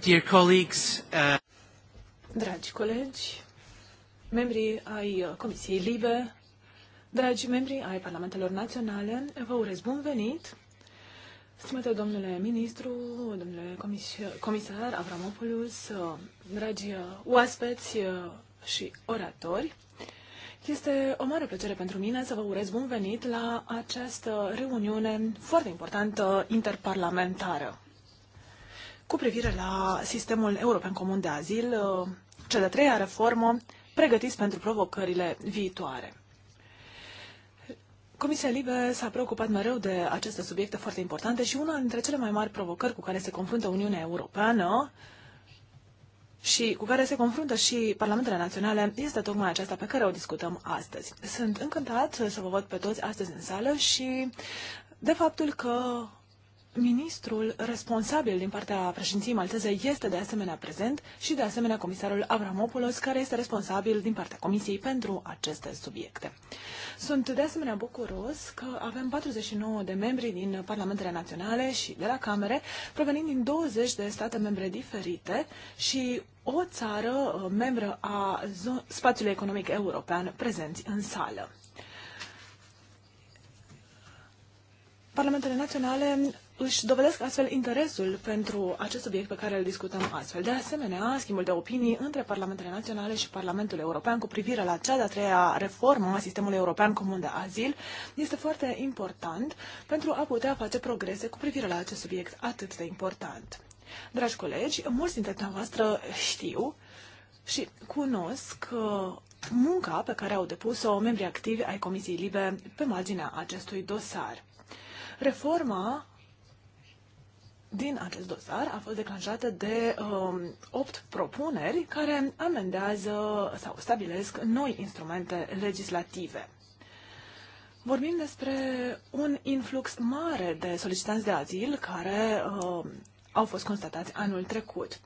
Dear colleagues, uh... Dragi colegi, membrii ai uh, Comisiei Libe, dragi membrii ai Parlamentelor Naționale, vă urez bun venit. Stimate domnule ministru, domnule comisar Avramopoulos, uh, dragi uh, oaspeți și oratori, este o mare plăcere pentru mine să vă urez bun venit la această reuniune foarte importantă interparlamentară cu privire la sistemul european comun de azil, cea de-a treia reformă, pregătiți pentru provocările viitoare. Comisia Libe s-a preocupat mereu de aceste subiecte foarte importante și una dintre cele mai mari provocări cu care se confruntă Uniunea Europeană și cu care se confruntă și Parlamentele Naționale este tocmai aceasta pe care o discutăm astăzi. Sunt încântat să vă văd pe toți astăzi în sală și de faptul că Ministrul responsabil din partea președinției malteze este de asemenea prezent și de asemenea comisarul Avramopoulos, care este responsabil din partea Comisiei pentru aceste subiecte. Sunt de asemenea bucuros că avem 49 de membri din Parlamentele Naționale și de la Camere, provenind din 20 de state membre diferite și o țară uh, membră a spațiului economic european prezenți în sală. Parlamentele naționale își dovedesc astfel interesul pentru acest subiect pe care îl discutăm astfel. De asemenea, schimbul de opinii între Parlamentele Naționale și Parlamentul European cu privire la cea de-a treia reformă a sistemului european comun de azil este foarte important pentru a putea face progrese cu privire la acest subiect atât de important. Dragi colegi, mulți dintre dumneavoastră știu și cunosc uh, munca pe care au depus-o membrii activi ai Comisiei Libe pe marginea acestui dosar. Reforma din acest dosar a fost declanșată de um, 8 propuneri care amendează sau stabilesc noi instrumente legislative. Vorbim despre un influx mare de solicitanți de azil care uh, au fost constatați anul trecut.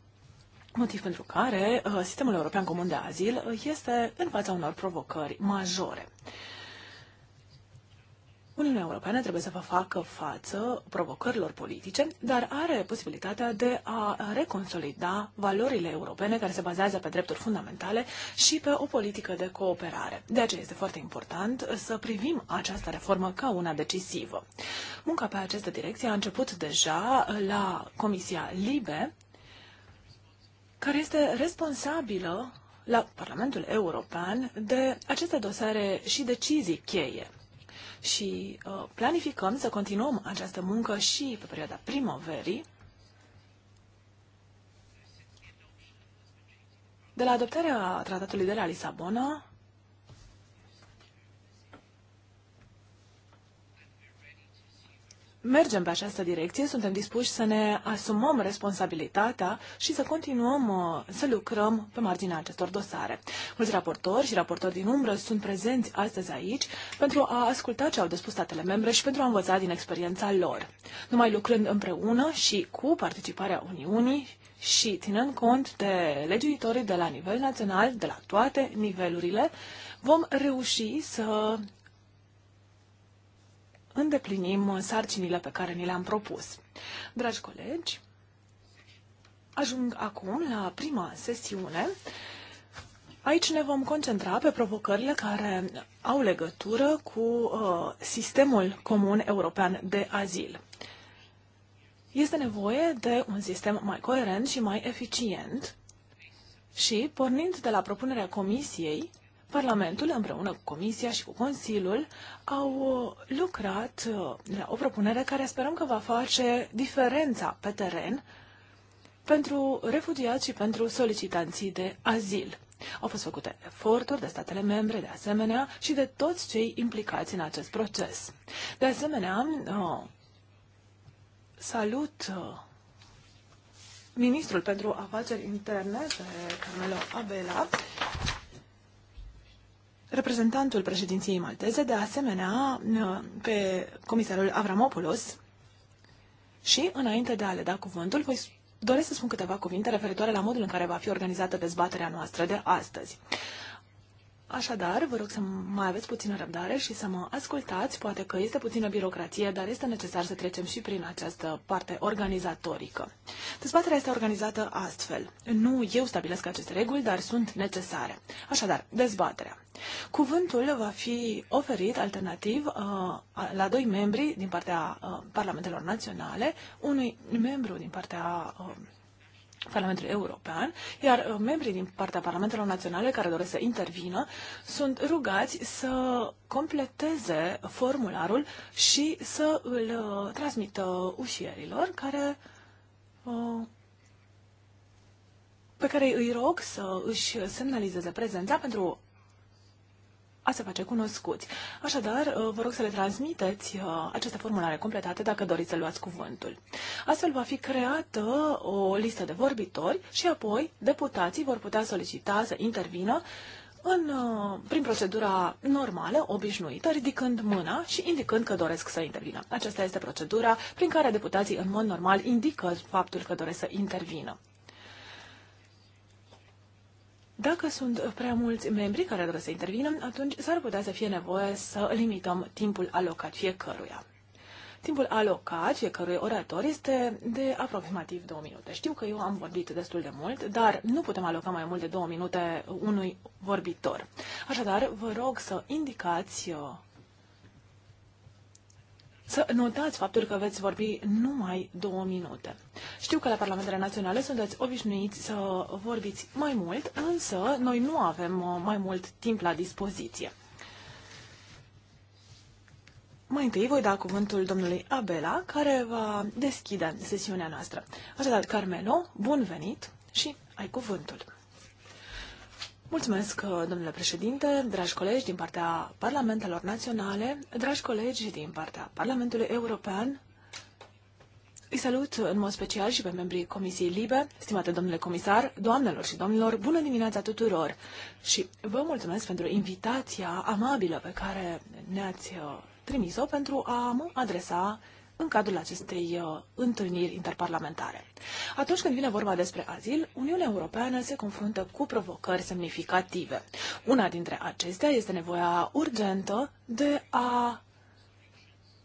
Motiv pentru care uh, sistemul european comun de azil uh, este în fața unor provocări majore. Uh, Uniunea Europeană trebuie să vă facă față provocărilor politice, dar are posibilitatea de a reconsolida valorile europene care se bazează pe drepturi fundamentale și pe o politică de cooperare. De aceea este foarte important să privim această reformă ca una decisivă. Munca pe această direcție a început deja la Comisia LIBE, care este responsabilă la Parlamentul European de aceste dosare și decizii cheie și uh, planificăm să continuăm această muncă și pe perioada primăverii. De la adoptarea tratatului de la Lisabona, mergem pe această direcție, suntem dispuși să ne asumăm responsabilitatea și să continuăm uh, să lucrăm pe marginea acestor dosare. Mulți raportori și raportori din umbră sunt prezenți astăzi aici pentru a asculta ce au de spus statele membre și pentru a învăța din experiența lor. Numai lucrând împreună și cu participarea Uniunii și ținând cont de legiuitorii de la nivel național, de la toate nivelurile, vom reuși să îndeplinim sarcinile pe care ni le-am propus. Dragi colegi, ajung acum la prima sesiune. Aici ne vom concentra pe provocările care au legătură cu uh, sistemul comun european de azil. Este nevoie de un sistem mai coerent și mai eficient și, pornind de la propunerea Comisiei, Parlamentul împreună cu Comisia și cu Consiliul au uh, lucrat uh, la o propunere care sperăm că va face diferența pe teren pentru refugiați și pentru solicitanții de azil. Au fost făcute eforturi de statele membre, de asemenea, și de toți cei implicați în acest proces. De asemenea, uh, salut ministrul pentru afaceri interne, Carmelo Abela, reprezentantul președinției malteze, de asemenea pe comisarul Avramopoulos. Și, înainte de a le da cuvântul, voi doresc să spun câteva cuvinte referitoare la modul în care va fi organizată dezbaterea noastră de astăzi. Așadar, vă rog să mai aveți puțină răbdare și să mă ascultați. Poate că este puțină birocratie, dar este necesar să trecem și prin această parte organizatorică. Dezbaterea este organizată astfel. Nu eu stabilesc aceste reguli, dar sunt necesare. Așadar, dezbaterea. Cuvântul va fi oferit alternativ uh, la doi membri din partea uh, Parlamentelor Naționale, unui membru din partea uh, Parlamentul European, iar uh, membrii din partea Parlamentelor Naționale care doresc să intervină sunt rugați să completeze formularul și să îl uh, transmită ușierilor care uh, pe care îi rog să își semnalizeze prezența pentru a se face cunoscuți. Așadar, uh, vă rog să le transmiteți uh, aceste formulare completate dacă doriți să luați cuvântul. Astfel va fi creată uh, o listă de vorbitori și apoi deputații vor putea solicita să intervină în, prin procedura normală, obișnuită, ridicând mâna și indicând că doresc să intervină. Aceasta este procedura prin care deputații în mod normal indică faptul că doresc să intervină. Dacă sunt prea mulți membri care doresc să intervină, atunci s-ar putea să fie nevoie să limităm timpul alocat fiecăruia. Timpul alocat fiecărui orator este de aproximativ două minute. Știu că eu am vorbit destul de mult, dar nu putem aloca mai mult de două minute unui vorbitor. Așadar, vă rog să indicați uh, să notați faptul că veți vorbi numai două minute. Știu că la Parlamentele Naționale sunteți obișnuiți să vorbiți mai mult, însă noi nu avem uh, mai mult timp la dispoziție. Mai întâi voi da cuvântul domnului Abela, care va deschide sesiunea noastră. Așadar, Carmelo, bun venit și ai cuvântul. Mulțumesc, uh, domnule președinte, dragi colegi din partea Parlamentelor Naționale, dragi colegi din partea Parlamentului European, îi salut în mod special și pe membrii Comisiei Libe, stimate domnule comisar, doamnelor și domnilor, bună dimineața tuturor și vă mulțumesc pentru invitația amabilă pe care ne-ați uh, trimis-o pentru a mă adresa în cadrul acestei uh, întâlniri interparlamentare. Atunci când vine vorba despre azil, Uniunea Europeană se confruntă cu provocări semnificative. Una dintre acestea este nevoia urgentă de a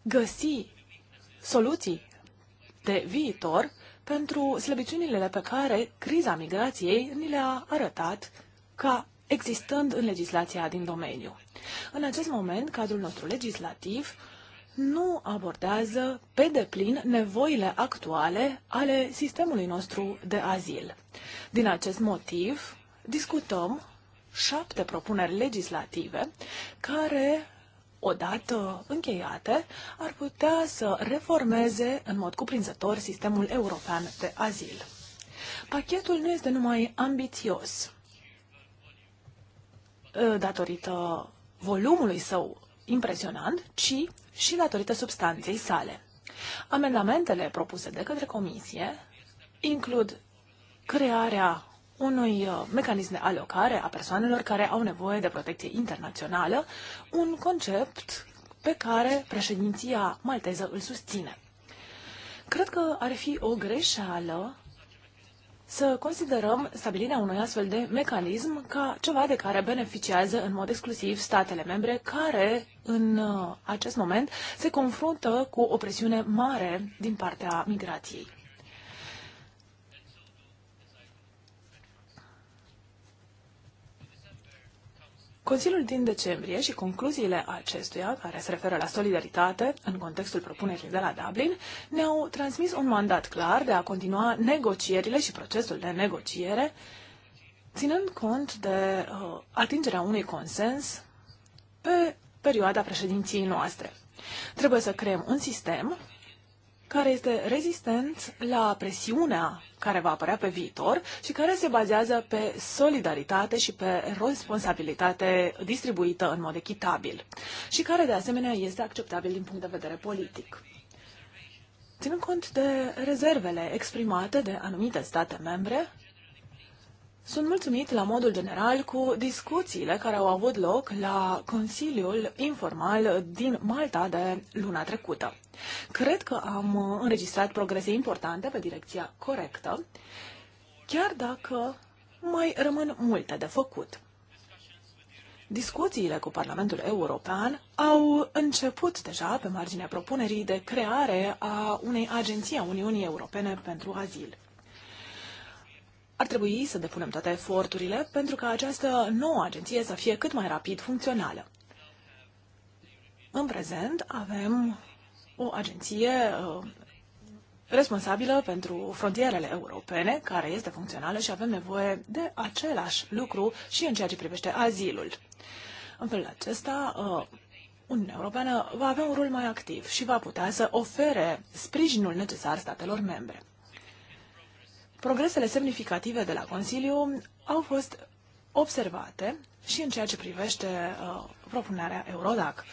găsi soluții de viitor pentru slăbiciunile pe care criza migrației ni le-a arătat ca existând în legislația din domeniu. În acest moment, cadrul nostru legislativ nu abordează pe deplin nevoile actuale ale sistemului nostru de azil. Din acest motiv, discutăm șapte propuneri legislative care, odată încheiate, ar putea să reformeze în mod cuprinzător sistemul european de azil. Pachetul nu este numai ambițios datorită volumului său impresionant, ci și datorită substanței sale. Amendamentele propuse de către Comisie includ crearea unui uh, mecanism de alocare a persoanelor care au nevoie de protecție internațională, un concept pe care președinția malteză îl susține. Cred că ar fi o greșeală să considerăm stabilirea unui astfel de mecanism ca ceva de care beneficiază în mod exclusiv statele membre care în uh, acest moment se confruntă cu o presiune mare din partea migrației. Consiliul din decembrie și concluziile acestuia, care se referă la solidaritate în contextul propunerii de la Dublin, ne-au transmis un mandat clar de a continua negocierile și procesul de negociere, ținând cont de uh, atingerea unui consens pe perioada președinției noastre. Trebuie să creăm un sistem care este rezistent la presiunea care va apărea pe viitor și care se bazează pe solidaritate și pe responsabilitate distribuită în mod echitabil și care de asemenea este acceptabil din punct de vedere politic. Ținând cont de rezervele exprimate de anumite state membre, sunt mulțumit la modul general cu discuțiile care au avut loc la Consiliul Informal din Malta de luna trecută. Cred că am uh, înregistrat progrese importante pe direcția corectă, chiar dacă mai rămân multe de făcut. Discuțiile cu Parlamentul European au început deja pe marginea propunerii de creare a unei agenții a Uniunii Europene pentru azil. Ar trebui să depunem toate eforturile pentru ca această nouă agenție să fie cât mai rapid funcțională. În prezent avem o agenție uh, responsabilă pentru frontierele europene, care este funcțională și avem nevoie de același lucru și în ceea ce privește azilul. În felul acesta, uh, Uniunea Europeană va avea un rol mai activ și va putea să ofere sprijinul necesar statelor membre. Progresele semnificative de la Consiliu au fost observate și în ceea ce privește uh, propunerea Eurodac.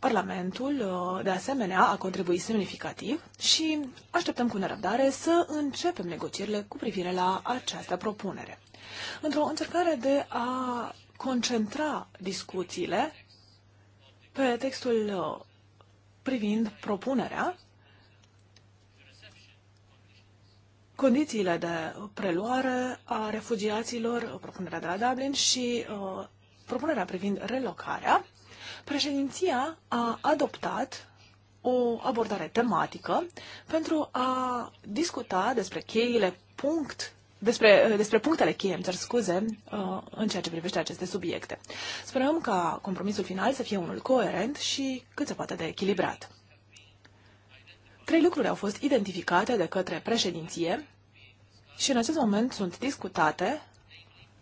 Parlamentul, uh, de asemenea, a contribuit semnificativ și așteptăm cu nerăbdare să începem negocierile cu privire la această propunere. Într-o încercare de a concentra discuțiile pe textul uh, privind propunerea, condițiile de preluare a refugiaților, propunerea de la Dublin și uh, propunerea privind relocarea, Președinția a adoptat o abordare tematică pentru a discuta despre cheile punct despre, despre punctele cheie, îmi cer scuze, uh, în ceea ce privește aceste subiecte. Sperăm ca compromisul final să fie unul coerent și cât se poate de echilibrat. Trei lucruri au fost identificate de către președinție și în acest moment sunt discutate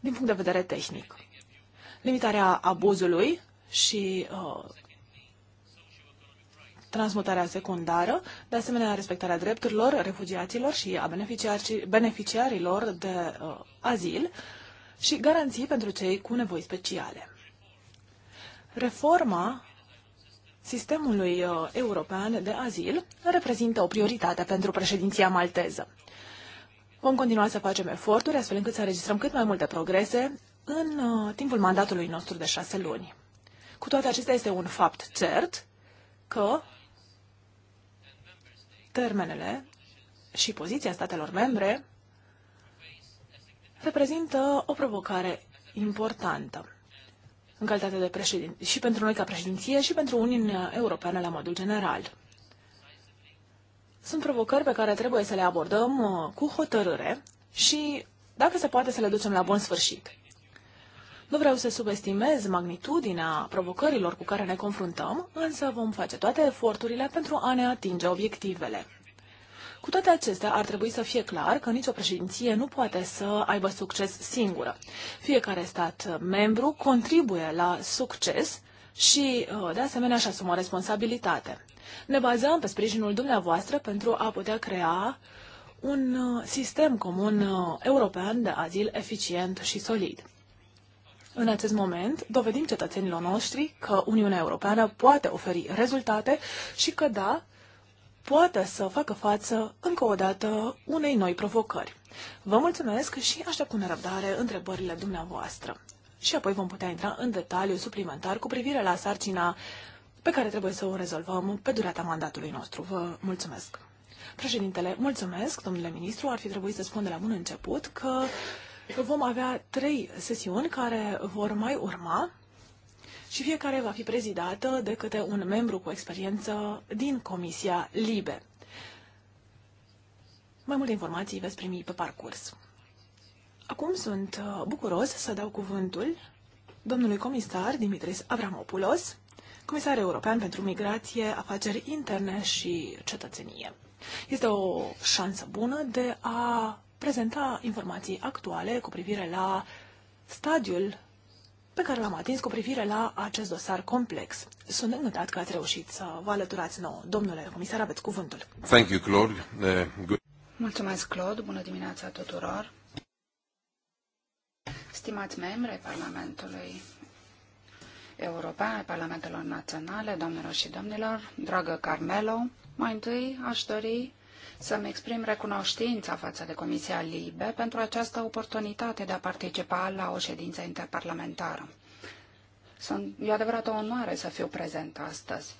din punct de vedere tehnic. Limitarea abuzului, și uh, transmutarea secundară, de asemenea respectarea drepturilor refugiaților și a beneficiarilor de uh, azil și garanții pentru cei cu nevoi speciale. Reforma sistemului uh, european de azil reprezintă o prioritate pentru președinția malteză. Vom continua să facem eforturi astfel încât să înregistrăm cât mai multe progrese în timpul mandatului nostru de șase luni. Cu toate acestea este un fapt cert că termenele și poziția statelor membre reprezintă o provocare importantă în calitate de președinte, și pentru noi ca președinție și pentru Uniunea Europeană la modul general. Sunt provocări pe care trebuie să le abordăm uh, cu hotărâre și, dacă se poate, să le ducem la bun sfârșit. Nu vreau să subestimez magnitudinea provocărilor cu care ne confruntăm, însă vom face toate eforturile pentru a ne atinge obiectivele. Cu toate acestea, ar trebui să fie clar că nicio președinție nu poate să aibă succes singură. Fiecare stat membru contribuie la succes și, uh, de asemenea, își asumă responsabilitate. Ne bazăm pe sprijinul dumneavoastră pentru a putea crea un uh, sistem comun uh, european de azil eficient și solid. În acest moment, dovedim cetățenilor noștri că Uniunea Europeană poate oferi rezultate și că, da, poate să facă față, încă o dată, unei noi provocări. Vă mulțumesc și aștept cu nerăbdare întrebările dumneavoastră. Și apoi vom putea intra în detaliu suplimentar cu privire la sarcina pe care trebuie să o rezolvăm pe durata mandatului nostru. Vă mulțumesc! Președintele, mulțumesc, domnule ministru, ar fi trebuit să spun de la bun început că Vom avea trei sesiuni care vor mai urma și fiecare va fi prezidată de câte un membru cu experiență din Comisia LIBE. Mai multe informații veți primi pe parcurs. Acum sunt uh, bucuros să dau cuvântul domnului comisar Dimitris Avramopoulos, comisar european pentru migrație, afaceri interne și cetățenie. Este o șansă bună de a prezenta informații actuale cu privire la stadiul pe care l-am atins cu privire la acest dosar complex. Sunt încântat că ați reușit să vă alăturați nouă. Domnule comisar, aveți cuvântul. Thank you, Claude. Uh, good. Mulțumesc, Claude. Bună dimineața tuturor. Stimați membri ai Parlamentului European, ai Parlamentelor Naționale, domnilor și domnilor, dragă Carmelo, mai întâi aș dori să-mi exprim recunoștința față de Comisia Libe pentru această oportunitate de a participa la o ședință interparlamentară. Sunt, e adevărat o onoare să fiu prezent astăzi.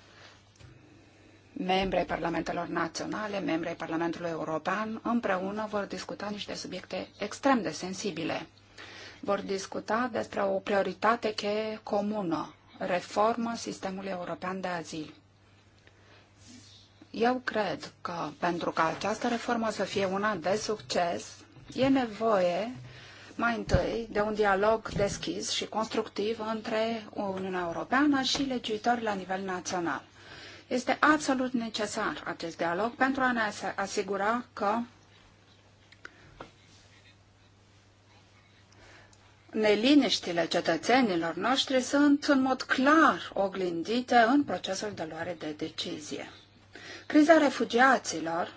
Membrii Parlamentelor Naționale, membrii Parlamentului European, împreună vor discuta niște subiecte extrem de sensibile. Vor discuta despre o prioritate cheie comună, reforma sistemului european de azil. Eu cred că pentru ca această reformă să fie una de succes, e nevoie mai întâi de un dialog deschis și constructiv între Uniunea Europeană și legiuitori la nivel național. Este absolut necesar acest dialog pentru a ne asigura că neliniștile cetățenilor noștri sunt în mod clar oglindite în procesul de luare de decizie. Criza refugiaților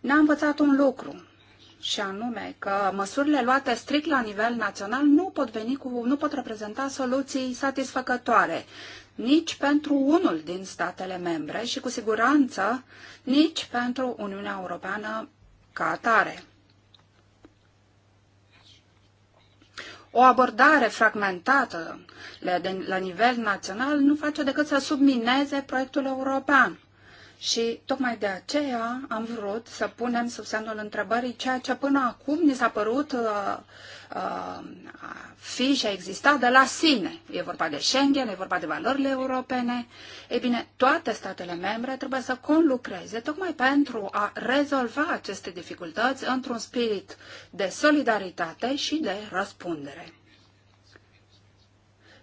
ne-a învățat un lucru, și anume că măsurile luate strict la nivel național nu pot, veni cu, nu pot reprezenta soluții satisfăcătoare, nici pentru unul din statele membre și cu siguranță nici pentru Uniunea Europeană ca atare. O abordare fragmentată la nivel național nu face decât să submineze proiectul european și tocmai de aceea am vrut să punem sub semnul întrebării ceea ce până acum ni s-a părut uh, uh, fi și a existat de la sine. E vorba de Schengen, e vorba de valorile europene. Ei bine, toate statele membre trebuie să conlucreze tocmai pentru a rezolva aceste dificultăți într-un spirit de solidaritate și de răspundere.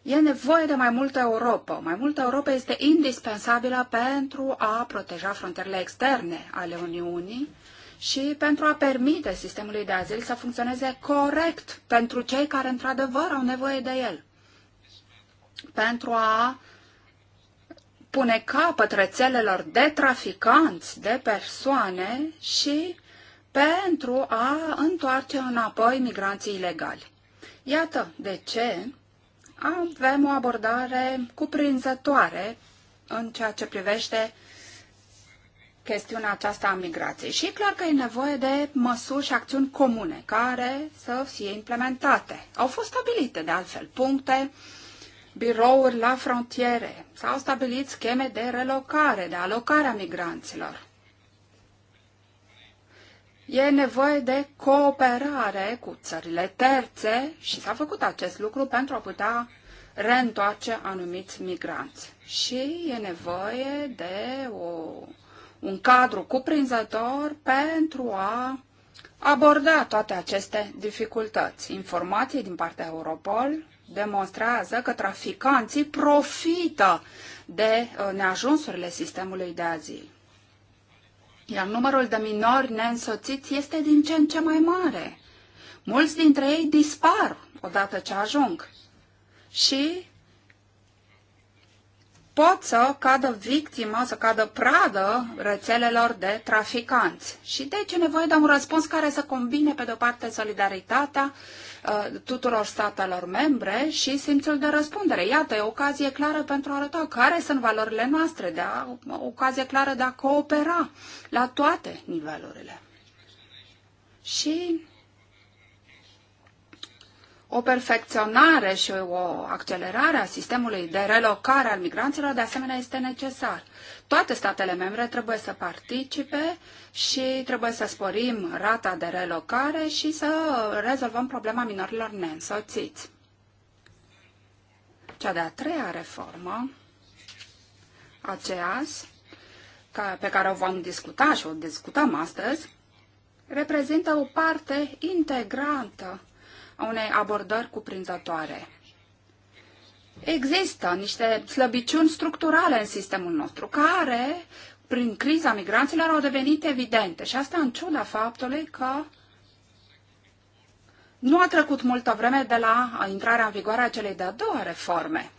E nevoie de mai multă Europa. Mai multă Europa este indispensabilă pentru a proteja frontierele externe ale Uniunii și pentru a permite sistemului de azil să funcționeze corect pentru cei care într-adevăr au nevoie de el. Pentru a pune capăt rețelelor de traficanți de persoane și pentru a întoarce înapoi migranții ilegali. Iată de ce avem o abordare cuprinzătoare în ceea ce privește chestiunea aceasta a migrației. Și e clar că e nevoie de măsuri și acțiuni comune care să fie implementate. Au fost stabilite, de altfel, puncte, birouri la frontiere, s-au stabilit scheme de relocare, de alocare a migranților. E nevoie de cooperare cu țările terțe și s-a făcut acest lucru pentru a putea reîntoarce anumiți migranți. Și e nevoie de o, un cadru cuprinzător pentru a aborda toate aceste dificultăți. Informații din partea Europol demonstrează că traficanții profită de uh, neajunsurile sistemului de azil iar numărul de minori neînsoțiți este din ce în ce mai mare. Mulți dintre ei dispar odată ce ajung și pot să cadă victimă, să cadă pradă rețelelor de traficanți. Și deci e nevoie de un răspuns care să combine, pe de-o parte, solidaritatea Uh, tuturor statelor membre și simțul de răspundere. Iată, e o ocazie clară pentru a arăta care sunt valorile noastre, de a, o ocazie clară de a coopera la toate nivelurile. Și o perfecționare și o accelerare a sistemului de relocare al migranților, de asemenea, este necesar. Toate statele membre trebuie să participe și trebuie să sporim rata de relocare și să rezolvăm problema minorilor neînsoțiți. Cea de-a treia reformă, aceeași, pe care o vom discuta și o discutăm astăzi, reprezintă o parte integrantă a unei abordări cuprinzătoare. Există niște slăbiciuni structurale în sistemul nostru, care, prin criza migranților, au devenit evidente. Și asta în ciuda faptului că nu a trecut multă vreme de la intrarea în vigoare a celei de-a doua reforme.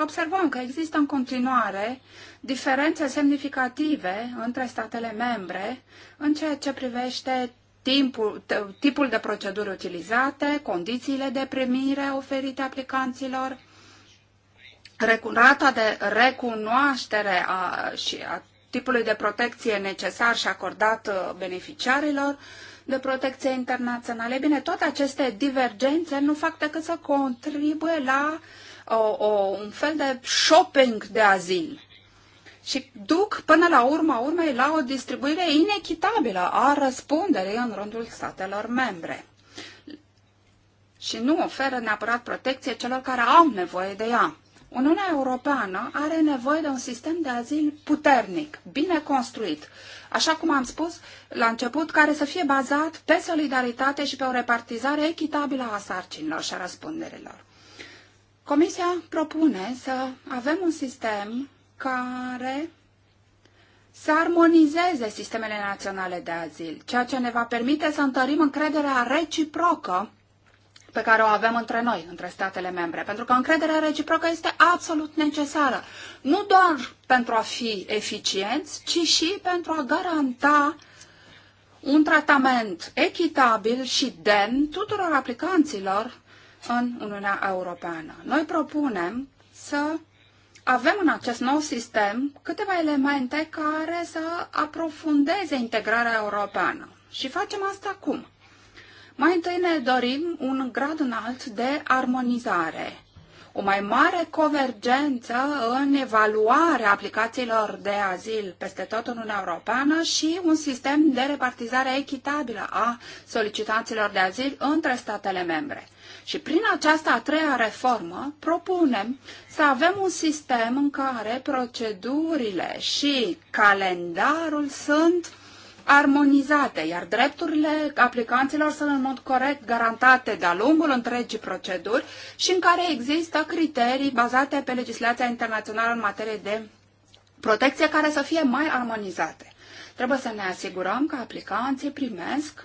Observăm că există în continuare diferențe semnificative între statele membre în ceea ce privește timpul, tipul de proceduri utilizate, condițiile de primire oferite aplicanților, rata de recunoaștere a, și a tipului de protecție necesar și acordat uh, beneficiarilor de protecție internațională. bine, toate aceste divergențe nu fac decât să contribuie la o, uh, o, un fel de shopping de azil și duc până la urma urmei la o distribuire inechitabilă a răspunderei în rândul statelor membre și nu oferă neapărat protecție celor care au nevoie de ea. Uniunea Europeană are nevoie de un sistem de azil puternic, bine construit, așa cum am spus la început, care să fie bazat pe solidaritate și pe o repartizare echitabilă a sarcinilor și a răspunderilor. Comisia propune să avem un sistem care să armonizeze sistemele naționale de azil, ceea ce ne va permite să întărim încrederea reciprocă pe care o avem între noi, între statele membre. Pentru că încrederea reciprocă este absolut necesară, nu doar pentru a fi eficienți, ci și pentru a garanta un tratament echitabil și demn tuturor aplicanților în Uniunea Europeană. Noi propunem să avem în acest nou sistem câteva elemente care să aprofundeze integrarea europeană. Și facem asta acum. Mai întâi ne dorim un grad înalt de armonizare, o mai mare convergență în evaluarea aplicațiilor de azil peste tot în Uniunea Europeană și un sistem de repartizare echitabilă a solicitanților de azil între statele membre. Și prin această a treia reformă propunem să avem un sistem în care procedurile și calendarul sunt armonizate, iar drepturile aplicanților sunt în mod corect garantate de-a lungul întregii proceduri și în care există criterii bazate pe legislația internațională în materie de protecție care să fie mai armonizate. Trebuie să ne asigurăm că aplicanții primesc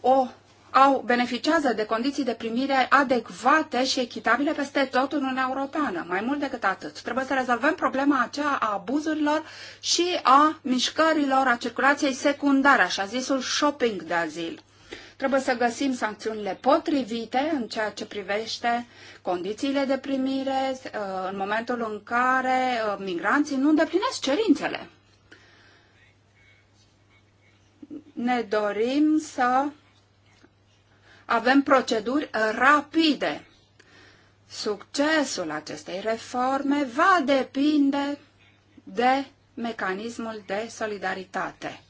o au, beneficiază de condiții de primire adecvate și echitabile peste tot în Uniunea Europeană. Mai mult decât atât, trebuie să rezolvăm problema aceea a abuzurilor și a mișcărilor, a circulației secundare, așa zisul shopping de azil. Trebuie să găsim sancțiunile potrivite în ceea ce privește condițiile de primire uh, în momentul în care uh, migranții nu îndeplinesc cerințele. Ne dorim să avem proceduri uh, rapide. Succesul acestei reforme va depinde de mecanismul de solidaritate.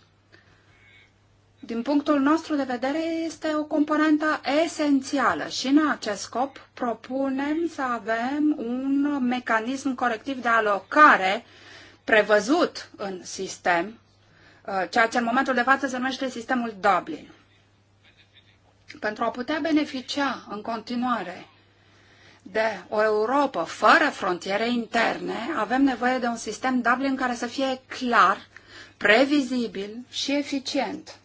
Din punctul nostru de vedere, este o componentă esențială și în acest scop propunem să avem un mecanism corectiv de alocare prevăzut în sistem, uh, ceea ce în momentul de față se numește sistemul Dublin pentru a putea beneficia în continuare de o Europa fără frontiere interne, avem nevoie de un sistem Dublin care să fie clar, previzibil și eficient,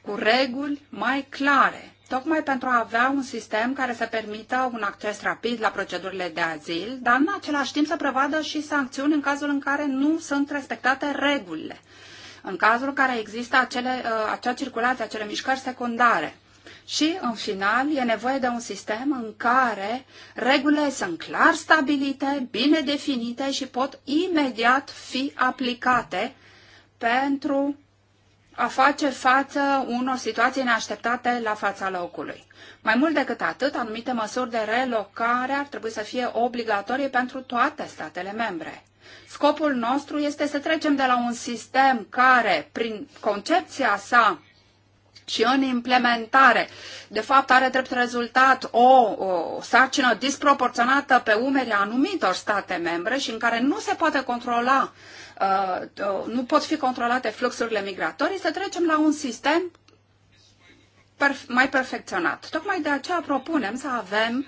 cu reguli mai clare, tocmai pentru a avea un sistem care să permită un acces rapid la procedurile de azil, dar în același timp să prevadă și sancțiuni în cazul în care nu sunt respectate regulile în cazul în care există acele, uh, acea circulație, acele mișcări secundare. Și, în final, e nevoie de un sistem în care regulile sunt clar stabilite, bine definite și pot imediat fi aplicate pentru a face față unor situații neașteptate la fața locului. Mai mult decât atât, anumite măsuri de relocare ar trebui să fie obligatorii pentru toate statele membre. Scopul nostru este să trecem de la un sistem care, prin concepția sa, și în implementare. De fapt, are drept rezultat o, o sarcină disproporționată pe umerii anumitor state membre și în care nu se poate controla, uh, uh nu pot fi controlate fluxurile migratorii, să trecem la un sistem perf mai perfecționat. Tocmai de aceea propunem să avem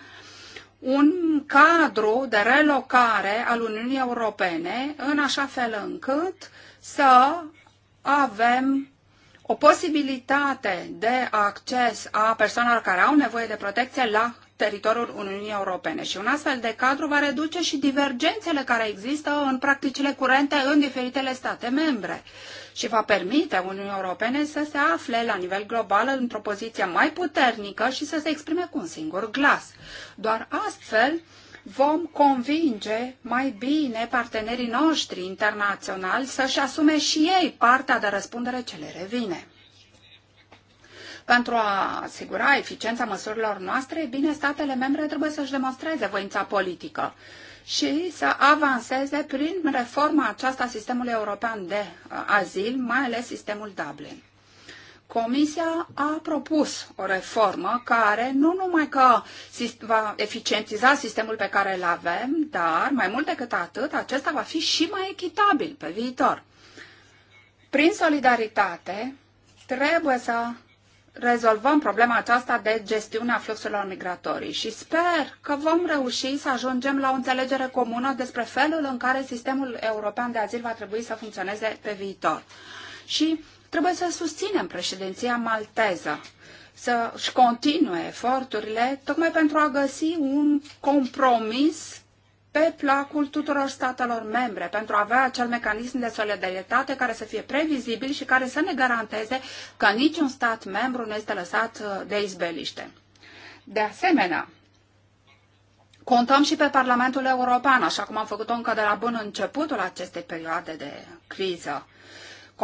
un cadru de relocare al Uniunii Europene în așa fel încât să avem o posibilitate de acces a persoanelor care au nevoie de protecție la teritoriul Uniunii Europene. Și un astfel de cadru va reduce și divergențele care există în practicile curente în diferitele state membre și va permite Uniunii Europene să se afle la nivel global într-o poziție mai puternică și să se exprime cu un singur glas. Doar astfel vom convinge mai bine partenerii noștri internaționali să-și asume și ei partea de răspundere ce le revine. Pentru a asigura eficiența măsurilor noastre, e bine, statele membre trebuie să-și demonstreze voința politică și să avanseze prin reforma aceasta sistemului european de uh, azil, mai ales sistemul Dublin. Comisia a propus o reformă care nu numai că va eficientiza sistemul pe care îl avem, dar mai mult decât atât, acesta va fi și mai echitabil pe viitor. Prin solidaritate, trebuie să rezolvăm problema aceasta de gestiunea fluxurilor migratorii și sper că vom reuși să ajungem la o înțelegere comună despre felul în care sistemul european de azil va trebui să funcționeze pe viitor. Și trebuie să susținem președinția malteză să-și continue eforturile tocmai pentru a găsi un compromis pe placul tuturor statelor membre pentru a avea acel mecanism de solidaritate care să fie previzibil și care să ne garanteze că niciun stat membru nu este lăsat uh, de izbeliște. De asemenea, contăm și pe Parlamentul European, așa cum am făcut-o încă de la bun începutul acestei perioade de criză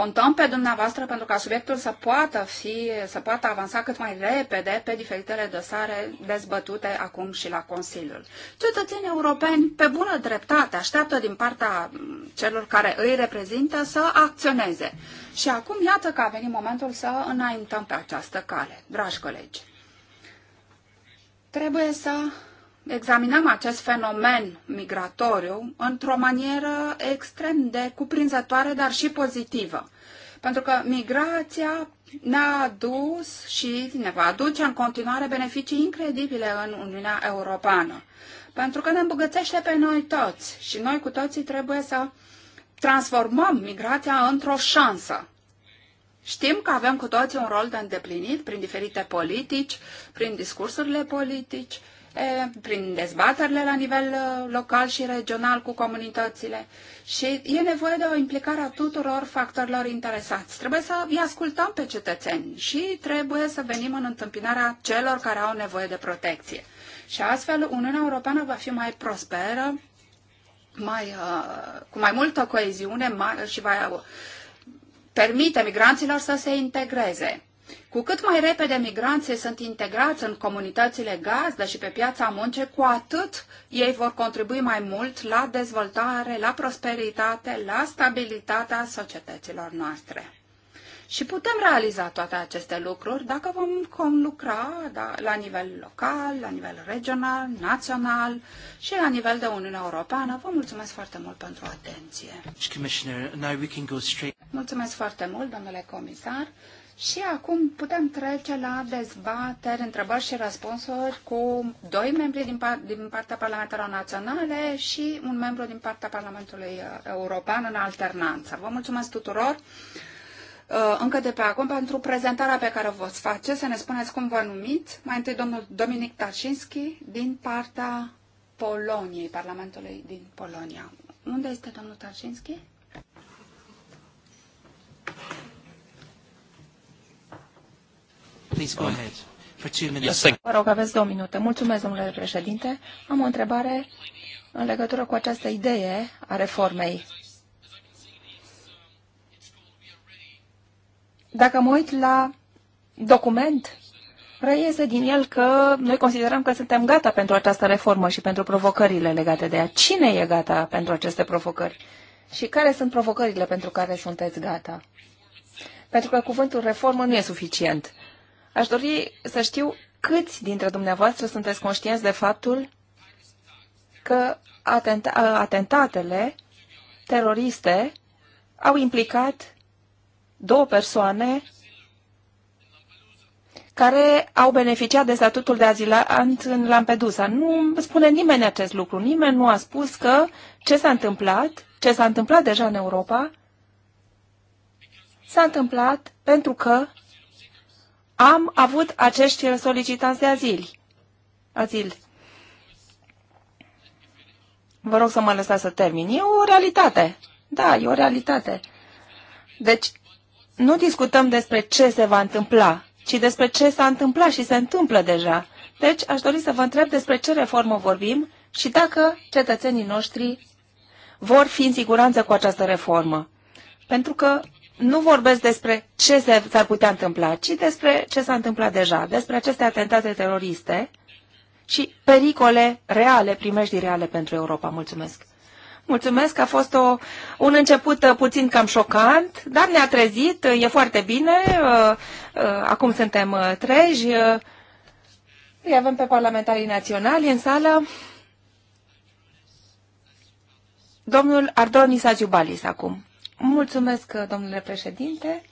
contăm pe dumneavoastră pentru ca subiectul să poată, fi, să poată avansa cât mai repede pe diferitele dosare dezbătute acum și la Consiliul. Cetățenii europeni, pe bună dreptate, așteaptă din partea mm, celor care îi reprezintă să acționeze. Și acum iată că a venit momentul să înaintăm pe această cale. Dragi colegi, trebuie să examinăm acest fenomen migratoriu într-o manieră extrem de cuprinzătoare, dar și pozitivă. Pentru că migrația ne-a adus și ne va aduce în continuare beneficii incredibile în Uniunea Europeană. Pentru că ne îmbogățește pe noi toți și noi cu toții trebuie să transformăm migrația într-o șansă. Știm că avem cu toții un rol de îndeplinit prin diferite politici, prin discursurile politici, prin dezbaterile la nivel local și regional cu comunitățile. Și e nevoie de o implicare a tuturor factorilor interesați. Trebuie să îi ascultăm pe cetățeni și trebuie să venim în întâmpinarea celor care au nevoie de protecție. Și astfel Uniunea Europeană va fi mai prosperă, mai, cu mai multă coeziune mai, și va permite migranților să se integreze. Cu cât mai repede migranții sunt integrați în comunitățile gazdă și pe piața muncii, cu atât ei vor contribui mai mult la dezvoltare, la prosperitate, la stabilitatea societăților noastre. Și putem realiza toate aceste lucruri dacă vom lucra da, la nivel local, la nivel regional, național și la nivel de Uniune Europeană. Vă mulțumesc foarte mult pentru atenție. Mulțumesc foarte mult, domnule comisar. Și acum putem trece la dezbateri, întrebări și răspunsuri cu doi membri din, par- din partea Parlamentelor Naționale și un membru din partea Parlamentului uh, European în alternanță. Vă mulțumesc tuturor uh, încă de pe acum pentru prezentarea pe care o veți face, să ne spuneți cum vă numiți. Mai întâi domnul Dominic Tarșinski din partea Poloniei, Parlamentului din Polonia. Unde este domnul Tarșinski? Please go ahead. For two minutes. Vă rog, aveți două minute. Mulțumesc, domnule președinte. Am o întrebare în legătură cu această idee a reformei. Dacă mă uit la document, reiese din el că noi considerăm că suntem gata pentru această reformă și pentru provocările legate de ea. Cine e gata pentru aceste provocări? Și care sunt provocările pentru care sunteți gata? Pentru că cuvântul reformă nu e suficient. Aș dori să știu câți dintre dumneavoastră sunteți conștienți de faptul că atenta atentatele teroriste au implicat două persoane care au beneficiat de statutul de azilant în Lampedusa. Nu spune nimeni acest lucru. Nimeni nu a spus că ce s-a întâmplat, ce s-a întâmplat deja în Europa, s-a întâmplat pentru că am avut acești solicitanți de azil. Azil. Vă rog să mă lăsați să termin. E o realitate. Da, e o realitate. Deci, nu discutăm despre ce se va întâmpla, ci despre ce s-a întâmplat și se întâmplă deja. Deci, aș dori să vă întreb despre ce reformă vorbim și dacă cetățenii noștri vor fi în siguranță cu această reformă. Pentru că nu vorbesc despre ce s-ar putea întâmpla, ci despre ce s-a întâmplat deja, despre aceste atentate teroriste și pericole reale, primejdii reale pentru Europa. Mulțumesc! Mulțumesc, a fost o, un început uh, puțin cam șocant, dar ne-a trezit, uh, e foarte bine, uh, acum suntem treji, îi avem pe parlamentarii naționali în sală. Domnul Ardoni Sagiubalis acum. Mulțumesc, domnule președinte.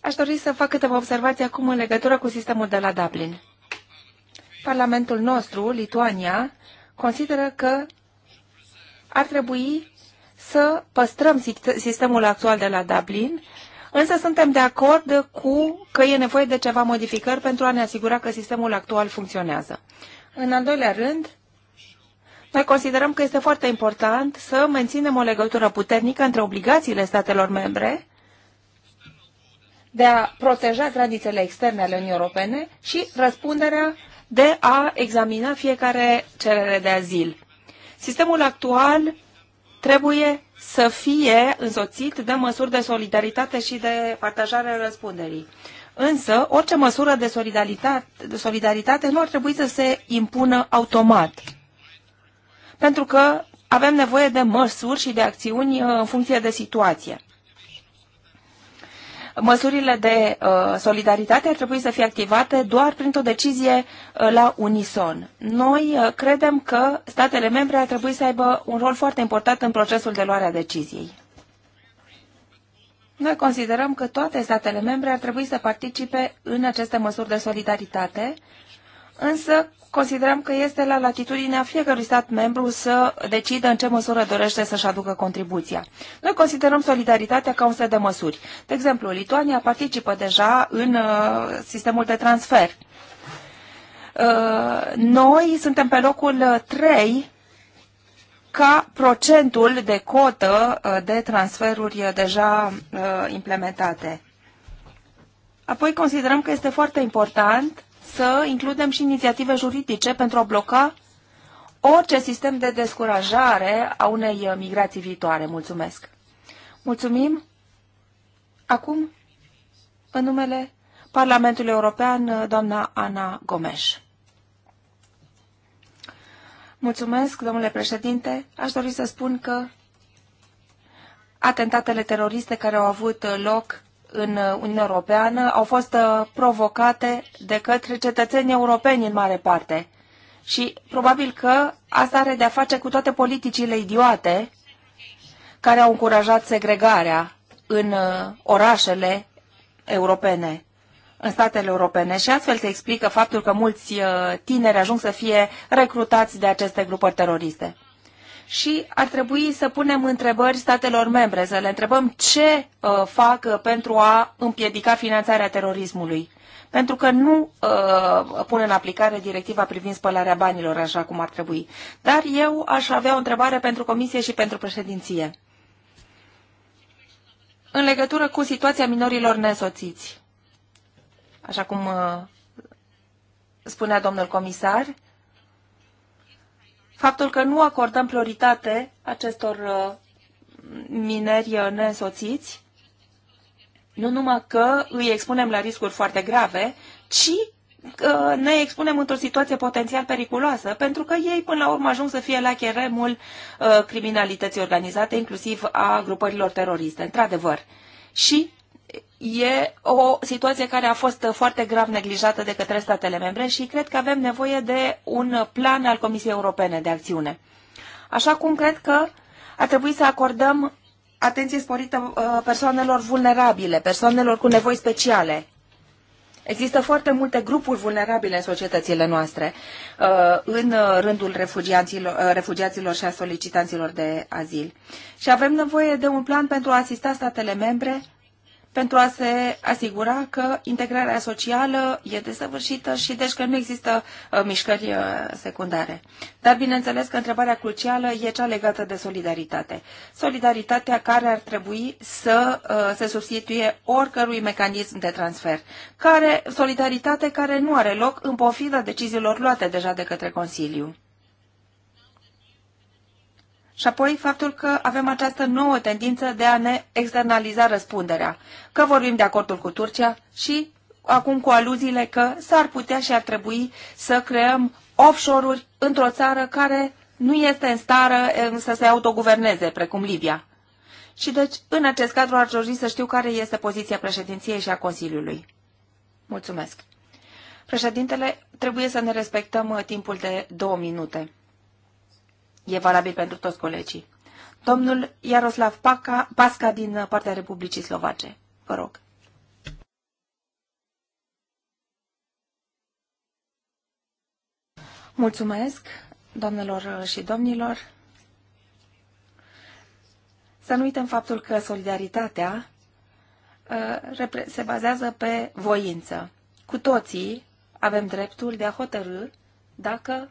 Aș dori să fac câteva observații acum în legătură cu sistemul de la Dublin. Parlamentul nostru, Lituania, consideră că ar trebui să păstrăm sistemul actual de la Dublin, însă suntem de acord cu că e nevoie de ceva modificări pentru a ne asigura că sistemul actual funcționează. În al doilea rând, noi considerăm că este foarte important să menținem o legătură puternică între obligațiile statelor membre de a proteja granițele externe ale Uniunii Europene și răspunderea de a examina fiecare cerere de azil. Sistemul actual trebuie să fie însoțit de măsuri de solidaritate și de partajare a răspunderii. Însă, orice măsură de solidaritate, de solidaritate nu ar trebui să se impună automat pentru că avem nevoie de măsuri și de acțiuni uh, în funcție de situație. Măsurile de uh, solidaritate ar trebui să fie activate doar printr-o decizie uh, la unison. Noi uh, credem că statele membre ar trebui să aibă un rol foarte important în procesul de luare a deciziei. Noi considerăm că toate statele membre ar trebui să participe în aceste măsuri de solidaritate, însă considerăm că este la latitudinea fiecărui stat membru să decidă în ce măsură dorește să-și aducă contribuția. Noi considerăm solidaritatea ca un set de măsuri. De exemplu, Lituania participă deja în uh, sistemul de transfer. Uh, noi suntem pe locul 3 ca procentul de cotă uh, de transferuri uh, deja uh, implementate. Apoi considerăm că este foarte important să includem și inițiative juridice pentru a bloca orice sistem de descurajare a unei uh, migrații viitoare. Mulțumesc! Mulțumim! Acum, în numele Parlamentului European, uh, doamna Ana Gomes. Mulțumesc, domnule președinte. Aș dori să spun că atentatele teroriste care au avut uh, loc în uh, Uniunea Europeană au fost uh, provocate de către cetățenii europeni în mare parte. Și probabil că asta are de-a face cu toate politicile idiote care au încurajat segregarea în uh, orașele europene, în statele europene. Și astfel se explică faptul că mulți tineri ajung să fie recrutați de aceste grupări teroriste și ar trebui să punem întrebări statelor membre, să le întrebăm ce uh, fac uh, pentru a împiedica finanțarea terorismului. Pentru că nu uh, pune în aplicare directiva privind spălarea banilor așa cum ar trebui. Dar eu aș avea o întrebare pentru Comisie și pentru președinție. În legătură cu situația minorilor nesoțiți, așa cum uh, spunea domnul comisar, uh, faptul că nu acordăm prioritate acestor uh, mineri uh, nesoțiți, nu numai că îi expunem la riscuri foarte grave, ci că uh, ne expunem într-o situație potențial periculoasă, pentru că ei până la urmă ajung să fie la cheremul criminalității organizate, inclusiv a grupărilor teroriste, într-adevăr. Și e o situație care a fost foarte grav neglijată de către statele membre și cred că avem nevoie de un plan al Comisiei Europene de acțiune. Așa cum cred că ar trebui să acordăm atenție sporită uh, persoanelor vulnerabile, persoanelor cu nevoi speciale. Există foarte multe grupuri vulnerabile în societățile noastre, uh, în rândul refugiaților, uh, refugiaților și a solicitanților de azil. Și avem nevoie de un plan pentru a asista statele membre pentru a se asigura că integrarea socială e desăvârșită și deci că nu există uh, mișcări uh, secundare. Dar bineînțeles că întrebarea crucială e cea legată de solidaritate. Solidaritatea care ar trebui să uh, se substituie oricărui mecanism de transfer. Care, solidaritate care nu are loc în pofida deciziilor luate deja de către Consiliu. Și apoi faptul că avem această nouă tendință de a ne externaliza răspunderea, că vorbim de acordul cu Turcia și acum cu aluziile că s-ar putea și ar trebui să creăm offshore-uri într-o țară care nu este în stare să se autoguverneze, precum Libia. Și deci, în acest cadru, ar dori să știu care este poziția președinției și a Consiliului. Mulțumesc. Președintele, trebuie să ne respectăm uh, timpul de două minute e valabil pentru toți colegii. Domnul Iaroslav Paca, Pasca din partea Republicii Slovace. Vă rog. Mulțumesc, doamnelor și domnilor. Să nu uităm faptul că solidaritatea uh, se bazează pe voință. Cu toții avem dreptul de a hotărâ dacă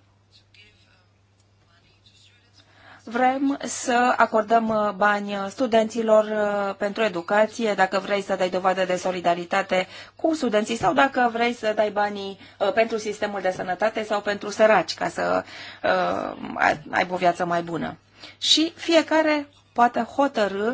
vrem să acordăm uh, bani uh, studenților uh, pentru educație, dacă vrei să dai dovadă de solidaritate cu studenții sau dacă vrei să dai banii pentru sistemul de sănătate sau pentru săraci ca să aibă o viață mai bună. Și fiecare poate hotărâ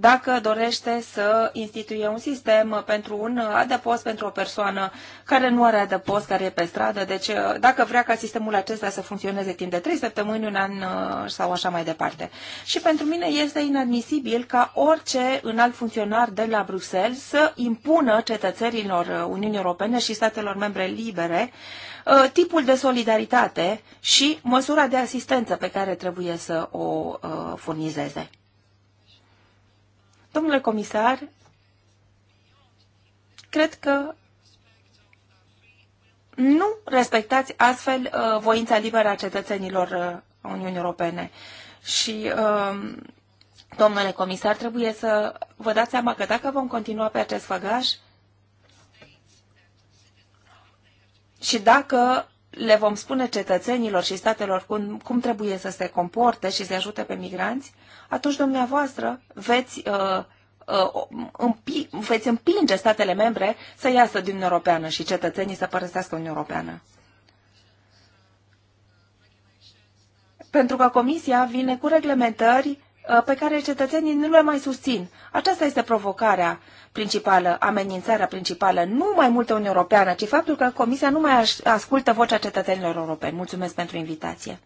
dacă dorește să instituie un sistem pentru un adăpost pentru o persoană care nu are adăpost, care e pe stradă. Deci dacă vrea ca sistemul acesta să funcționeze timp de 3 săptămâni, un an uh, sau așa mai departe. Și pentru mine este inadmisibil ca orice înalt funcționar de la Bruxelles să impună cetățenilor uh, Uniunii Europene și statelor membre libere uh, tipul de solidaritate și măsura de asistență pe care trebuie să o furnizeze. Domnule comisar, cred că nu respectați astfel uh, voința liberă a cetățenilor a uh, Uniunii Europene. Și, um, domnule comisar, trebuie să vă dați seama că dacă vom continua pe acest făgaș și dacă le vom spune cetățenilor și statelor cum, cum trebuie să se comporte și să ajute pe migranți, atunci dumneavoastră veți, uh, uh, împi, veți împinge statele membre să iasă din Uniunea Europeană și cetățenii să părăsească Uniunea Europeană. Pentru că Comisia vine cu reglementări uh, pe care cetățenii nu le mai susțin. Aceasta este provocarea principală, amenințarea principală, nu mai multă Uniunea Europeană, ci faptul că Comisia nu mai ascultă vocea cetățenilor europeni. Mulțumesc pentru invitație.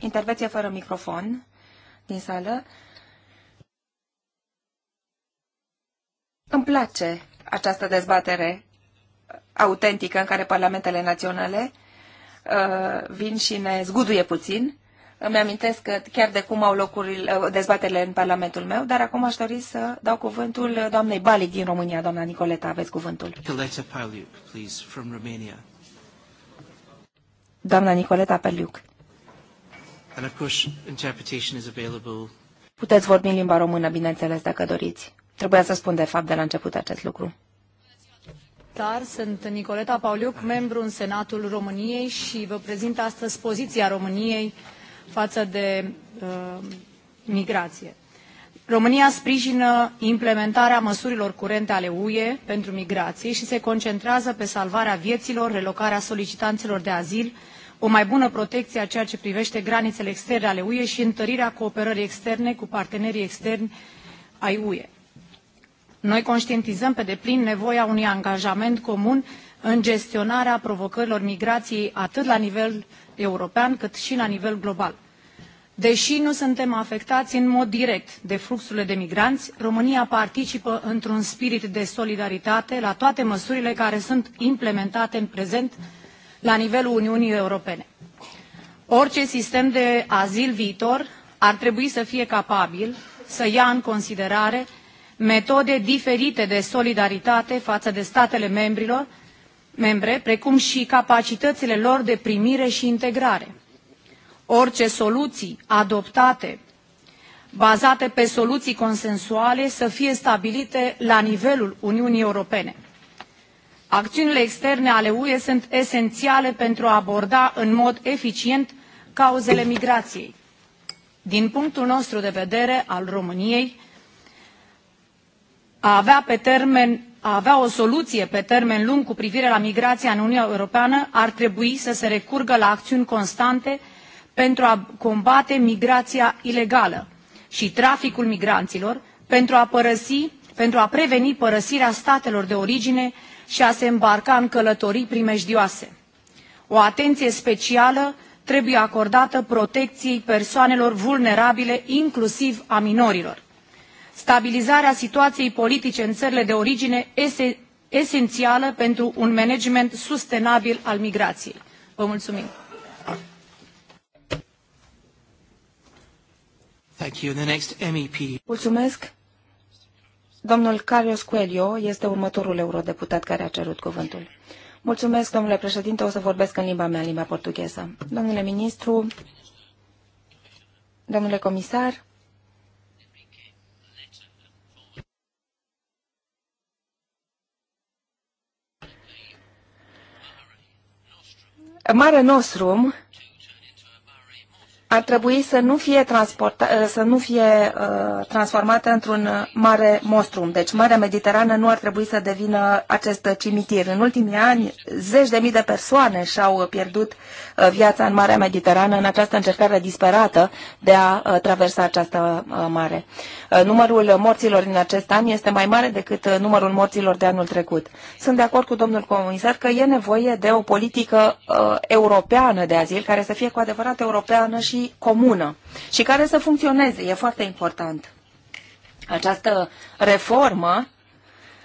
Intervenție fără microfon din sală. Îmi place această dezbatere autentică în care parlamentele naționale uh, vin și ne zguduie puțin. Îmi amintesc că chiar de cum au locurile, uh, dezbaterile în Parlamentul meu, dar acum aș dori să dau cuvântul doamnei Bali din România. Doamna Nicoleta, aveți cuvântul. Nicoleta Paliuc, please, from Romania. Doamna Nicoleta Peliuc. And of course, interpretation is available. Puteți vorbi în limba română, bineînțeles, dacă doriți. Trebuia să spun, de fapt, de la început acest lucru. Dar sunt Nicoleta Pauliuc, membru în Senatul României și vă prezint astăzi poziția României față de uh, migrație. România sprijină implementarea măsurilor curente ale UE pentru migrație și se concentrează pe salvarea vieților, relocarea solicitanților de azil o mai bună protecție a ceea ce privește granițele externe ale UE și întărirea cooperării externe cu partenerii externi ai UE. Noi conștientizăm pe deplin nevoia unui angajament comun în gestionarea provocărilor migrației atât la nivel european cât și la nivel global. Deși nu suntem afectați în mod direct de fluxurile de migranți, România participă într-un spirit de solidaritate la toate măsurile care sunt implementate în prezent la nivelul Uniunii Europene. Orice sistem de azil viitor ar trebui să fie capabil să ia în considerare metode diferite de solidaritate față de statele membrilor, membre, precum și capacitățile lor de primire și integrare. Orice soluții adoptate bazate pe soluții consensuale să fie stabilite la nivelul Uniunii Europene. Acțiunile externe ale UE sunt esențiale pentru a aborda în mod eficient cauzele migrației. Din punctul nostru de vedere al României, a avea, pe termen, a avea o soluție pe termen lung cu privire la migrația în Uniunea Europeană ar trebui să se recurgă la acțiuni constante pentru a combate migrația ilegală și traficul migranților, pentru a, părăsi, pentru a preveni părăsirea statelor de origine și a se îmbarca în călătorii primejdioase. O atenție specială trebuie acordată protecției persoanelor vulnerabile, inclusiv a minorilor. Stabilizarea situației politice în țările de origine este esențială pentru un management sustenabil al migrației. Vă mulțumim! Mulțumesc! Domnul Carlos Coelho este următorul eurodeputat care a cerut cuvântul. Mulțumesc, domnule președinte, o să vorbesc în limba mea, în limba portugheză. Domnule ministru, domnule comisar, Mare Nostrum ar trebui să nu fie, uh, să nu fie uh, transformată într-un mare monstrum. Deci Marea Mediterană nu ar trebui să devină acest cimitir. În ultimii ani, zeci de mii de persoane și-au pierdut Uh, viața în Marea Mediterană în această încercare disperată de a uh, traversa această uh, mare. Numărul morților din acest an este mai mare decât numărul morților de anul trecut. Sunt de acord cu domnul comisar că e nevoie de o politică europeană de azil care să fie cu adevărat europeană și comună și care să funcționeze. E foarte important. Această reformă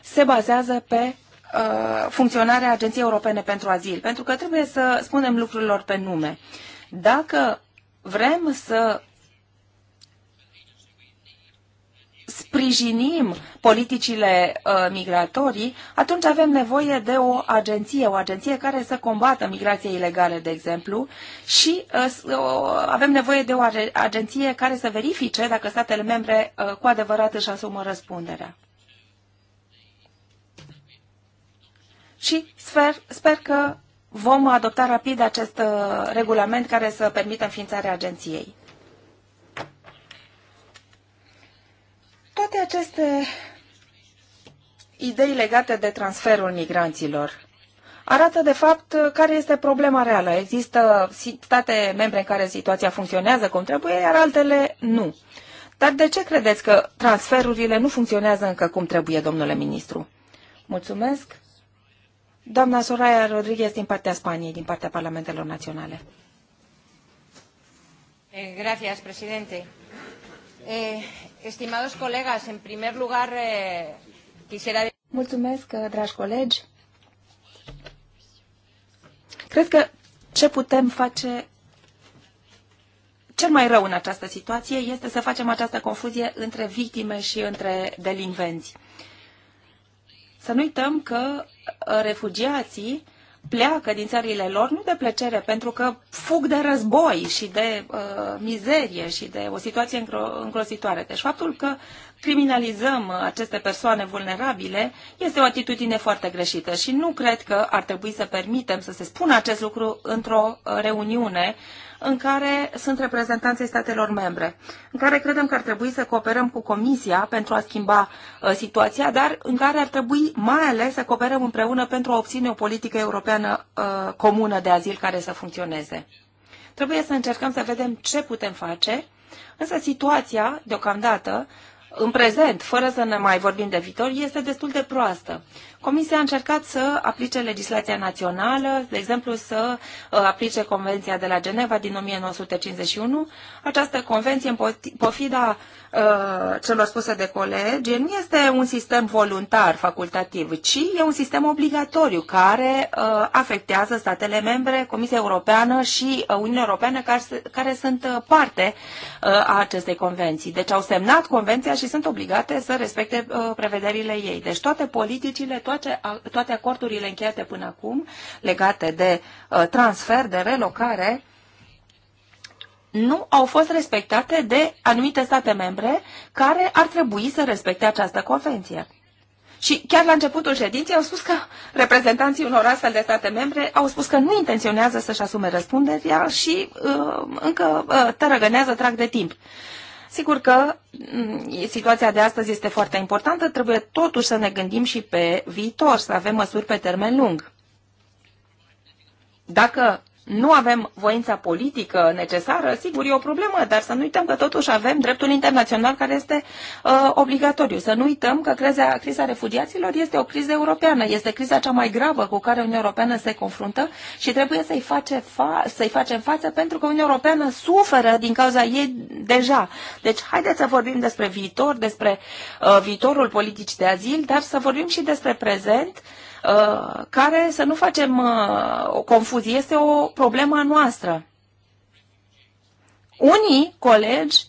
se bazează pe Uh, funcționarea Agenției Europene pentru Azil, pentru că trebuie să spunem lucrurilor pe nume. Dacă vrem să sprijinim politicile uh, migratorii, atunci avem nevoie de o agenție, o agenție care să combată migrația ilegală, de exemplu, și uh, avem nevoie de o agenție care să verifice dacă statele membre uh, cu adevărat își asumă răspunderea. și sper, sper că vom adopta rapid acest uh, regulament care să permită înființarea agenției. Toate aceste idei legate de transferul migranților arată, de fapt, care este problema reală. Există state membre în care situația funcționează cum trebuie, iar altele nu. Dar de ce credeți că transferurile nu funcționează încă cum trebuie, domnule ministru? Mulțumesc. Doamna Soraya Rodriguez din partea Spaniei, din partea Parlamentelor Naționale. Eh, gracias, presidente. Eh, estimados colegas, en primer lugar, eh, quisiera... Mulțumesc, eh, dragi colegi. Cred că ce putem face cel mai rău în această situație este să facem această confuzie între victime și între delinvenți. Să nu uităm că Uh, refugiații pleacă din țările lor nu de plăcere, pentru că fug de război și de uh, mizerie și de o situație îngrozitoare. Deci faptul că criminalizăm uh, aceste persoane vulnerabile este o atitudine foarte greșită și nu cred că ar trebui să permitem să se spună acest lucru într-o uh, reuniune în care sunt reprezentanții statelor membre, în care credem că ar trebui să cooperăm cu Comisia pentru a schimba uh, situația, dar în care ar trebui mai ales să cooperăm împreună pentru a obține o politică europeană comună de azil care să funcționeze. Trebuie să încercăm să vedem ce putem face Însă situația, deocamdată, în prezent, fără să ne mai vorbim de viitor, este destul de proastă. Comisia a încercat să aplice legislația națională, de exemplu să uh, aplice Convenția de la Geneva din 1951. Această convenție, în pofida uh, celor spuse de colegi, nu este un sistem voluntar, facultativ, ci e un sistem obligatoriu care uh, afectează statele membre, Comisia Europeană și Uniunea Europeană care sunt parte a acestei convenții. Deci au semnat convenția și sunt obligate să respecte prevederile ei. Deci toate politicile, toate toate, toate acordurile încheiate până acum legate de uh, transfer, de relocare, nu au fost respectate de anumite state membre care ar trebui să respecte această convenție. Și chiar la începutul ședinței au spus că reprezentanții unor astfel de state membre au spus că nu intenționează să-și asume răspunderea și uh, încă uh, tărăgânează trag de timp. Sigur că mm, situația de astăzi este foarte importantă, trebuie totuși să ne gândim și pe viitor, să avem măsuri pe termen lung. Dacă nu avem voința politică necesară, sigur, e o problemă, dar să nu uităm că totuși avem dreptul internațional care este uh, obligatoriu. Să nu uităm că criza, criza refugiaților este o criză europeană, este criza cea mai gravă cu care Uniunea Europeană se confruntă și trebuie să-i, face fa- să-i facem față pentru că Uniunea Europeană suferă din cauza ei deja. Deci, haideți să vorbim despre viitor, despre uh, viitorul politicii de azil, dar să vorbim și despre prezent uh, Uh, care, să nu facem uh, o confuzie, este o problemă a noastră. Unii colegi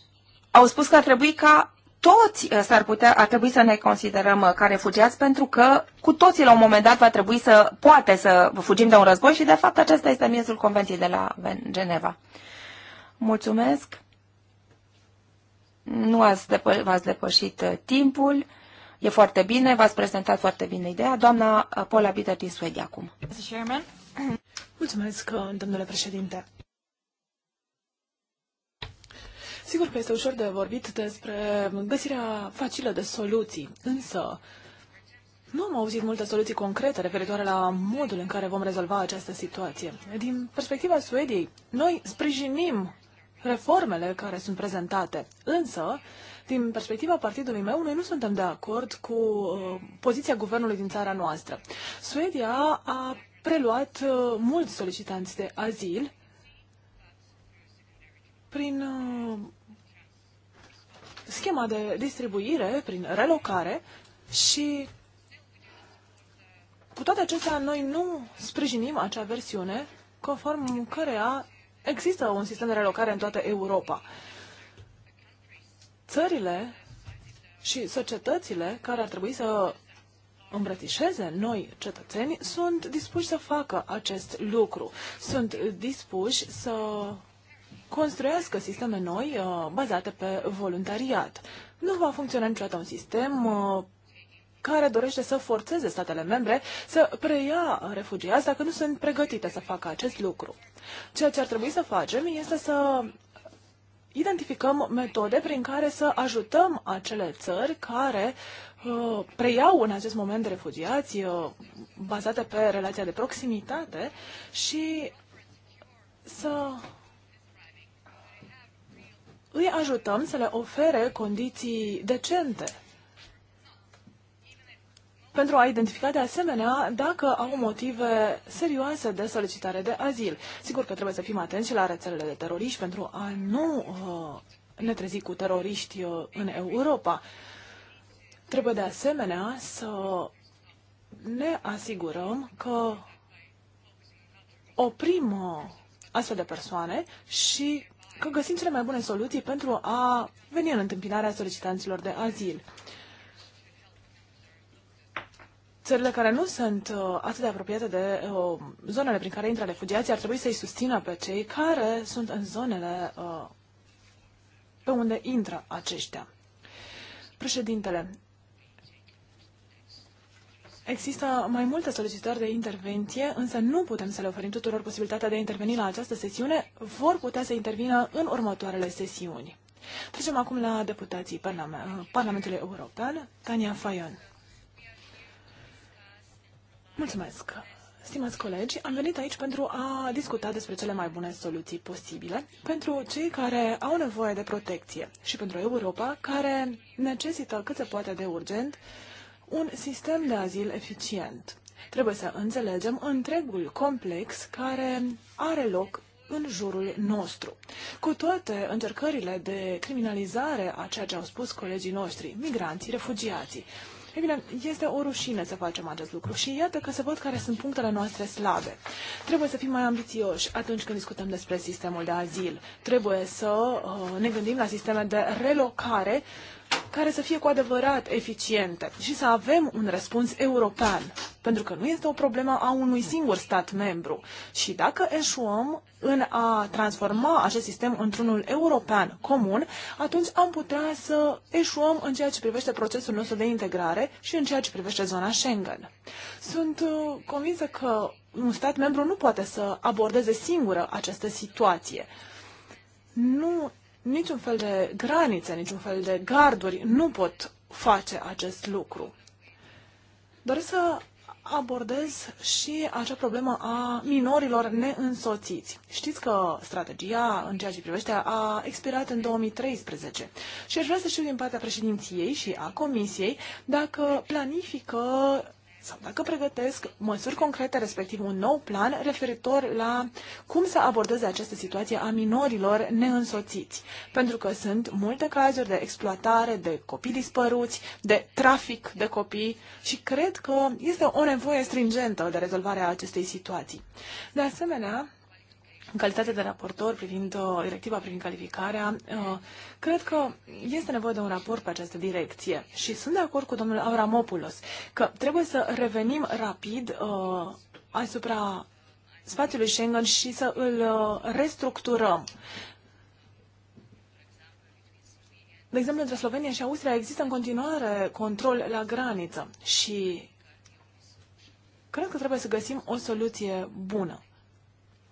au spus că ar trebui ca toți uh, s-ar putea, ar trebui să ne considerăm ca refugiați pentru că cu toții la un moment dat va trebui să poate să fugim de un război și de fapt acesta este miezul convenției de la Geneva. Mulțumesc. Nu ați depă- v-ați depășit timpul. E foarte bine, v-ați prezentat foarte bine ideea. Doamna uh, Paula Bitter din Suedia acum. Mulțumesc, uh, domnule președinte. Sigur că este ușor de vorbit despre găsirea facilă de soluții, însă nu am auzit multe soluții concrete referitoare la modul în care vom rezolva această situație. Din perspectiva Suediei, noi sprijinim reformele care sunt prezentate, însă din perspectiva partidului meu, noi nu suntem de acord cu uh, poziția guvernului din țara noastră. Suedia a preluat uh, mulți solicitanți de azil prin uh, schema de distribuire, prin relocare și cu toate acestea, noi nu sprijinim acea versiune conform cărea există un sistem de relocare în toată Europa țările și societățile care ar trebui să îmbrățișeze noi cetățeni sunt dispuși să facă acest lucru. Sunt dispuși să construiască sisteme noi uh, bazate pe voluntariat. Nu va funcționa niciodată un sistem uh, care dorește să forțeze statele membre să preia refugiați dacă nu sunt pregătite să facă acest lucru. Ceea ce ar trebui să facem este să identificăm metode prin care să ajutăm acele țări care uh, preiau în acest moment refugiați uh, bazate pe relația de proximitate și să îi ajutăm să le ofere condiții decente pentru a identifica de asemenea dacă au motive serioase de solicitare de azil. Sigur că trebuie să fim atenți și la rețelele de teroriști pentru a nu uh, ne trezi cu teroriști uh, în Europa. Trebuie de asemenea să ne asigurăm că oprim uh, astfel de persoane și că găsim cele mai bune soluții pentru a veni în întâmpinarea solicitanților de azil. țările care nu sunt uh, atât de apropiate de uh, zonele prin care intră refugiații ar trebui să-i susțină pe cei care sunt în zonele uh, pe unde intră aceștia. Președintele, Există mai multe solicitări de intervenție, însă nu putem să le oferim tuturor posibilitatea de a interveni la această sesiune. Vor putea să intervină în următoarele sesiuni. Trecem acum la deputații Parlamentului European, Tania Fayon. Mulțumesc! Stimați colegi, am venit aici pentru a discuta despre cele mai bune soluții posibile pentru cei care au nevoie de protecție și pentru Europa, care necesită cât se poate de urgent un sistem de azil eficient. Trebuie să înțelegem întregul complex care are loc în jurul nostru. Cu toate încercările de criminalizare a ceea ce au spus colegii noștri, migranții, refugiații, ei bine, este o rușine să facem acest lucru și iată că se văd care sunt punctele noastre slabe. Trebuie să fim mai ambițioși atunci când discutăm despre sistemul de azil. Trebuie să uh, ne gândim la sisteme de relocare uh, care să fie cu adevărat eficiente și să avem un răspuns european, pentru că nu este o problemă a unui singur stat membru. Și dacă eșuăm în a transforma acest sistem într-unul european comun, atunci am putea să eșuăm în ceea ce privește procesul nostru de integrare și în ceea ce privește zona Schengen. Sunt uh, convinsă că un stat membru nu poate să abordeze singură această situație. Nu niciun fel de granițe, niciun fel de garduri nu pot face acest lucru. Doresc să abordez și acea problemă a minorilor neînsoțiți. Știți că strategia în ceea ce privește a expirat în 2013 și aș vrea să știu din partea președinției și a comisiei dacă planifică sau dacă pregătesc măsuri concrete, respectiv un nou plan referitor la cum să abordeze această situație a minorilor neînsoțiți. Pentru că sunt multe cazuri de exploatare, de copii dispăruți, de trafic de copii și cred că este o nevoie stringentă de rezolvarea acestei situații. De asemenea, în calitate de raportor privind uh, directiva privind calificarea, uh, cred că este nevoie de un raport pe această direcție și sunt de acord cu domnul Avramopoulos că trebuie să revenim rapid uh, asupra spațiului Schengen și să îl restructurăm. De exemplu, între Slovenia și Austria există în continuare control la graniță și cred că trebuie să găsim o soluție bună.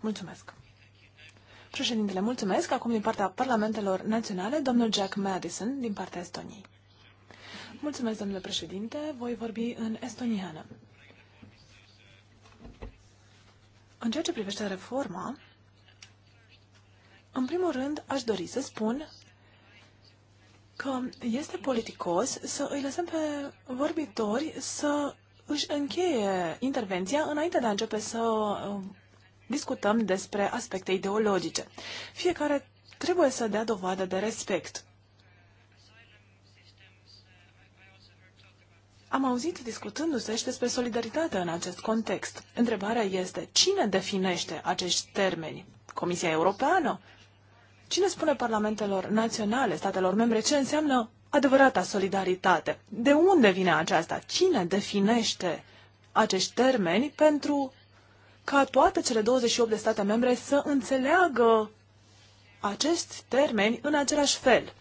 Mulțumesc! Președintele, mulțumesc. Acum din partea Parlamentelor Naționale, domnul Jack Madison din partea Estoniei. Mulțumesc, domnule președinte. Voi vorbi în estoniană. În ceea ce privește reforma, în primul rând aș dori să spun că este politicos să îi lăsăm pe vorbitori să își încheie intervenția înainte de a începe să uh, discutăm despre aspecte ideologice. Fiecare trebuie să dea dovadă de respect. Am auzit discutându-se și despre solidaritate în acest context. Întrebarea este, cine definește acești termeni? Comisia Europeană? Cine spune parlamentelor naționale, statelor membre, ce înseamnă adevărata solidaritate? De unde vine aceasta? Cine definește acești termeni pentru ca toate cele 28 de state membre să înțeleagă acest termen în același fel.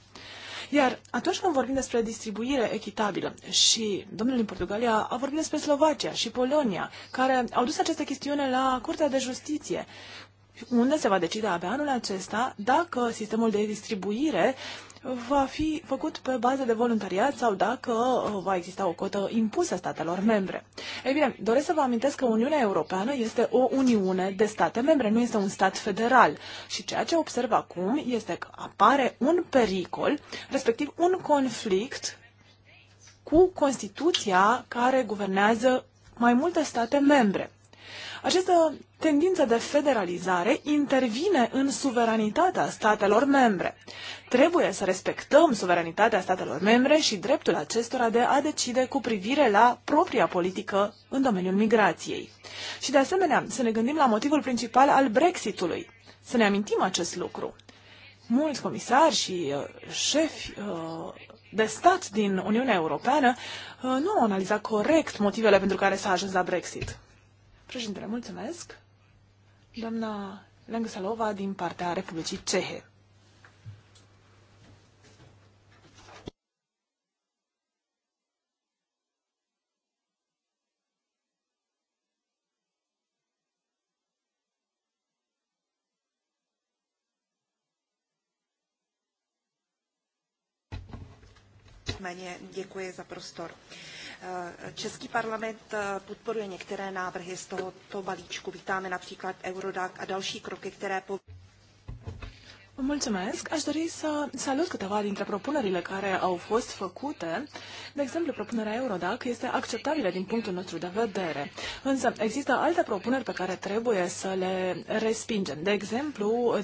Iar atunci când vorbim despre distribuire echitabilă și domnul din Portugalia a vorbit despre Slovacia și Polonia, care au dus aceste chestiune la Curtea de Justiție, unde se va decide abia anul acesta dacă sistemul de distribuire va fi făcut pe bază de voluntariat sau dacă uh, va exista o cotă impusă statelor membre. Ei bine, doresc să vă amintesc că Uniunea Europeană este o uniune de state membre, nu este un stat federal. Și ceea ce observ acum este că apare un pericol, respectiv un conflict cu Constituția care guvernează mai multe state membre. Această tendință de federalizare intervine în suveranitatea statelor membre. Trebuie să respectăm suveranitatea statelor membre și dreptul acestora de a decide cu privire la propria politică în domeniul migrației. Și de asemenea, să ne gândim la motivul principal al Brexitului. Să ne amintim acest lucru. Mulți comisari și uh, șefi uh, de stat din Uniunea Europeană uh, nu au analizat corect motivele pentru care s-a ajuns la Brexit. Președintele, mulțumesc. Doamna Lengsalova din partea Republicii Cehe. děkuji za prostor. Český parlament eh, podporuje některé návrhy z tohoto balíčku. Vítáme například Eurodac a další kroky, které po... Mulțumesc. Aș dori să salut câteva dintre propunerile care au fost făcute. De exemplu, propunerea Eurodac este acceptabilă din punctul nostru de vedere. Însă există alte propuneri pe care trebuie să le respingem. De exemplu,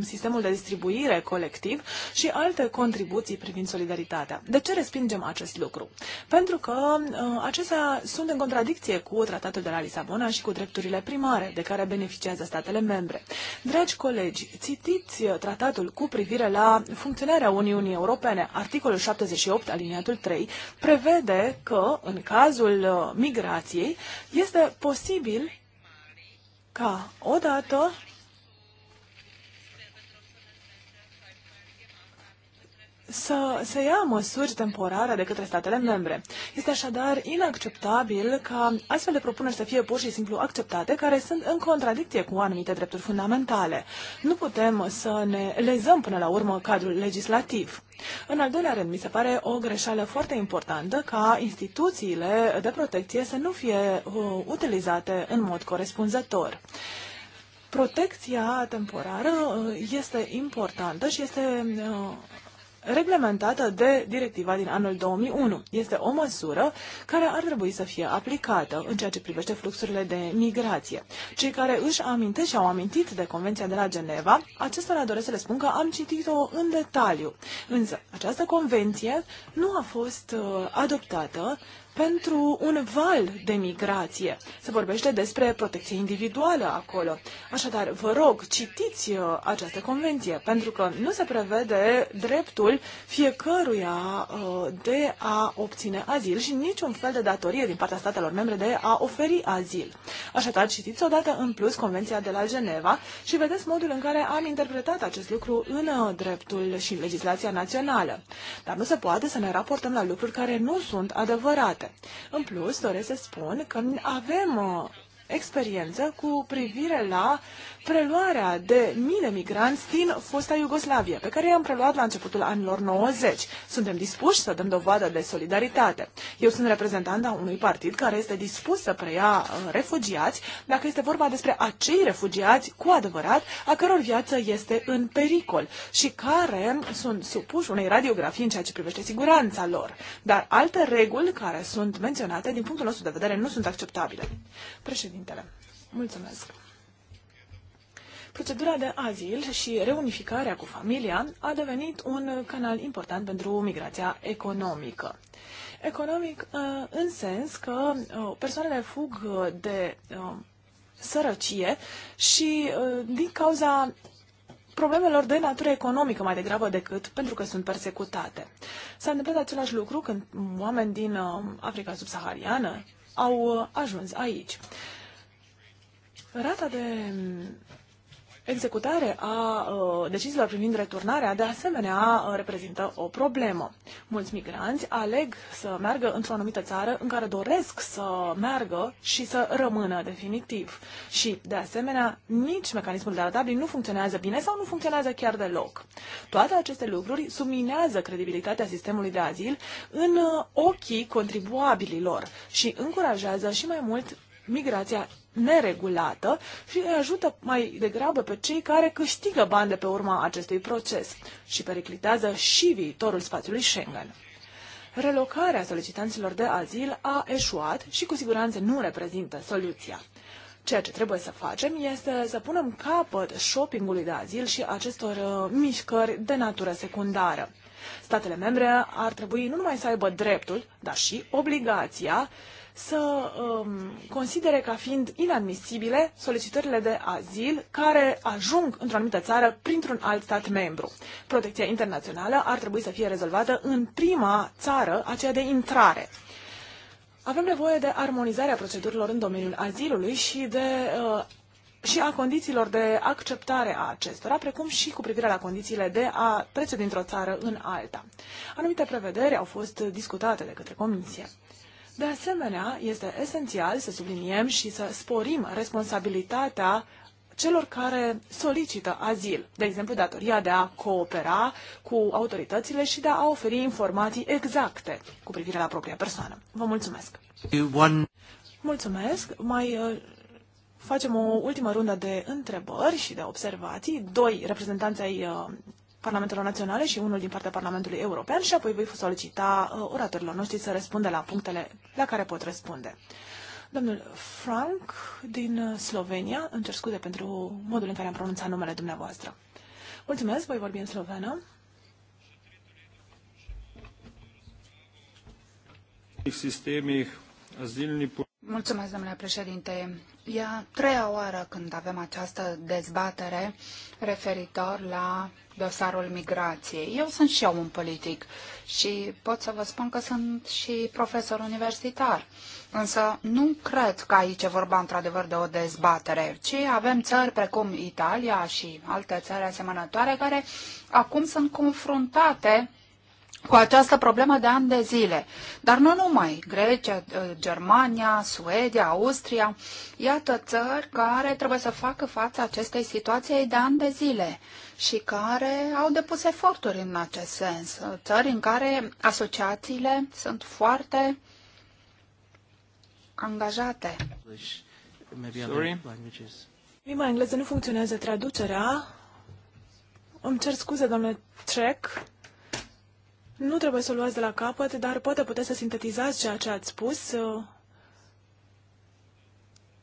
sistemul de distribuire colectiv și alte contribuții privind solidaritatea. De ce respingem acest lucru? Pentru că uh, acestea sunt în contradicție cu tratatul de la Lisabona și cu drepturile primare de care beneficiază statele membre. Dragi colegi, citiți tratatul tratatul cu privire la funcționarea Uniunii Europene. Articolul 78, aliniatul 3, prevede că, în cazul uh, migrației, este posibil ca odată să se ia măsuri temporare de către statele membre. Este așadar inacceptabil ca astfel de propuneri să fie pur și simplu acceptate, care sunt în contradicție cu anumite drepturi fundamentale. Nu putem să ne lezăm până la urmă cadrul legislativ. În al doilea rând, mi se pare o greșeală foarte importantă ca instituțiile de protecție să nu fie uh, utilizate în mod corespunzător. Protecția temporară uh, este importantă și este uh, reglementată de directiva din anul 2001. Este o măsură care ar trebui să fie aplicată în ceea ce privește fluxurile de migrație. Cei care își amintesc și au amintit de Convenția de la Geneva, acestora doresc să le spun că am citit-o în detaliu. Însă, această convenție nu a fost uh, adoptată pentru un val de migrație. Se vorbește despre protecție individuală acolo. Așadar, vă rog, citiți uh, această convenție, pentru că nu se prevede dreptul fiecăruia uh, de a obține azil și niciun fel de datorie din partea statelor membre de a oferi azil. Așadar, citiți odată în plus convenția de la Geneva și vedeți modul în care am interpretat acest lucru în uh, dreptul și în legislația națională. Dar nu se poate să ne raportăm la lucruri care nu sunt adevărate departe. În plus, doresc să spun că avem uh, experiență cu privire la preluarea de mii de migranți din fosta Iugoslavie, pe care i-am preluat la începutul anilor 90. Suntem dispuși să dăm dovadă de solidaritate. Eu sunt reprezentanta unui partid care este dispus să preia uh, refugiați, dacă este vorba despre acei refugiați cu adevărat, a căror viață este în pericol și care sunt supuși unei radiografii în ceea ce privește siguranța lor. Dar alte reguli care sunt menționate, din punctul nostru de vedere, nu sunt acceptabile. Președintele, mulțumesc. Procedura de azil și reunificarea cu familia a devenit un canal important pentru migrația economică. Economic uh, în sens că uh, persoanele fug de uh, sărăcie și din cauza problemelor de natură economică mai degrabă decât pentru că sunt persecutate. S-a întâmplat același lucru când oameni din Africa subsahariană au ajuns aici. Rata de executare a ă, deciziilor privind returnarea, de asemenea, reprezintă o problemă. Mulți migranți aleg să meargă într-o anumită țară în care doresc să meargă și să rămână definitiv. Și, de asemenea, nici mecanismul de adaptare nu funcționează bine sau nu funcționează chiar deloc. Toate aceste lucruri subminează credibilitatea sistemului de azil în ă, ochii contribuabililor și încurajează și mai mult migrația neregulată și îi ajută mai degrabă pe cei care câștigă bani de pe urma acestui proces și periclitează și viitorul spațiului Schengen. Relocarea solicitanților de azil a eșuat și cu siguranță nu reprezintă soluția. Ceea ce trebuie să facem este să punem capăt shoppingului de azil și acestor uh, mișcări de natură secundară. Statele membre ar trebui nu numai să aibă dreptul, dar și obligația să um, considere ca fiind inadmisibile solicitările de azil care ajung într-o anumită țară printr-un alt stat membru. Protecția internațională ar trebui să fie rezolvată în prima țară, aceea de intrare. Avem nevoie de armonizarea procedurilor în domeniul azilului și de uh, și a condițiilor de acceptare a acestora, precum și cu privire la condițiile de a trece dintr-o țară în alta. Anumite prevederi au fost discutate de către Comisie. De asemenea, este esențial să subliniem și să sporim responsabilitatea celor care solicită azil, de exemplu datoria de a coopera cu autoritățile și de a oferi informații exacte cu privire la propria persoană. Vă mulțumesc! One... Mulțumesc! Mai uh, facem o ultimă rundă de întrebări și de observații. Doi reprezentanți ai uh, Parlamentelor Naționale și unul din partea Parlamentului European și apoi voi solicita uh, oratorilor noștri să răspundă la punctele la care pot răspunde. Domnul Frank din uh, Slovenia, îmi cer scuze pentru modul în care am pronunțat numele dumneavoastră. Mulțumesc, voi vorbi în slovenă. Mulțumesc, domnule președinte. E a treia oară când avem această dezbatere referitor la dosarul migrației. Eu sunt și eu un politic și pot să vă spun că sunt și profesor universitar. Însă nu cred că aici e vorba într-adevăr de o dezbatere, ci avem țări precum Italia și alte țări asemănătoare care acum sunt confruntate cu această problemă de ani de zile. Dar nu numai. Grecia, uh, Germania, Suedia, Austria, iată țări care trebuie să facă față acestei situații de ani de zile și care au depus eforturi în acest sens. Uh, țări în care asociațiile sunt foarte angajate. Sorry. Limba engleză nu funcționează traducerea. Îmi cer scuze, domnule Trek. Nu trebuie să o luați de la capăt, dar poate puteți să sintetizați ceea ce ați spus. Uh,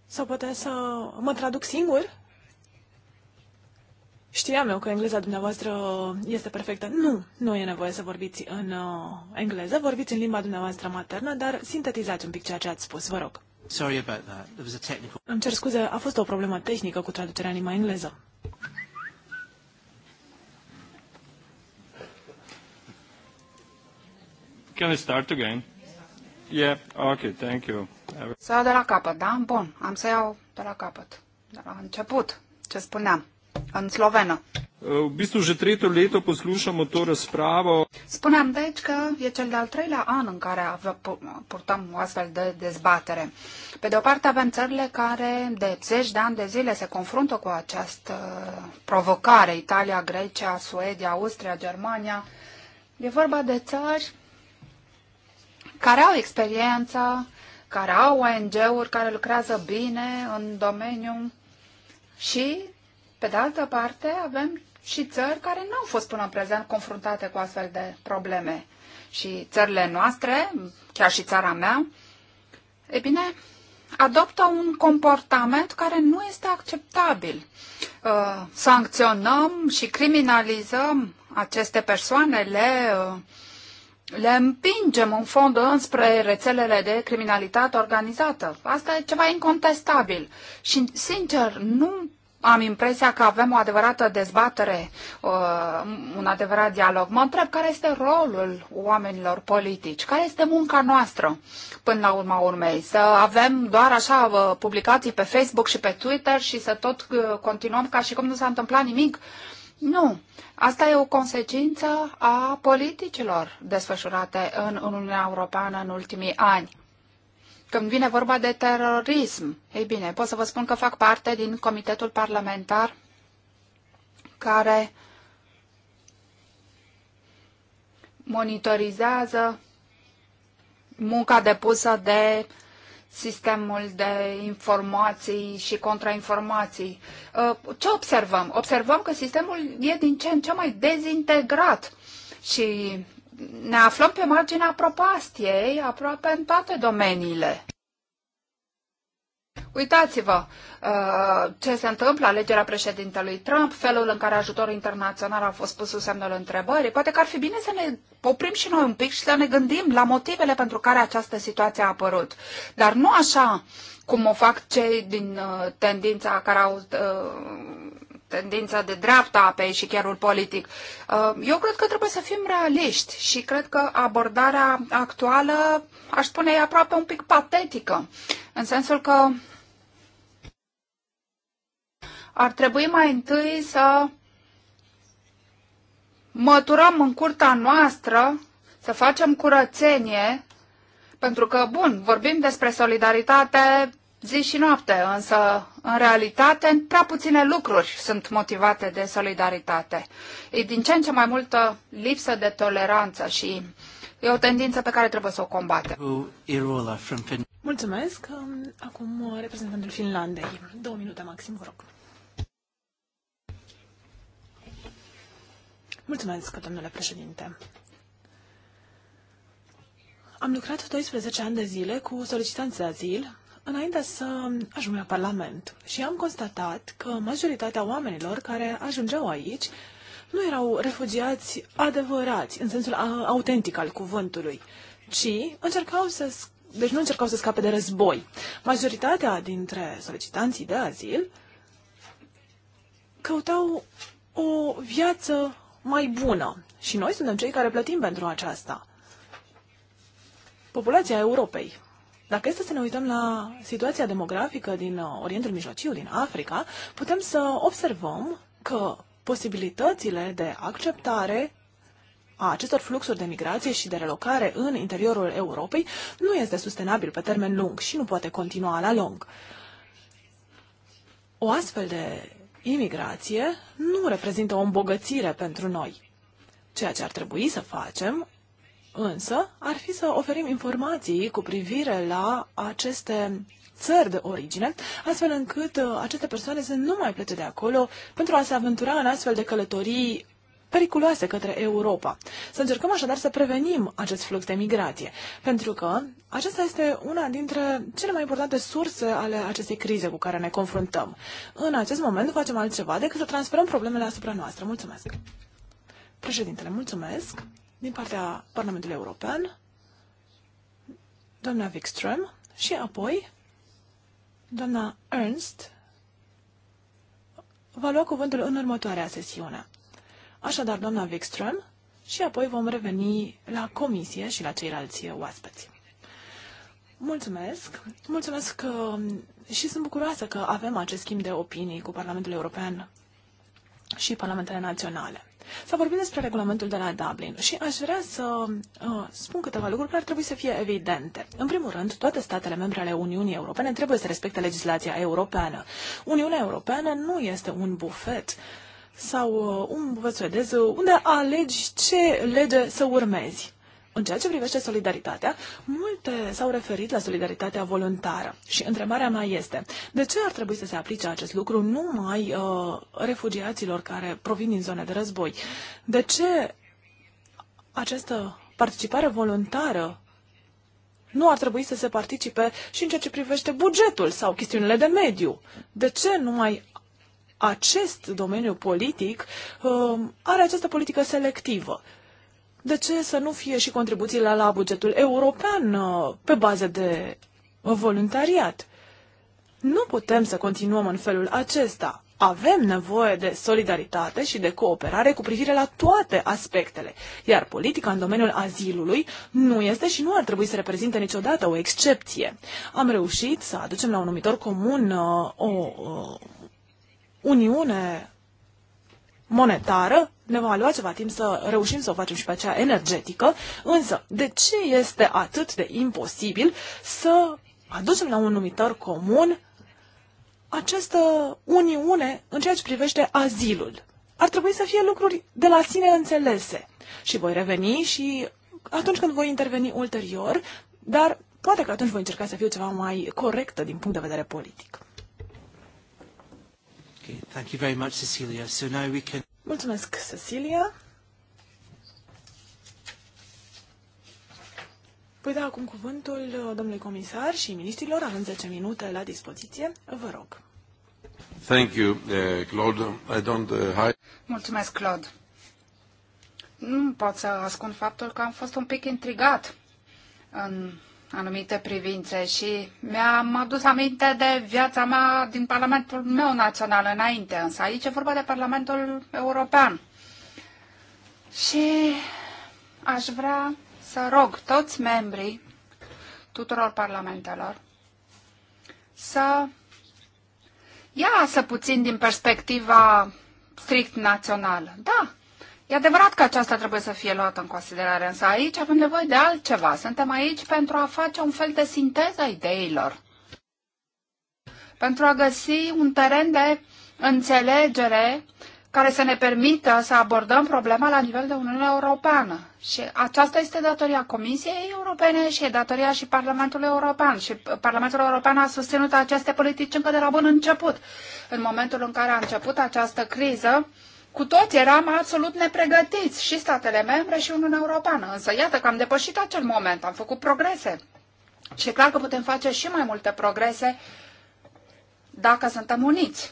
sau poate să mă traduc singur? Știam eu că engleza dumneavoastră este perfectă. Nu, nu e nevoie să vorbiți în uh, engleză, vorbiți în limba dumneavoastră maternă, dar sintetizați un pic ceea ce ați spus, vă rog. Sorry about that. There was a technical... Îmi cer scuze, a fost o problemă tehnică cu traducerea în limba engleză. Can we start again? Yeah, ok, thank you. Să iau de la capăt, da? Bun, am să iau de la capăt. De la început, ce spuneam, în slovenă. V uh, bistvu že tretje leto poslušamo to razpravo. Spuneam deci că e cel de-al treilea an în care purtăm o astfel de dezbatere. Pe de o parte avem țările care de zeci de ani de zile se confruntă cu această provocare. Italia, Grecia, Suedia, Austria, Germania. E vorba de țări care au experiență, care au ONG-uri care lucrează bine în domeniu și, pe de altă parte, avem și țări care nu au fost până în prezent confruntate cu astfel de probleme. Și țările noastre, chiar și țara mea, e bine, adoptă un comportament care nu este acceptabil. Uh, sancționăm și criminalizăm aceste persoane, le uh, le împingem în fond înspre rețelele de criminalitate organizată. Asta e ceva incontestabil. Și, sincer, nu am impresia că avem o adevărată dezbatere, uh, un adevărat dialog. Mă întreb care este rolul oamenilor politici, care este munca noastră până la urma urmei. Să avem doar așa uh, publicații pe Facebook și pe Twitter și să tot uh, continuăm ca și cum nu s-a întâmplat nimic. Uh, nu. Asta e o consecință a politicilor desfășurate în Uniunea Europeană în ultimii ani. Când vine vorba de terorism, ei bine, pot să vă spun că fac parte din comitetul parlamentar care monitorizează munca depusă de uh, sistemul de informații și contrainformații. Uh, ce observăm? Observăm că sistemul e din ce în ce mai dezintegrat și ne aflăm pe marginea propastiei aproape în toate domeniile. Uitați-vă uh, ce se întâmplă, alegerea președintelui Trump, felul în care ajutorul internațional a fost pus sub semnul întrebării. Poate că ar fi bine să ne oprim și noi un pic și să ne gândim la motivele pentru care această situație a apărut. Dar nu așa cum o fac cei din uh, tendința care au uh, tendința de dreapta pe chiarul politic. Uh, eu cred că trebuie să fim realiști și cred că abordarea actuală aș spune, e aproape un pic patetică, în sensul că ar trebui mai întâi să măturăm în curta noastră, să facem curățenie, pentru că, bun, vorbim despre solidaritate zi și noapte, însă, în realitate, prea puține lucruri sunt motivate de solidaritate. E din ce în ce mai multă lipsă de toleranță și E o tendință pe care trebuie să o combate. Mulțumesc. Acum reprezentantul Finlandei. Două minute maxim, vă rog. Mulțumesc, domnule președinte. Am lucrat 12 ani de zile cu solicitanți de azil înainte să ajung la Parlament și am constatat că majoritatea oamenilor care ajungeau aici nu erau refugiați adevărați, în sensul autentic al cuvântului, ci încercau să deci nu încercau să scape de război. Majoritatea dintre solicitanții de azil căutau o viață mai bună și noi suntem cei care plătim pentru aceasta. Populația Europei. Dacă este să ne uităm la situația demografică din uh, Orientul Mijlociu, din Africa, putem să observăm că posibilitățile de acceptare a acestor fluxuri de migrație și de relocare în interiorul Europei nu este sustenabil pe termen lung și nu poate continua la lung. O astfel de imigrație nu reprezintă o îmbogățire pentru noi. Ceea ce ar trebui să facem, însă, ar fi să oferim informații cu privire la aceste țări de origine, astfel încât uh, aceste persoane să nu mai plece de acolo pentru a se aventura în astfel de călătorii periculoase către Europa. Să încercăm așadar să prevenim acest flux de migrație, pentru că aceasta este una dintre cele mai importante surse ale acestei crize cu care ne confruntăm. În acest moment nu facem altceva decât să transferăm problemele asupra noastră. Mulțumesc! Președintele, mulțumesc! Din partea Parlamentului European, doamna Wikström și apoi Doamna Ernst va lua cuvântul în următoarea sesiune. Așadar, doamna Wikström și apoi vom reveni la comisie și la ceilalți oaspeți. Mulțumesc! Mulțumesc că, și sunt bucuroasă că avem acest schimb de opinii cu Parlamentul European și Parlamentele Naționale. S-a vorbit despre regulamentul de la Dublin și aș vrea să uh, spun câteva lucruri care ar trebui să fie evidente. În primul rând, toate statele membre ale Uniunii Europene trebuie să respecte legislația europeană. Uniunea Europeană nu este un bufet sau uh, un bufet suedez uh, unde alegi ce lege să urmezi. În ceea ce privește solidaritatea, multe s-au referit la solidaritatea voluntară și întrebarea mea este, de ce ar trebui să se aplice acest lucru numai uh, refugiaților care provin din zone de război? De ce această participare voluntară nu ar trebui să se participe și în ceea ce privește bugetul sau chestiunile de mediu? De ce numai acest domeniu politic uh, are această politică selectivă de ce să nu fie și contribuțiile la bugetul european uh, pe bază de voluntariat? Nu putem să continuăm în felul acesta. Avem nevoie de solidaritate și de cooperare cu privire la toate aspectele, iar politica în domeniul azilului nu este și nu ar trebui să reprezinte niciodată o excepție. Am reușit să aducem la un numitor comun uh, o, o uh, uniune monetară ne va lua ceva timp să reușim să o facem și pe aceea energetică, însă de ce este atât de imposibil să aducem la un numitor comun această uniune în ceea ce privește azilul? Ar trebui să fie lucruri de la sine înțelese. Și voi reveni și atunci când voi interveni ulterior, dar poate că atunci voi încerca să fiu ceva mai corectă din punct de vedere politic. Okay, thank you very much, Cecilia. So now we can... Mulțumesc, Cecilia. Păi da, acum cuvântul uh, domnului comisar și ministrilor. Avem 10 minute la dispoziție. Vă rog. Thank you, uh, Claude. I don't, uh, hide. Mulțumesc, Claude. Nu pot să ascund faptul că am fost un pic intrigat în anumite privințe și mi-am adus aminte de viața mea din Parlamentul meu național înainte, însă aici e vorba de Parlamentul European. Și aș vrea să rog toți membrii tuturor parlamentelor să iasă puțin din perspectiva strict națională. Da, E adevărat că aceasta trebuie să fie luată în considerare, însă aici avem nevoie de altceva. Suntem aici pentru a face un fel de sinteză a ideilor, pentru a găsi un teren de înțelegere care să ne permită să abordăm problema la nivel de Uniunea Europeană. Și aceasta este datoria Comisiei Europene și e datoria și Parlamentului European. Și Parlamentul European a susținut aceste politici încă de la bun început. În momentul în care a început această criză, cu toți eram absolut nepregătiți, și statele membre și Uniunea Europeană. Însă iată că am depășit acel moment, am făcut progrese. Și e clar că putem face și mai multe progrese dacă suntem uniți.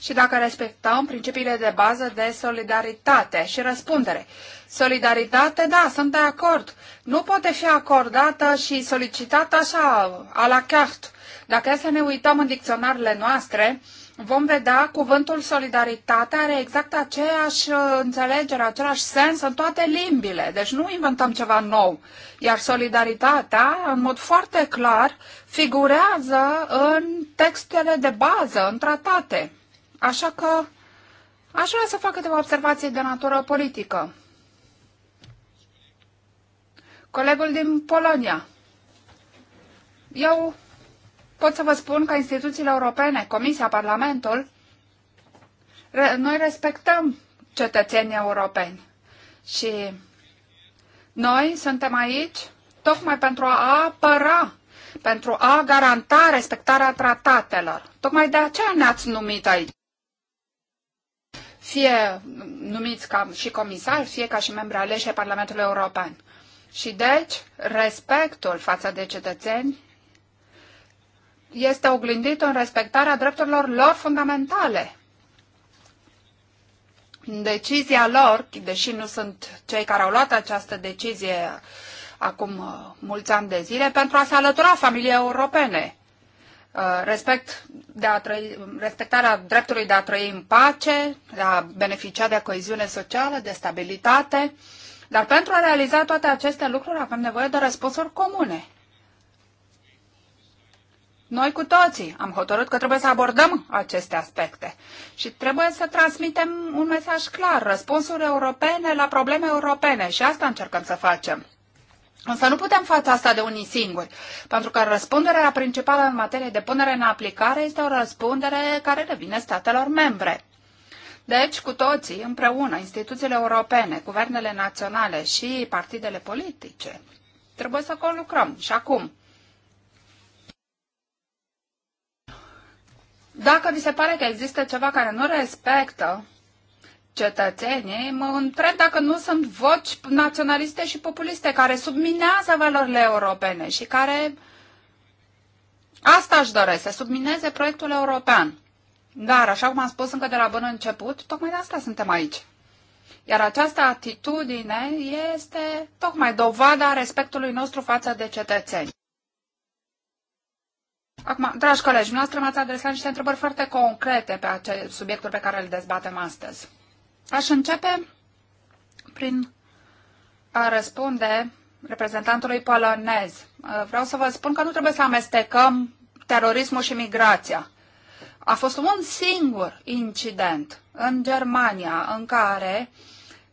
și dacă respectăm principiile de bază de solidaritate și răspundere. Solidaritate, da, sunt de acord. Nu poate fi acordată și solicitată așa, a la carte. Dacă e să ne uităm în dicționarele noastre, vom vedea cuvântul solidaritate are exact aceeași uh, înțelegere, același sens în toate limbile. Deci nu inventăm ceva nou. Iar solidaritatea, în mod foarte clar, figurează în textele de bază, în tratate. Așa că aș vrea să fac câteva observații de natură politică. Colegul din Polonia. Eu pot să vă spun că instituțiile europene, Comisia, Parlamentul, noi respectăm cetățenii europeni și noi suntem aici tocmai pentru a apăra, pentru a garanta respectarea tratatelor. Tocmai de aceea ne-ați numit aici. Fie numiți ca și comisar, fie ca și membri aleși ai Parlamentului European. Și deci, respectul față de cetățeni este oglindit în respectarea drepturilor lor fundamentale. Decizia lor, deși nu sunt cei care au luat această decizie acum uh, mulți ani de zile, pentru a se alătura familiei europene. Uh, respect de a trăi, respectarea dreptului de a trăi în pace, de a beneficia de coeziune socială, de stabilitate. Dar pentru a realiza toate aceste lucruri avem nevoie de răspunsuri comune. Noi cu toții am hotărât că trebuie să abordăm aceste aspecte și trebuie să transmitem un mesaj clar, răspunsuri europene la probleme europene și asta încercăm să facem. Însă nu putem face asta de unii singuri, pentru că răspunderea principală în materie de punere în aplicare este o răspundere care revine statelor membre. Deci, cu toții, împreună, instituțiile europene, guvernele naționale și partidele politice, trebuie să conlucrăm. Și acum, Dacă vi se pare că există ceva care nu respectă cetățenii, mă întreb dacă nu sunt voci naționaliste și populiste care subminează valorile europene și care asta își doresc, să submineze proiectul european. Dar, așa cum am spus încă de la bun început, tocmai de asta suntem aici. Iar această atitudine este tocmai dovada respectului nostru față de cetățeni. Acum, dragi colegi, dumneavoastră m-ați adresat niște întrebări foarte concrete pe acel subiectul pe care îl dezbatem astăzi. Aș începe prin a răspunde reprezentantului polonez. Uh, vreau să vă spun că nu trebuie să amestecăm terorismul și migrația. A fost un singur incident în Germania în care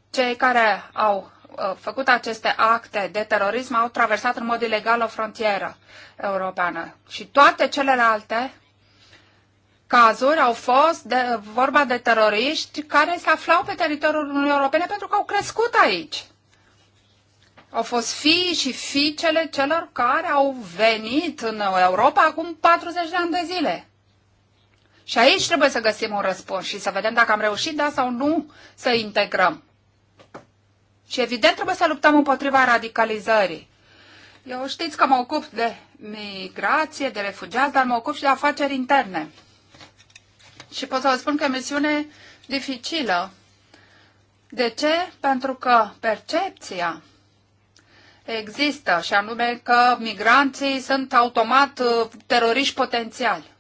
cei care au Uh, făcut aceste acte de terorism au traversat în mod ilegal o frontieră europeană. Și toate celelalte cazuri au fost de, vorba de teroriști care se aflau pe teritoriul Uniunii Europene pentru că au crescut aici. Au fost fii și fiicele celor care au venit în Europa acum 40 de ani de zile. Și aici trebuie să găsim un răspuns și să vedem dacă am reușit, da sau nu, să integrăm. Și evident trebuie să luptăm împotriva radicalizării. Eu știți că mă ocup de migrație, de refugiați, dar mă ocup și de afaceri interne. Și pot să vă spun că e misiune dificilă. De ce? Pentru că percepția există și anume că migranții sunt automat uh, teroriști potențiali.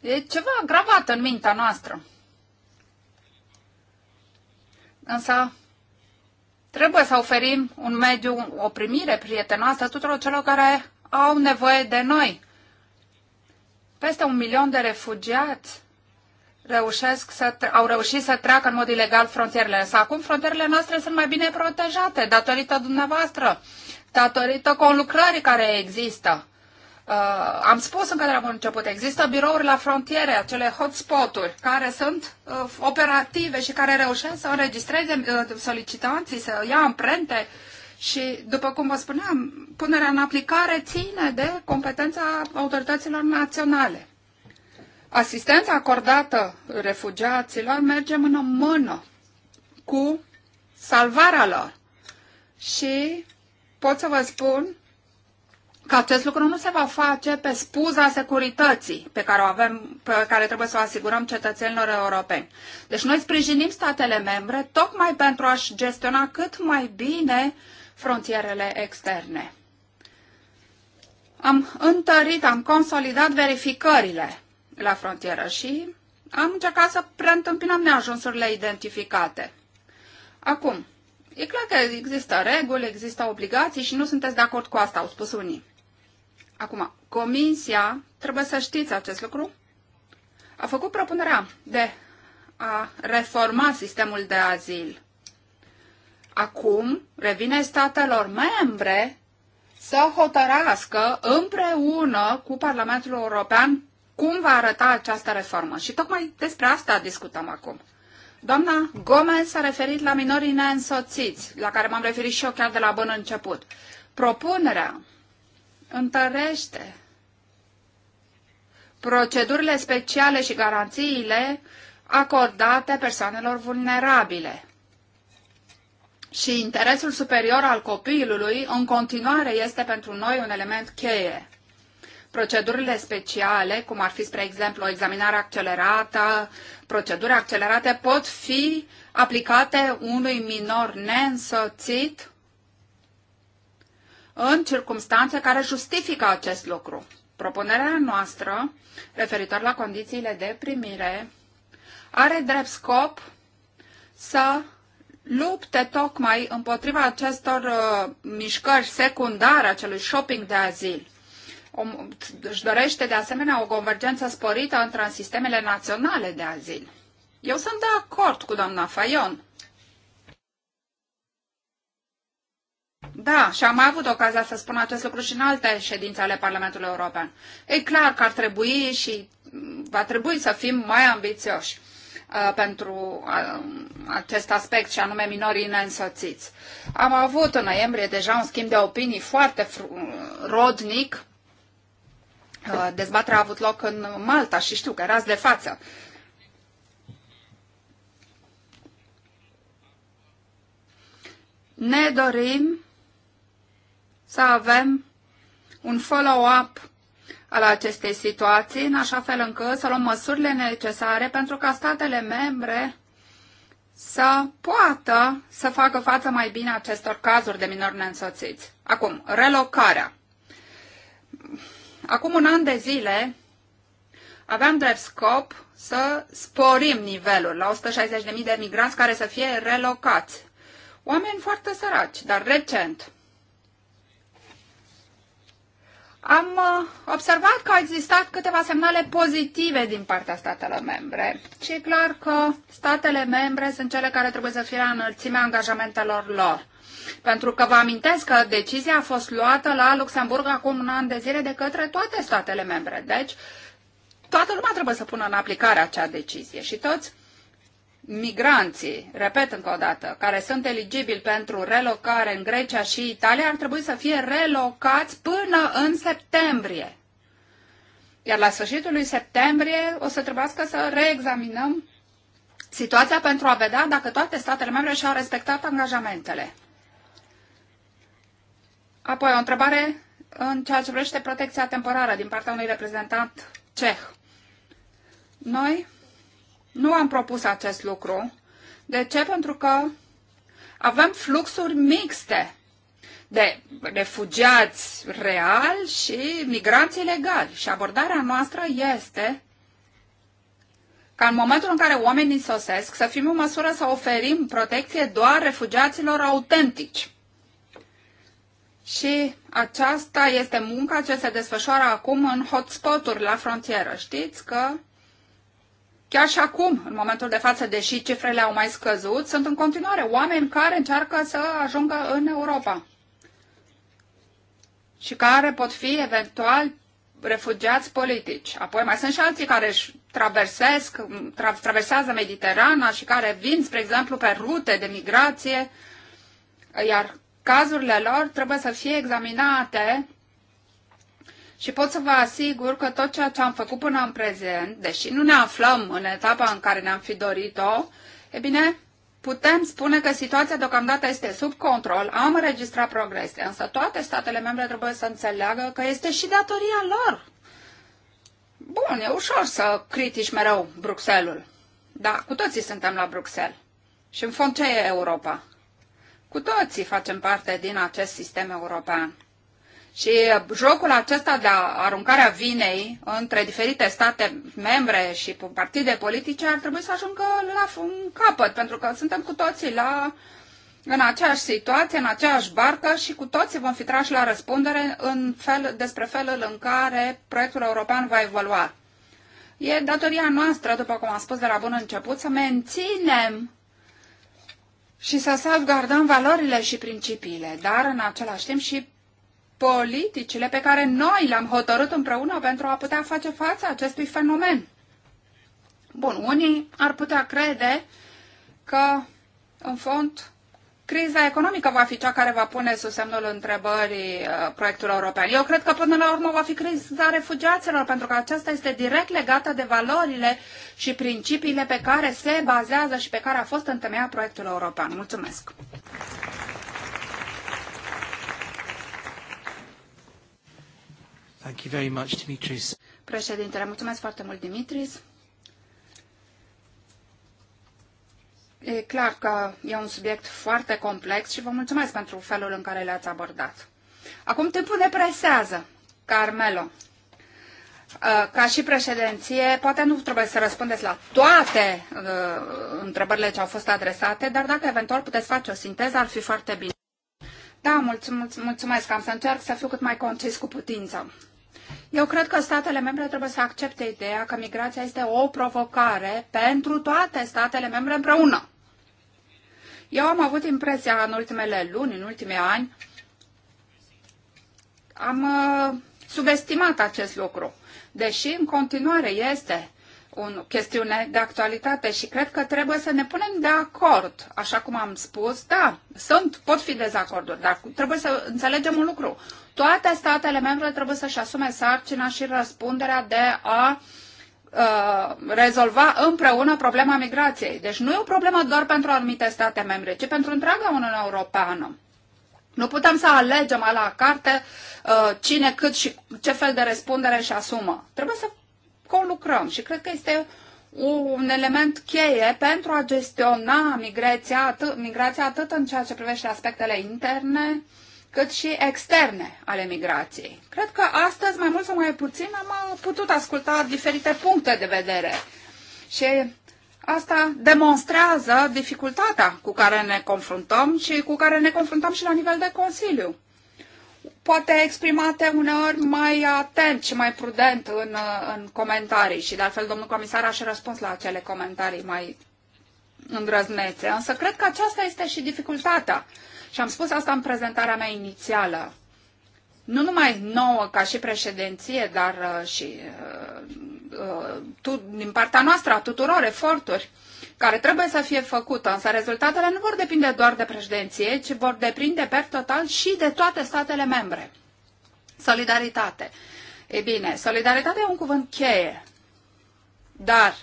E ceva gravat în mintea noastră. Însă Trebuie să oferim un mediu, o primire prietenoasă tuturor celor care au nevoie de noi. Peste un milion de refugiați reușesc să, au reușit să treacă în mod ilegal frontierele. Însă acum frontierele noastre sunt mai bine protejate datorită dumneavoastră, datorită conlucrării care există. Uh, am spus încă de la bun început, există birouri la frontiere, acele hotspot-uri, care sunt uh, operative și care reușesc să înregistreze uh, solicitanții, să ia amprente și, după cum vă spuneam, punerea în aplicare ține de competența autorităților naționale. Asistența acordată refugiaților merge mână-mână cu salvarea lor. Și pot să vă spun că acest lucru nu se va face pe spuza securității pe care, o avem, pe care trebuie să o asigurăm cetățenilor europeni. Deci noi sprijinim statele membre tocmai pentru a-și gestiona cât mai bine frontierele externe. Am întărit, am consolidat verificările la frontieră și am încercat să preîntâmpinăm neajunsurile identificate. Acum, e clar că există reguli, există obligații și nu sunteți de acord cu asta, au spus unii. Acum, Comisia, trebuie să știți acest lucru, a făcut propunerea de a reforma sistemul de azil. Acum revine statelor membre să hotărască împreună cu Parlamentul European cum va arăta această reformă. Și tocmai despre asta discutăm acum. Doamna Gomez s-a referit la minorii neînsoțiți, la care m-am referit și eu chiar de la bun început. Propunerea întărește procedurile speciale și garanțiile acordate persoanelor vulnerabile. Și interesul superior al copilului în continuare este pentru noi un element cheie. Procedurile speciale, cum ar fi, spre exemplu, o examinare accelerată, proceduri accelerate, pot fi aplicate unui minor neînsoțit în circunstanțe care justifică acest lucru. Propunerea noastră, referitor la condițiile de primire, are drept scop să lupte tocmai împotriva acestor uh, mișcări secundare, acelui shopping de azil. O, își dorește de asemenea o convergență sporită între sistemele naționale de azil. Eu sunt de acord cu doamna Fayon Da, și am mai avut ocazia să spun acest lucru și în alte ședințe ale Parlamentului European. E clar că ar trebui și va trebui să fim mai ambițioși uh, pentru uh, acest aspect și anume minorii neînsoțiți. Am avut în noiembrie deja un schimb de opinii foarte rodnic. Uh, dezbaterea a avut loc în Malta și știu că erați de față. Ne dorim să avem un follow-up al acestei situații, în așa fel încât să luăm măsurile necesare pentru ca statele membre să poată să facă față mai bine acestor cazuri de minori neînsoțiți. Acum, relocarea. Acum un an de zile aveam drept scop să sporim nivelul la 160.000 de migranți care să fie relocați. Oameni foarte săraci, dar recent am uh, observat că au existat câteva semnale pozitive din partea statelor membre și e clar că statele membre sunt cele care trebuie să fie la înălțimea angajamentelor lor. Pentru că vă amintesc că decizia a fost luată la Luxemburg acum un an de zile de către toate statele membre. Deci, toată lumea trebuie să pună în aplicare acea decizie și toți migranții, repet încă o dată, care sunt eligibili pentru relocare în Grecia și Italia, ar trebui să fie relocați până în septembrie. Iar la sfârșitul lui septembrie o să trebuiască să reexaminăm situația pentru a vedea dacă toate statele membre și-au respectat angajamentele. Apoi o întrebare în ceea ce privește protecția temporară din partea unui reprezentant ceh. Noi nu am propus acest lucru. De ce? Pentru că avem fluxuri mixte de refugiați reali și migranți ilegali. Și abordarea noastră este ca în momentul în care oamenii sosesc să fim în măsură să oferim protecție doar refugiaților autentici. Și aceasta este munca ce se desfășoară acum în hotspot-uri la frontieră. Știți că Chiar și acum, în momentul de față, deși cifrele au mai scăzut, sunt în continuare oameni care încearcă să ajungă în Europa și care pot fi eventual refugiați politici. Apoi mai sunt și alții care își traversesc, tra- traversează Mediterana și care vin, spre exemplu, pe rute de migrație, iar cazurile lor trebuie să fie examinate și pot să vă asigur că tot ceea ce am făcut până în prezent, deși nu ne aflăm în etapa în care ne-am fi dorit-o, e bine, putem spune că situația deocamdată este sub control, am înregistrat progrese, însă toate statele membre trebuie să înțeleagă că este și datoria lor. Bun, e ușor să critici mereu Bruxelul. Da, cu toții suntem la Bruxelles. Și în fond ce e Europa? Cu toții facem parte din acest sistem european. Și jocul acesta de aruncarea vinei între diferite state membre și partide politice ar trebui să ajungă la un capăt, pentru că suntem cu toții la, în aceeași situație, în aceeași barcă și cu toții vom fi trași la răspundere în fel, despre felul în care proiectul european va evolua. E datoria noastră, după cum am spus de la bun început, să menținem și să salvgardăm valorile și principiile, dar în același timp și politicile pe care noi le-am hotărât împreună pentru a putea face față acestui fenomen. Bun, unii ar putea crede că, în fond, criza economică va fi cea care va pune sub semnul întrebării uh, proiectul european. Eu cred că până la urmă va fi criza refugiaților, pentru că aceasta este direct legată de valorile și principiile pe care se bazează și pe care a fost întemeiat proiectul european. Mulțumesc! Thank you very much, Dimitris. Președintele, mulțumesc foarte mult, Dimitris. E clar că e un subiect foarte complex și vă mulțumesc pentru felul în care le-ați abordat. Acum timpul ne presează, Carmelo. Uh, ca și președinție, poate nu trebuie să răspundeți la toate uh, întrebările ce au fost adresate, dar dacă eventual puteți face o sinteză, ar fi foarte bine. Da, mulțumesc, mulțumesc. Am să încerc să fiu cât mai concis cu putință. Eu cred că statele membre trebuie să accepte ideea că migrația este o provocare pentru toate statele membre împreună. Eu am avut impresia în ultimele luni, în ultimii ani, am uh, subestimat acest lucru, deși în continuare este o chestiune de actualitate și cred că trebuie să ne punem de acord. Așa cum am spus, da, sunt, pot fi dezacorduri, dar trebuie să înțelegem un lucru toate statele membre trebuie să-și asume sarcina și răspunderea de a ă, rezolva împreună problema migrației. Deci nu e o problemă doar pentru anumite state membre, ci pentru întreaga Uniune Europeană. Nu putem să alegem la carte ă, cine, cât și ce fel de răspundere și asumă. Trebuie să conlucrăm și cred că este un element cheie pentru a gestiona migrația, atât, migrația atât în ceea ce privește aspectele interne, uh, cât și externe ale migrației. Cred că astăzi, mai mult sau mai puțin, am uh, putut asculta diferite puncte de vedere și asta demonstrează dificultatea cu care ne confruntăm și cu care ne confruntăm și la nivel de Consiliu. Poate exprimate uneori mai atent și mai prudent în, uh, în comentarii și de altfel domnul comisar a și răspuns la acele comentarii mai îndrăznețe. Însă cred că aceasta este și dificultatea și am spus asta în prezentarea mea inițială. Nu numai nouă ca și președinție, dar uh, și uh, uh, tu, din partea noastră a tuturor eforturi care trebuie să fie făcută, însă rezultatele nu vor depinde doar de președinție, ci vor depinde per total și de toate statele membre. Solidaritate. E bine, solidaritatea e un cuvânt cheie, dar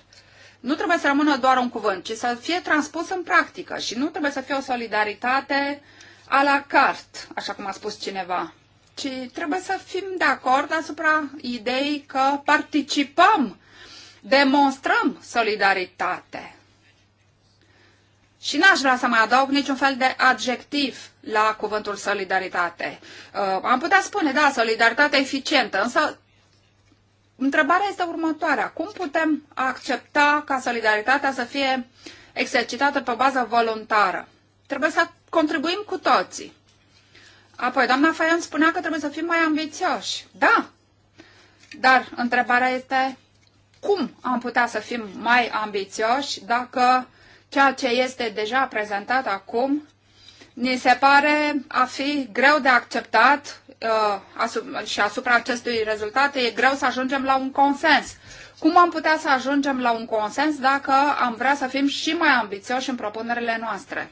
nu trebuie să rămână doar un cuvânt, ci să fie transpus în practică și nu trebuie să fie o solidaritate uh, a la carte, așa cum a spus cineva, ci trebuie să fim de acord asupra ideii că participăm, demonstrăm solidaritate. Și n-aș vrea să mai adaug niciun fel de adjectiv la cuvântul solidaritate. Uh, am putea spune, da, solidaritate eficientă, însă întrebarea este următoarea. Cum putem accepta ca solidaritatea să fie exercitată pe bază voluntară? Trebuie să contribuim cu toții. Apoi, doamna Faion spunea că trebuie să fim mai ambițioși. Da, dar întrebarea este cum am putea să fim mai ambițioși dacă ceea ce este deja prezentat acum ni se pare a fi greu de acceptat uh, și asupra acestui rezultat e greu să ajungem la un consens. Cum am putea să ajungem la un consens dacă am vrea să fim și mai ambițioși în propunerile noastre?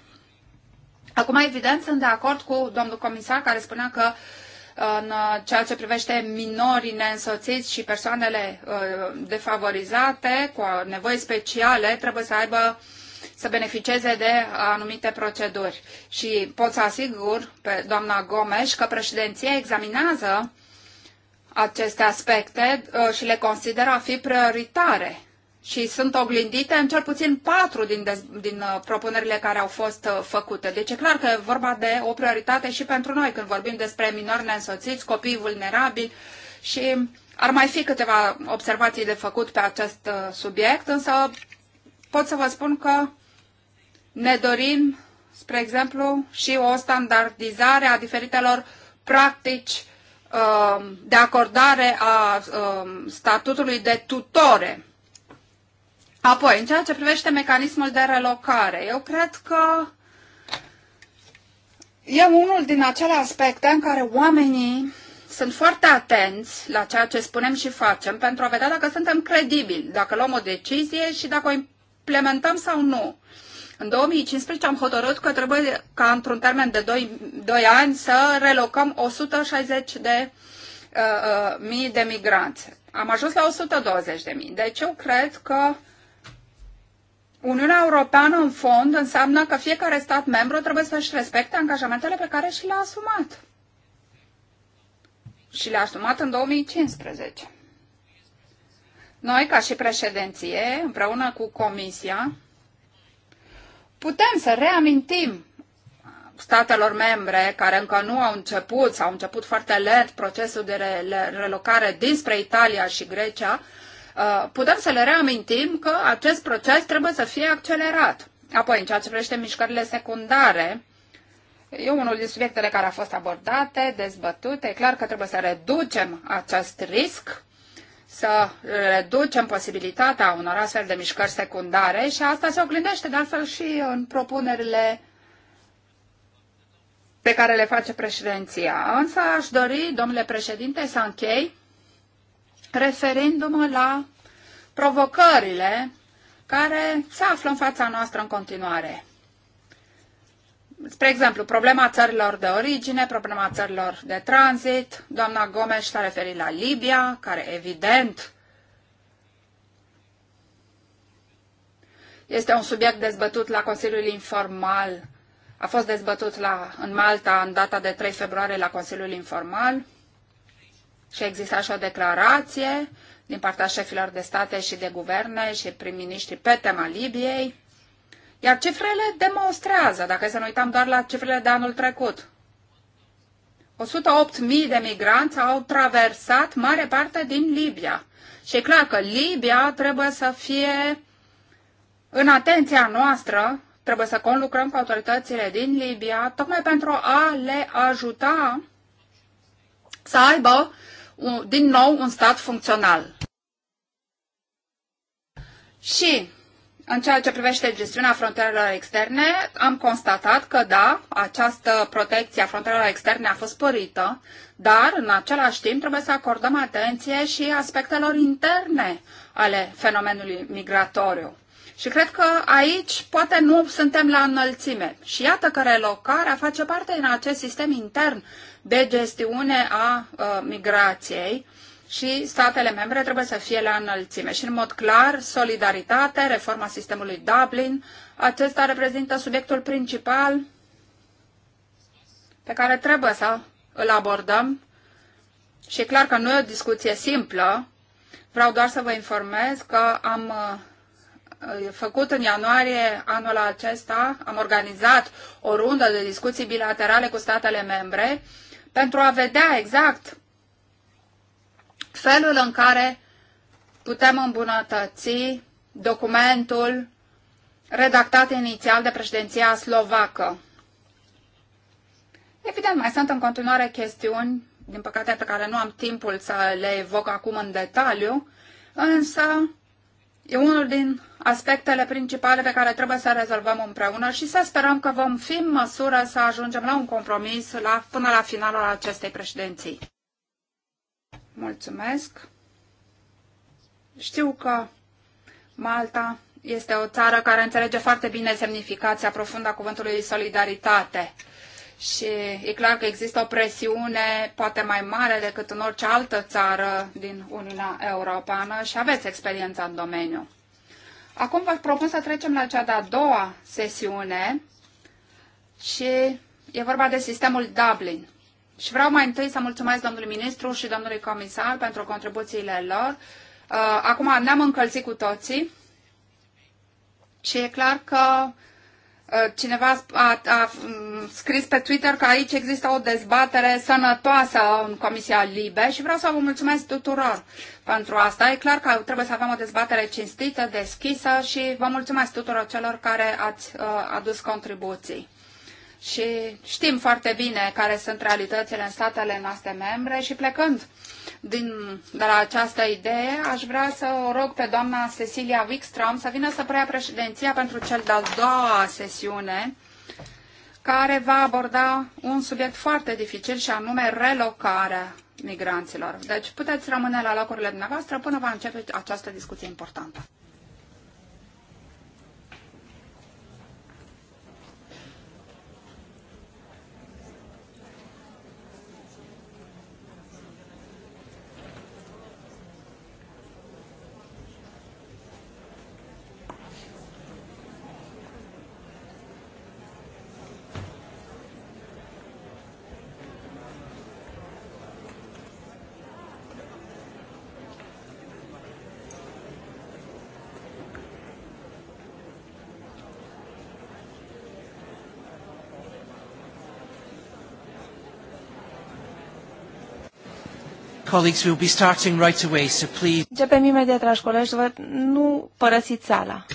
Acum, evident, sunt de acord cu domnul comisar care spunea că în uh, ceea ce privește minorii neînsoțiți și persoanele uh, defavorizate cu nevoi speciale, trebuie să aibă să beneficieze de anumite proceduri. Și pot să asigur pe doamna Gomes că președinția examinează aceste aspecte uh, și le consideră a fi prioritare și sunt oglindite în cel puțin patru din, de, din uh, propunerile care au fost uh, făcute. Deci e clar că e vorba de o prioritate și pentru noi când vorbim despre minori neînsoțiți, copii vulnerabili și ar mai fi câteva observații de făcut pe acest uh, subiect, însă pot să vă spun că ne dorim, spre exemplu, și o standardizare a diferitelor practici de acordare a statutului de tutore Apoi, în ceea ce privește mecanismul de relocare, eu cred că e unul din acele aspecte în care oamenii sunt foarte atenți la ceea ce spunem și facem pentru a vedea dacă suntem credibili, dacă luăm o decizie și dacă o implementăm sau nu. În 2015 am hotărât că trebuie ca într-un termen de 2, 2 ani să relocăm 160 de uh, uh, mii de migranți. Am ajuns la 120 de mii. Deci eu cred că Uniunea Europeană, în fond, înseamnă că fiecare stat membru trebuie să-și respecte angajamentele pe care și le-a asumat. Și le-a asumat în 2015. Noi, ca și președinție, împreună cu Comisia, putem să reamintim statelor membre care încă nu au început sau au început foarte lent procesul de relocare dinspre Italia și Grecia, Uh, putem să le reamintim că acest proces trebuie să fie accelerat. Apoi, în ceea ce privește mișcările secundare, E unul din subiectele care a fost abordate, dezbătute. E clar că trebuie să reducem acest risc, să reducem posibilitatea unor astfel de mișcări secundare și asta se oglindește de altfel și în propunerile pe care le face președinția. Însă aș dori, domnule președinte, să închei referindu-mă la provocările care se află în fața noastră în continuare. Spre exemplu, problema țărilor de origine, problema țărilor de tranzit, doamna Gomes s-a referit la Libia, care evident este un subiect dezbătut la Consiliul Informal. A fost dezbătut la, în Malta în data de 3 februarie la Consiliul Informal și a existat și o declarație din partea șefilor de state și de guverne și prim-ministri pe tema Libiei. Iar cifrele demonstrează, dacă să ne uităm doar la cifrele de anul trecut, 108.000 de migranți au traversat mare parte din Libia. Și e clar că Libia trebuie să fie în atenția noastră, trebuie să conlucrăm cu autoritățile din Libia, tocmai pentru a le ajuta să aibă un, din nou un stat funcțional. Și în ceea ce privește gestiunea frontierelor externe, am constatat că, da, această protecție a frontierelor externe a fost părită, dar, în același timp, trebuie să acordăm atenție și aspectelor interne ale fenomenului migratoriu. Și cred că aici poate nu suntem la înălțime. Și iată că relocarea face parte din acest sistem intern de gestiune a uh, migrației și statele membre trebuie să fie la înălțime. Și în mod clar, solidaritate, reforma sistemului Dublin, acesta reprezintă subiectul principal pe care trebuie să îl abordăm și e clar că nu e o discuție simplă. Vreau doar să vă informez că am uh, făcut în ianuarie anul acesta, am organizat o rundă de discuții bilaterale cu statele membre pentru a vedea exact felul în care putem îmbunătăți documentul redactat inițial de președinția slovacă. Evident, mai sunt în continuare chestiuni, din păcate pe care nu am timpul să le evoc acum în detaliu, însă E unul din aspectele principale pe care trebuie să rezolvăm împreună și să sperăm că vom fi în măsură să ajungem la un compromis la, până la finalul acestei președinții. Mulțumesc! Știu că Malta este o țară care înțelege foarte bine semnificația profundă a cuvântului solidaritate și e clar că există o presiune poate mai mare decât în orice altă țară din Uniunea Europeană și aveți experiența în domeniu. Acum vă propun să trecem la cea de-a doua sesiune și e vorba de sistemul Dublin. Și vreau mai întâi să mulțumesc domnului ministru și domnului comisar pentru contribuțiile lor. Uh, acum ne-am încălzit cu toții și e clar că Uh, cineva a, a mm, scris pe Twitter că aici există o dezbatere sănătoasă în Comisia Libe și vreau să vă mulțumesc tuturor pentru asta. E clar că trebuie să avem o dezbatere cinstită, deschisă și vă mulțumesc tuturor celor care ați uh, adus contribuții. Și știm foarte bine care sunt realitățile în statele noastre membre și plecând din, de la această idee, aș vrea să o rog pe doamna Cecilia Wikström să vină să preia președinția pentru cel de-al doua sesiune, care va aborda un subiect foarte dificil și anume relocarea migranților. Deci puteți rămâne la locurile dumneavoastră până va începe această discuție importantă. colleagues, we'll be starting right away, so please. Începem imediat, dragi colegi, vă nu părăsiți sala.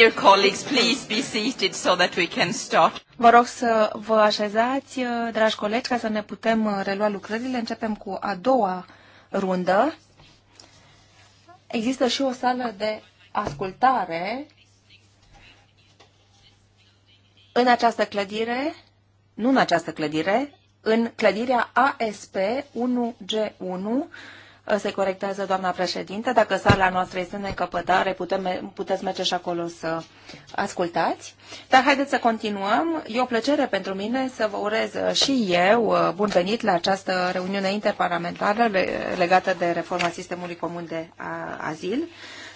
Dear colleagues, please be seated so that we can start. Vă rog să vă așezați, uh, dragi colegi, ca să ne putem uh, relua lucrările. Începem cu a doua rundă. Există și o sală de ascultare în această clădire, nu în această clădire, în clădirea ASP 1G1, Ă, se corectează doamna președinte. Dacă sala noastră este în încăpătare, putem, puteți merge și acolo să ascultați. Dar haideți să continuăm. E o plăcere pentru mine să vă urez și eu ă, bun venit la această reuniune interparlamentară legată de reforma sistemului comun de azil.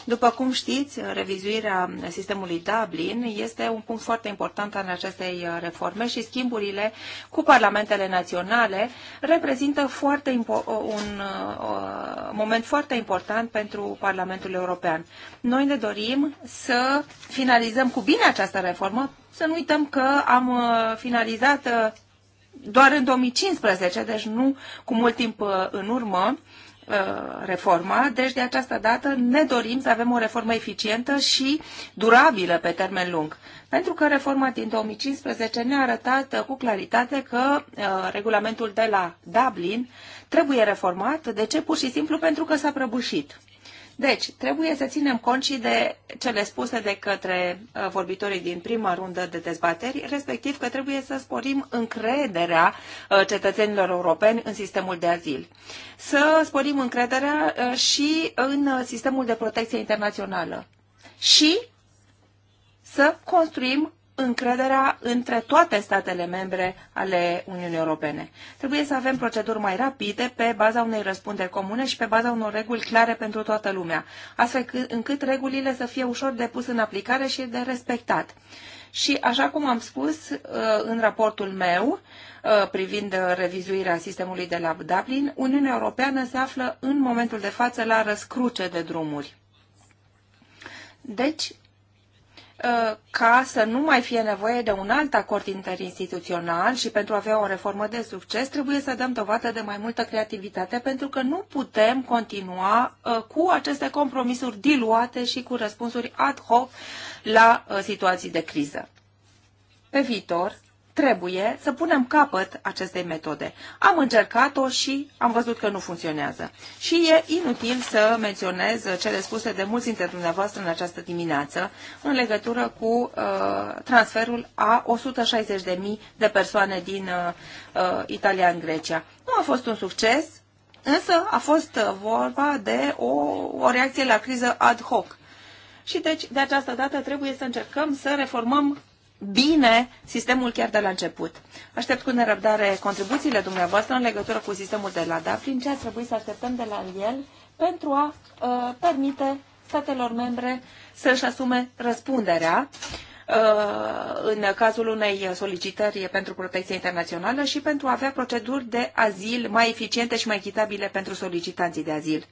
După cum știți, revizuirea sistemului Dublin este un punct foarte important al acestei uh, reforme și schimburile cu parlamentele naționale reprezintă foarte uh, un uh, moment foarte important pentru Parlamentul European. Noi ne dorim să finalizăm cu bine această reformă, să nu uităm că am finalizat doar în 2015, deci nu cu mult timp în urmă, Uh, reforma, deci de această dată ne dorim să avem o reformă eficientă și durabilă pe termen lung. Pentru că reforma din 2015 ne-a arătat uh, cu claritate că uh, regulamentul de la Dublin trebuie reformat. De ce? Pur și simplu pentru că s-a prăbușit. Deci, trebuie să ținem cont și de cele spuse de către uh, vorbitorii din prima rundă de dezbateri, respectiv că trebuie să sporim încrederea uh, cetățenilor europeni în sistemul de azil. Să sporim încrederea uh, și în sistemul de protecție internațională. Și să construim încrederea între toate statele membre ale Uniunii Europene. Trebuie să avem proceduri mai rapide pe baza unei răspunderi comune și pe baza unor reguli clare pentru toată lumea, astfel încât regulile să fie ușor de pus în aplicare și de respectat. Și așa cum am spus uh, în raportul meu uh, privind revizuirea sistemului de la Dublin, Uniunea Europeană se află în momentul de față la răscruce de drumuri. Deci, Uh, ca să nu mai fie nevoie de un alt acord interinstituțional și pentru a avea o reformă de succes trebuie să dăm dovadă de mai multă creativitate pentru că nu putem continua uh, cu aceste compromisuri diluate și cu răspunsuri ad hoc la uh, situații de criză. Pe viitor, trebuie să punem capăt acestei metode. Am încercat-o și am văzut că nu funcționează. Și e inutil să menționez cele spuse de mulți dintre dumneavoastră în această dimineață în legătură cu uh, transferul a 160.000 de persoane din uh, uh, Italia în Grecia. Nu a fost un succes, însă a fost uh, vorba de o, o reacție la criză ad hoc. Și deci, de această dată, trebuie să încercăm să reformăm bine sistemul chiar de la început. Aștept cu nerăbdare contribuțiile dumneavoastră în legătură cu sistemul de la Dublin, ce ar trebui să așteptăm de la el pentru a uh, permite statelor membre să-și asume răspunderea ă, în cazul unei solicitări pentru protecție internațională și pentru a avea proceduri de azil mai eficiente și mai echitabile pentru solicitanții de azil.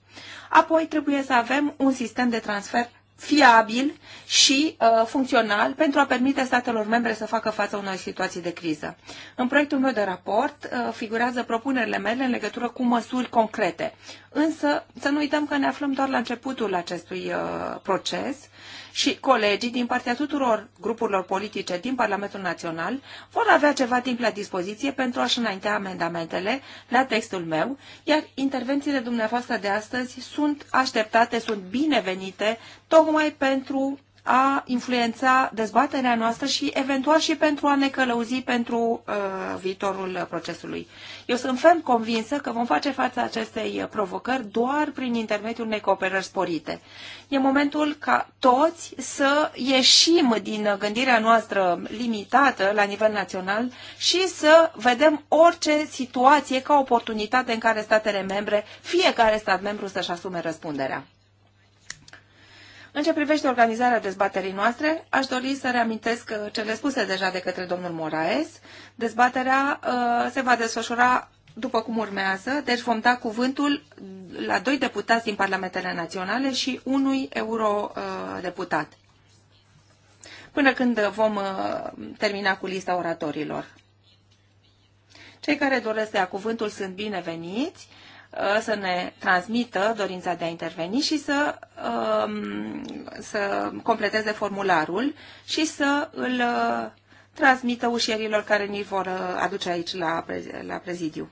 Apoi trebuie să avem un sistem de transfer fiabil și uh, funcțional pentru a permite statelor membre să facă față unor situații de criză. În proiectul meu de raport uh, figurează propunerile mele în legătură cu măsuri concrete însă să nu uităm că ne aflăm doar la începutul acestui uh, proces și colegii din partea tuturor grupurilor politice din Parlamentul Național vor avea ceva timp la dispoziție pentru a-și înaintea amendamentele la textul meu, iar intervențiile dumneavoastră de astăzi sunt așteptate, sunt binevenite, tocmai pentru a influența dezbaterea noastră și eventual și pentru a ne călăuzi pentru uh, viitorul procesului. Eu sunt ferm convinsă că vom face față acestei uh, provocări doar prin intermediul unei cooperări sporite. E momentul ca toți să ieșim din gândirea noastră limitată la nivel național și să vedem orice situație ca oportunitate în care statele membre, fiecare stat membru să-și asume răspunderea. În ce privește organizarea dezbaterii noastre, aș dori să reamintesc uh, cele spuse deja de către domnul Moraes. Dezbaterea uh, se va desfășura după cum urmează, deci vom da cuvântul la doi deputați din Parlamentele Naționale și unui eurodeputat. Uh, până când vom uh, termina cu lista oratorilor. Cei care doresc să ia cuvântul sunt bineveniți Uh, să ne transmită dorința de a interveni și să, um, să completeze formularul și să îl uh, transmită ușierilor care ni vor uh, aduce aici la, la prezidiu.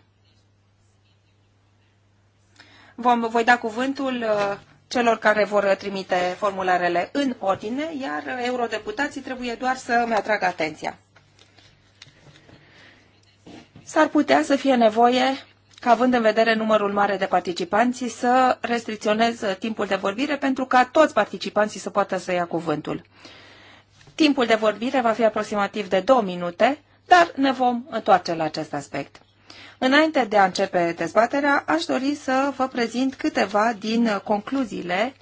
Vom, voi da cuvântul celor care vor trimite formularele în ordine, iar eurodeputații trebuie doar să-mi atragă atenția. S-ar putea să fie nevoie ca având în vedere numărul mare de participanți, să restricționez uh, timpul de vorbire pentru ca toți participanții să poată să ia cuvântul. Timpul de vorbire va fi aproximativ de două minute, dar ne vom întoarce la acest aspect. Înainte de a începe dezbaterea, aș dori să vă prezint câteva din uh, concluziile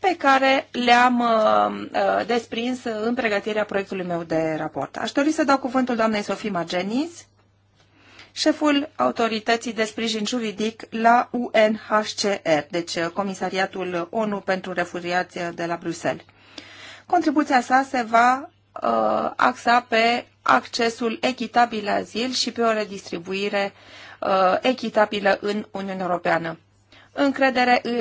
pe care le-am uh, desprins în pregătirea proiectului meu de raport. Aș dori să dau cuvântul doamnei Sofie Magenis șeful Autorității de Sprijin Juridic la UNHCR, deci uh, Comisariatul ONU pentru Refugiați uh, de la Bruxelles. Contribuția sa se va uh, axa pe accesul echitabil la azil și pe o redistribuire uh, echitabilă în Uniunea Europeană încredere uh,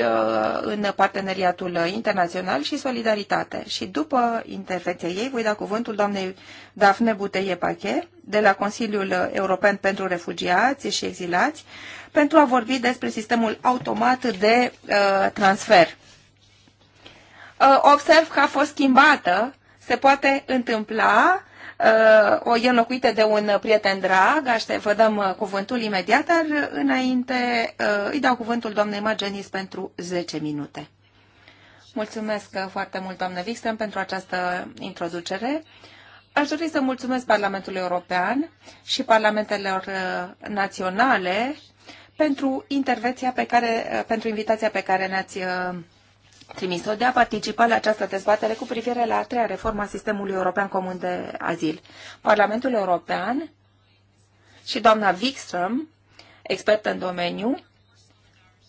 în parteneriatul internațional și solidaritate. Și după intervenția ei, voi da cuvântul doamnei Dafne Buteie Pache, de la Consiliul European pentru Refugiați și Exilați, pentru a vorbi despre sistemul automat de uh, transfer. Uh, observ că a fost schimbată, se poate întâmpla Uh, e înlocuită de un prieten drag, aște, vă dăm uh, cuvântul imediat, dar uh, înainte îi dau cuvântul doamnei Magenis pentru 10 minute. Mulțumesc foarte mult, doamnă Wikström, pentru această introducere. Aș dori să mulțumesc Parlamentului European și Parlamentelor Naționale pentru intervenția pe care, pentru invitația pe care ne-ați trimis-o de a participa la această dezbatere cu privire la a treia reformă a sistemului european comun de azil. Parlamentul European și doamna Wikström, expertă în domeniu,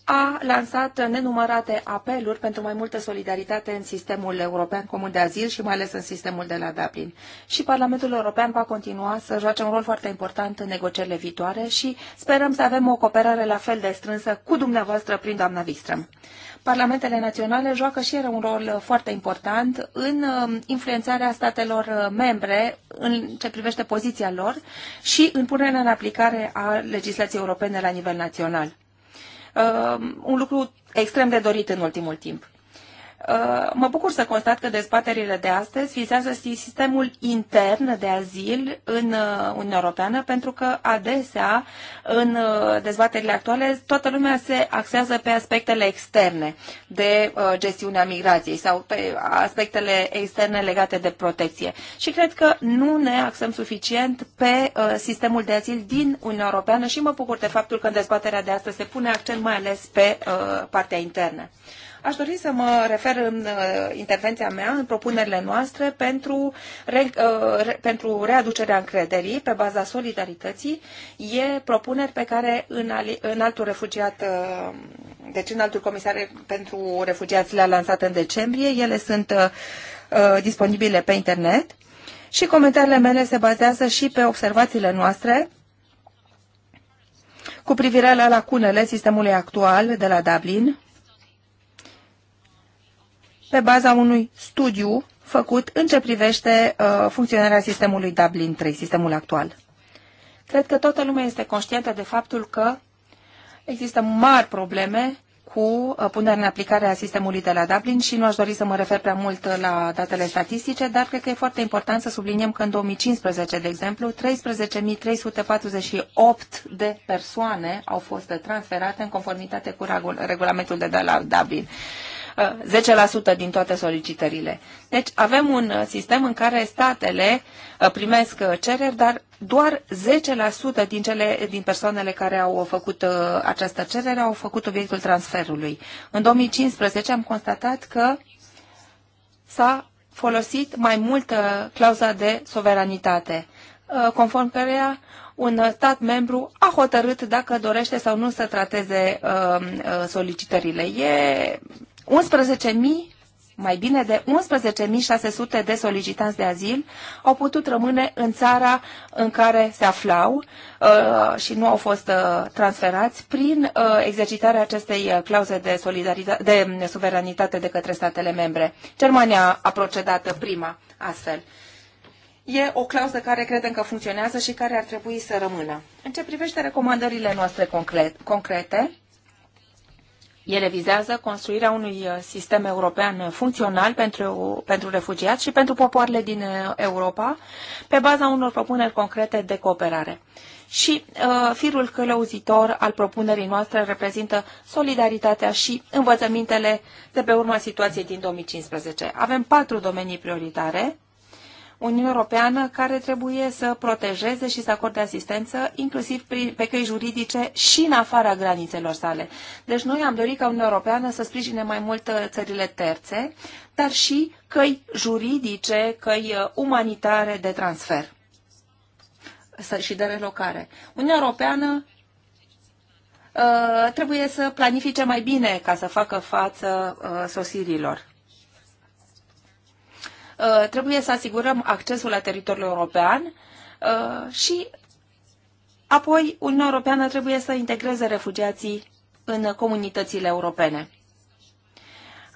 a lansat nenumărate apeluri pentru mai multă solidaritate în sistemul european comun de azil și mai ales în sistemul de la Dublin. Și Parlamentul European va continua să joace un rol foarte important în negocierile viitoare și sperăm să avem o cooperare la fel de strânsă cu dumneavoastră prin doamna Wikström. Parlamentele naționale joacă și ele un rol uh, foarte important în uh, influențarea statelor uh, membre în ce privește poziția lor și în punerea în aplicare a legislației europene la nivel național. Un lucru extrem de dorit în ultimul timp. Uh, mă bucur să constat că dezbaterile de astăzi vizează sistemul intern de azil în uh, Uniunea Europeană, pentru că adesea în uh, dezbaterile actuale toată lumea se axează pe aspectele externe de gestiunea migrației sau pe aspectele externe legate de protecție. Și cred că nu ne axăm suficient pe sistemul de azil din Uniunea Europeană și mă bucur de faptul că în dezbaterea de astăzi se pune accent mai ales pe partea internă. Aș dori să mă refer în uh, intervenția mea, în propunerile noastre pentru, uh, re, pentru readucerea încrederii pe baza solidarității. E propuneri pe care în, în altul refugiat, uh, deci în altul comisar pentru refugiați le-a lansat în decembrie. Ele sunt disponibile pe internet și comentariile mele se bazează și pe observațiile noastre cu privire la lacunele sistemului actual de la Dublin pe baza unui studiu făcut în ce privește uh, funcționarea sistemului Dublin 3, sistemul actual. Cred că toată lumea este conștientă de faptul că există mari probleme cu uh, punerea în aplicare a sistemului de la Dublin și nu aș dori să mă refer prea mult uh, la datele statistice, dar cred că e foarte important să subliniem că în 2015, de exemplu, 13.348 de persoane au fost transferate în conformitate cu regulamentul de la Dublin. 10% din toate solicitările. Deci avem un uh, sistem în care statele uh, primesc uh, cereri, dar doar 10% din, cele, din persoanele care au făcut această cerere au făcut obiectul transferului. În 2015 am constatat că s-a folosit mai mult clauza de suveranitate, conform căreia un stat membru a hotărât dacă dorește sau nu să trateze um, solicitările. E 11.000 mai bine de 11.600 de solicitanți de azil au putut rămâne în țara în care se aflau uh, și nu au fost uh, transferați prin uh, exercitarea acestei uh, clauze de, solidaritate, de um, suveranitate de către statele membre. Germania a procedat prima astfel. E o clauză care credem că funcționează și care ar trebui să rămână. În ce privește recomandările noastre concrete, ele vizează construirea unui uh, sistem european funcțional pentru, pentru refugiați și pentru popoarele din uh, Europa, pe baza unor propuneri concrete de cooperare. Și uh, firul călăuzitor al propunerii noastre reprezintă solidaritatea și învățămintele de pe urma situației din 2015. Avem patru domenii prioritare Uniunea Europeană care trebuie să protejeze și să acorde asistență, inclusiv pe căi juridice și în afara granițelor sale. Deci noi am dorit ca Uniunea Europeană să sprijine mai mult uh, țările terțe, dar și căi juridice, căi uh, umanitare de transfer și de relocare. Uniunea Europeană uh, trebuie să planifice mai bine ca să facă față sosirilor. Uh, trebuie să asigurăm accesul la teritoriul european uh, și apoi Uniunea Europeană trebuie să integreze refugiații în comunitățile europene.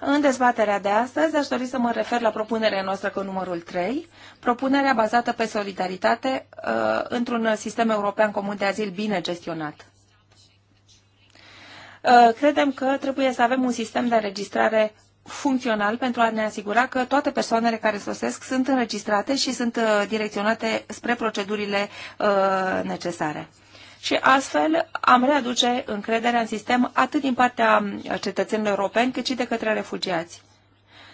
În dezbaterea de astăzi aș dori să mă refer la propunerea noastră cu numărul 3, propunerea bazată pe solidaritate uh, într-un sistem european comun de azil bine gestionat. Credem că trebuie să avem un sistem de înregistrare funcțional pentru a ne asigura că toate persoanele care sosesc sunt înregistrate și sunt uh, direcționate spre procedurile uh, necesare. Și astfel am readuce încrederea în sistem atât din partea uh, cetățenilor europeni cât și de către refugiați.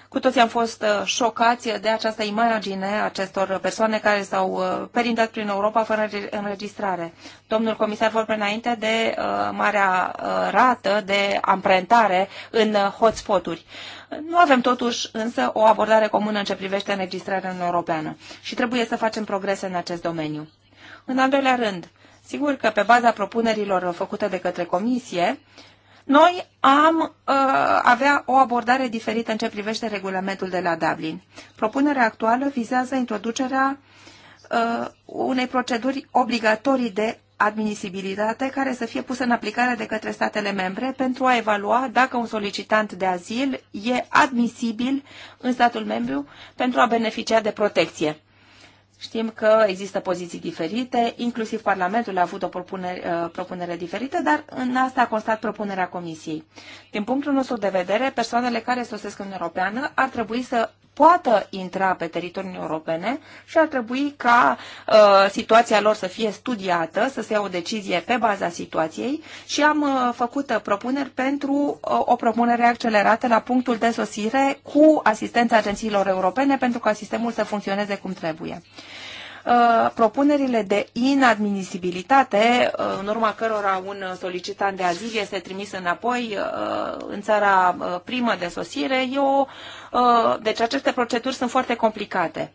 Cu toții am fost șocați de această imagine acestor persoane care s-au perindat prin Europa fără înregistrare. Domnul comisar vorbe înainte de uh, marea uh, rată de amprentare în uh, nu avem totuși însă o abordare comună în ce privește înregistrarea în europeană și trebuie să facem progrese în acest domeniu. În al doilea rând, sigur că pe baza propunerilor făcute de către Comisie, noi am uh, avea o abordare diferită în ce privește regulamentul de la Dublin. Propunerea actuală vizează introducerea uh, unei proceduri obligatorii de admisibilitate care să fie pusă în aplicare de către statele membre pentru a evalua dacă un solicitant de azil e admisibil în statul membru pentru a beneficia de protecție. Știm că există poziții diferite, inclusiv Parlamentul a avut o propunere, uh, propunere diferită, dar în asta a constat propunerea Comisiei. Din punctul nostru de vedere, persoanele care sosesc în Europeană ar trebui să poată intra pe teritoriul europene și ar trebui ca uh, situația lor să fie studiată, să se ia o decizie pe baza situației și am uh, făcut uh, propuneri pentru uh, o propunere accelerată la punctul de sosire cu asistența agențiilor europene pentru ca sistemul să funcționeze cum trebuie. Uh, Uh, propunerile de inadmisibilitate, uh, în urma cărora un solicitant de azil este trimis înapoi uh, în țara primă de sosire, e o, deci aceste proceduri sunt foarte complicate.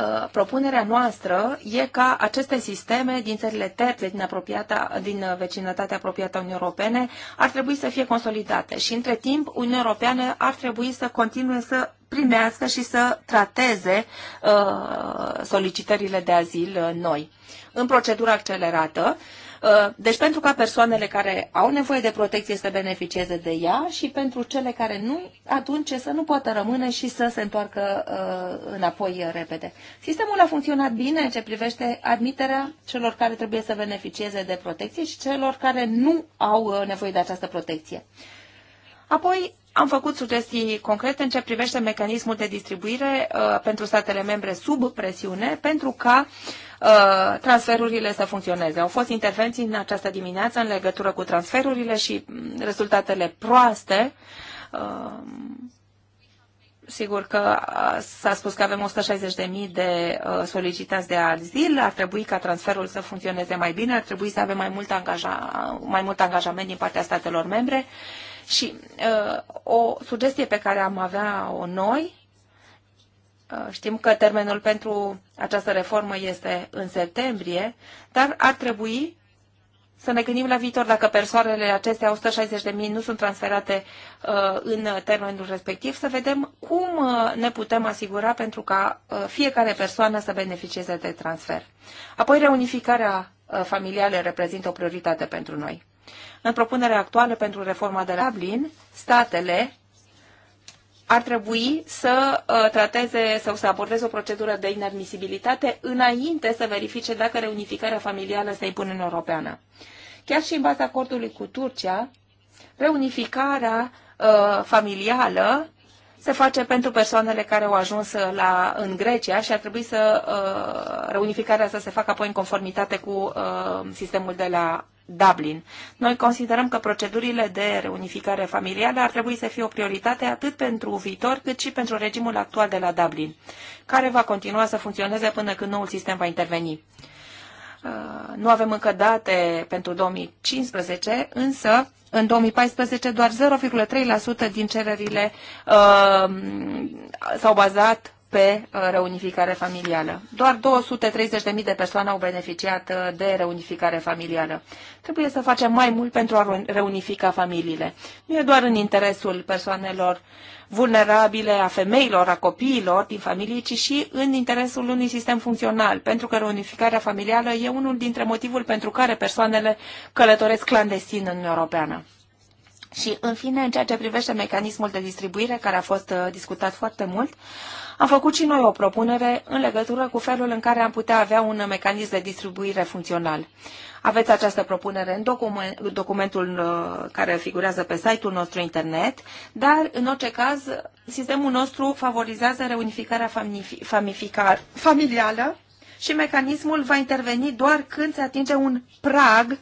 Uh, propunerea noastră e ca aceste sisteme din țările terțe, din, apropiata, din uh, vecinătatea apropiată a Uniunii Europene, ar trebui să fie consolidate și între timp Uniunea Europeană ar trebui să continue să primească și să trateze uh, solicitările de azil uh, noi. În procedură accelerată, uh, Uh, deci pentru ca persoanele care au nevoie de protecție să beneficieze de ea și pentru cele care nu, atunci să nu poată rămâne și să se întoarcă uh, înapoi repede. Sistemul a funcționat bine în ce privește admiterea celor care trebuie să beneficieze de protecție și celor care nu au uh, nevoie de această protecție. Apoi, am făcut sugestii concrete în ce privește mecanismul de distribuire uh, pentru statele membre sub presiune pentru ca uh, transferurile să funcționeze. Au fost intervenții în această dimineață în legătură cu transferurile și mm, rezultatele proaste. Uh, sigur că uh, s-a spus că avem 160.000 de solicitanți de azil, ar trebui ca transferul să funcționeze mai bine, ar trebui să avem mai mult, angaja, mai mult angajament din partea statelor membre și uh, o sugestie pe care am avea-o noi, uh, știm că termenul pentru această reformă este în septembrie, dar ar trebui să ne gândim la viitor dacă persoanele acestea, 160.000, nu sunt transferate uh, în termenul respectiv, să vedem cum uh, ne putem asigura pentru ca uh, fiecare persoană să beneficieze de transfer. Apoi, reunificarea uh, familială reprezintă o prioritate pentru noi. În propunerea actuală pentru reforma de la Dublin, statele ar trebui să uh, trateze sau să abordeze o procedură de inadmisibilitate înainte să verifice dacă reunificarea familială se impune în Europeană. Chiar și în baza acordului cu Turcia, reunificarea uh, familială se face pentru persoanele care au ajuns la, în Grecia și ar trebui să uh, reunificarea să se facă apoi în conformitate cu uh, sistemul de la Dublin. Noi considerăm că procedurile de reunificare familială ar trebui să fie o prioritate atât pentru viitor cât și pentru regimul actual de la Dublin, care va continua să funcționeze până când noul sistem va interveni. Uh, nu avem încă date pentru 2015, însă în 2014 doar 0,3% din cererile uh, s-au bazat pe uh, reunificare familială. Doar 230.000 de persoane au beneficiat uh, de reunificare familială. Trebuie să facem mai mult pentru a reunifica familiile. Nu e doar în interesul persoanelor vulnerabile, a femeilor, a copiilor din familie, ci și în interesul unui sistem funcțional, pentru că reunificarea familială e unul dintre motivul pentru care persoanele călătoresc clandestin în Uniunea Europeană. Și, în fine, în ceea ce privește mecanismul de distribuire, care a fost uh, discutat foarte mult, am făcut și noi o propunere în legătură cu felul în care am putea avea un mecanism de distribuire funcțional. Aveți această propunere în document, documentul uh, care figurează pe site-ul nostru internet, dar, în orice caz, sistemul nostru favorizează reunificarea familială și mecanismul va interveni doar când se atinge un prag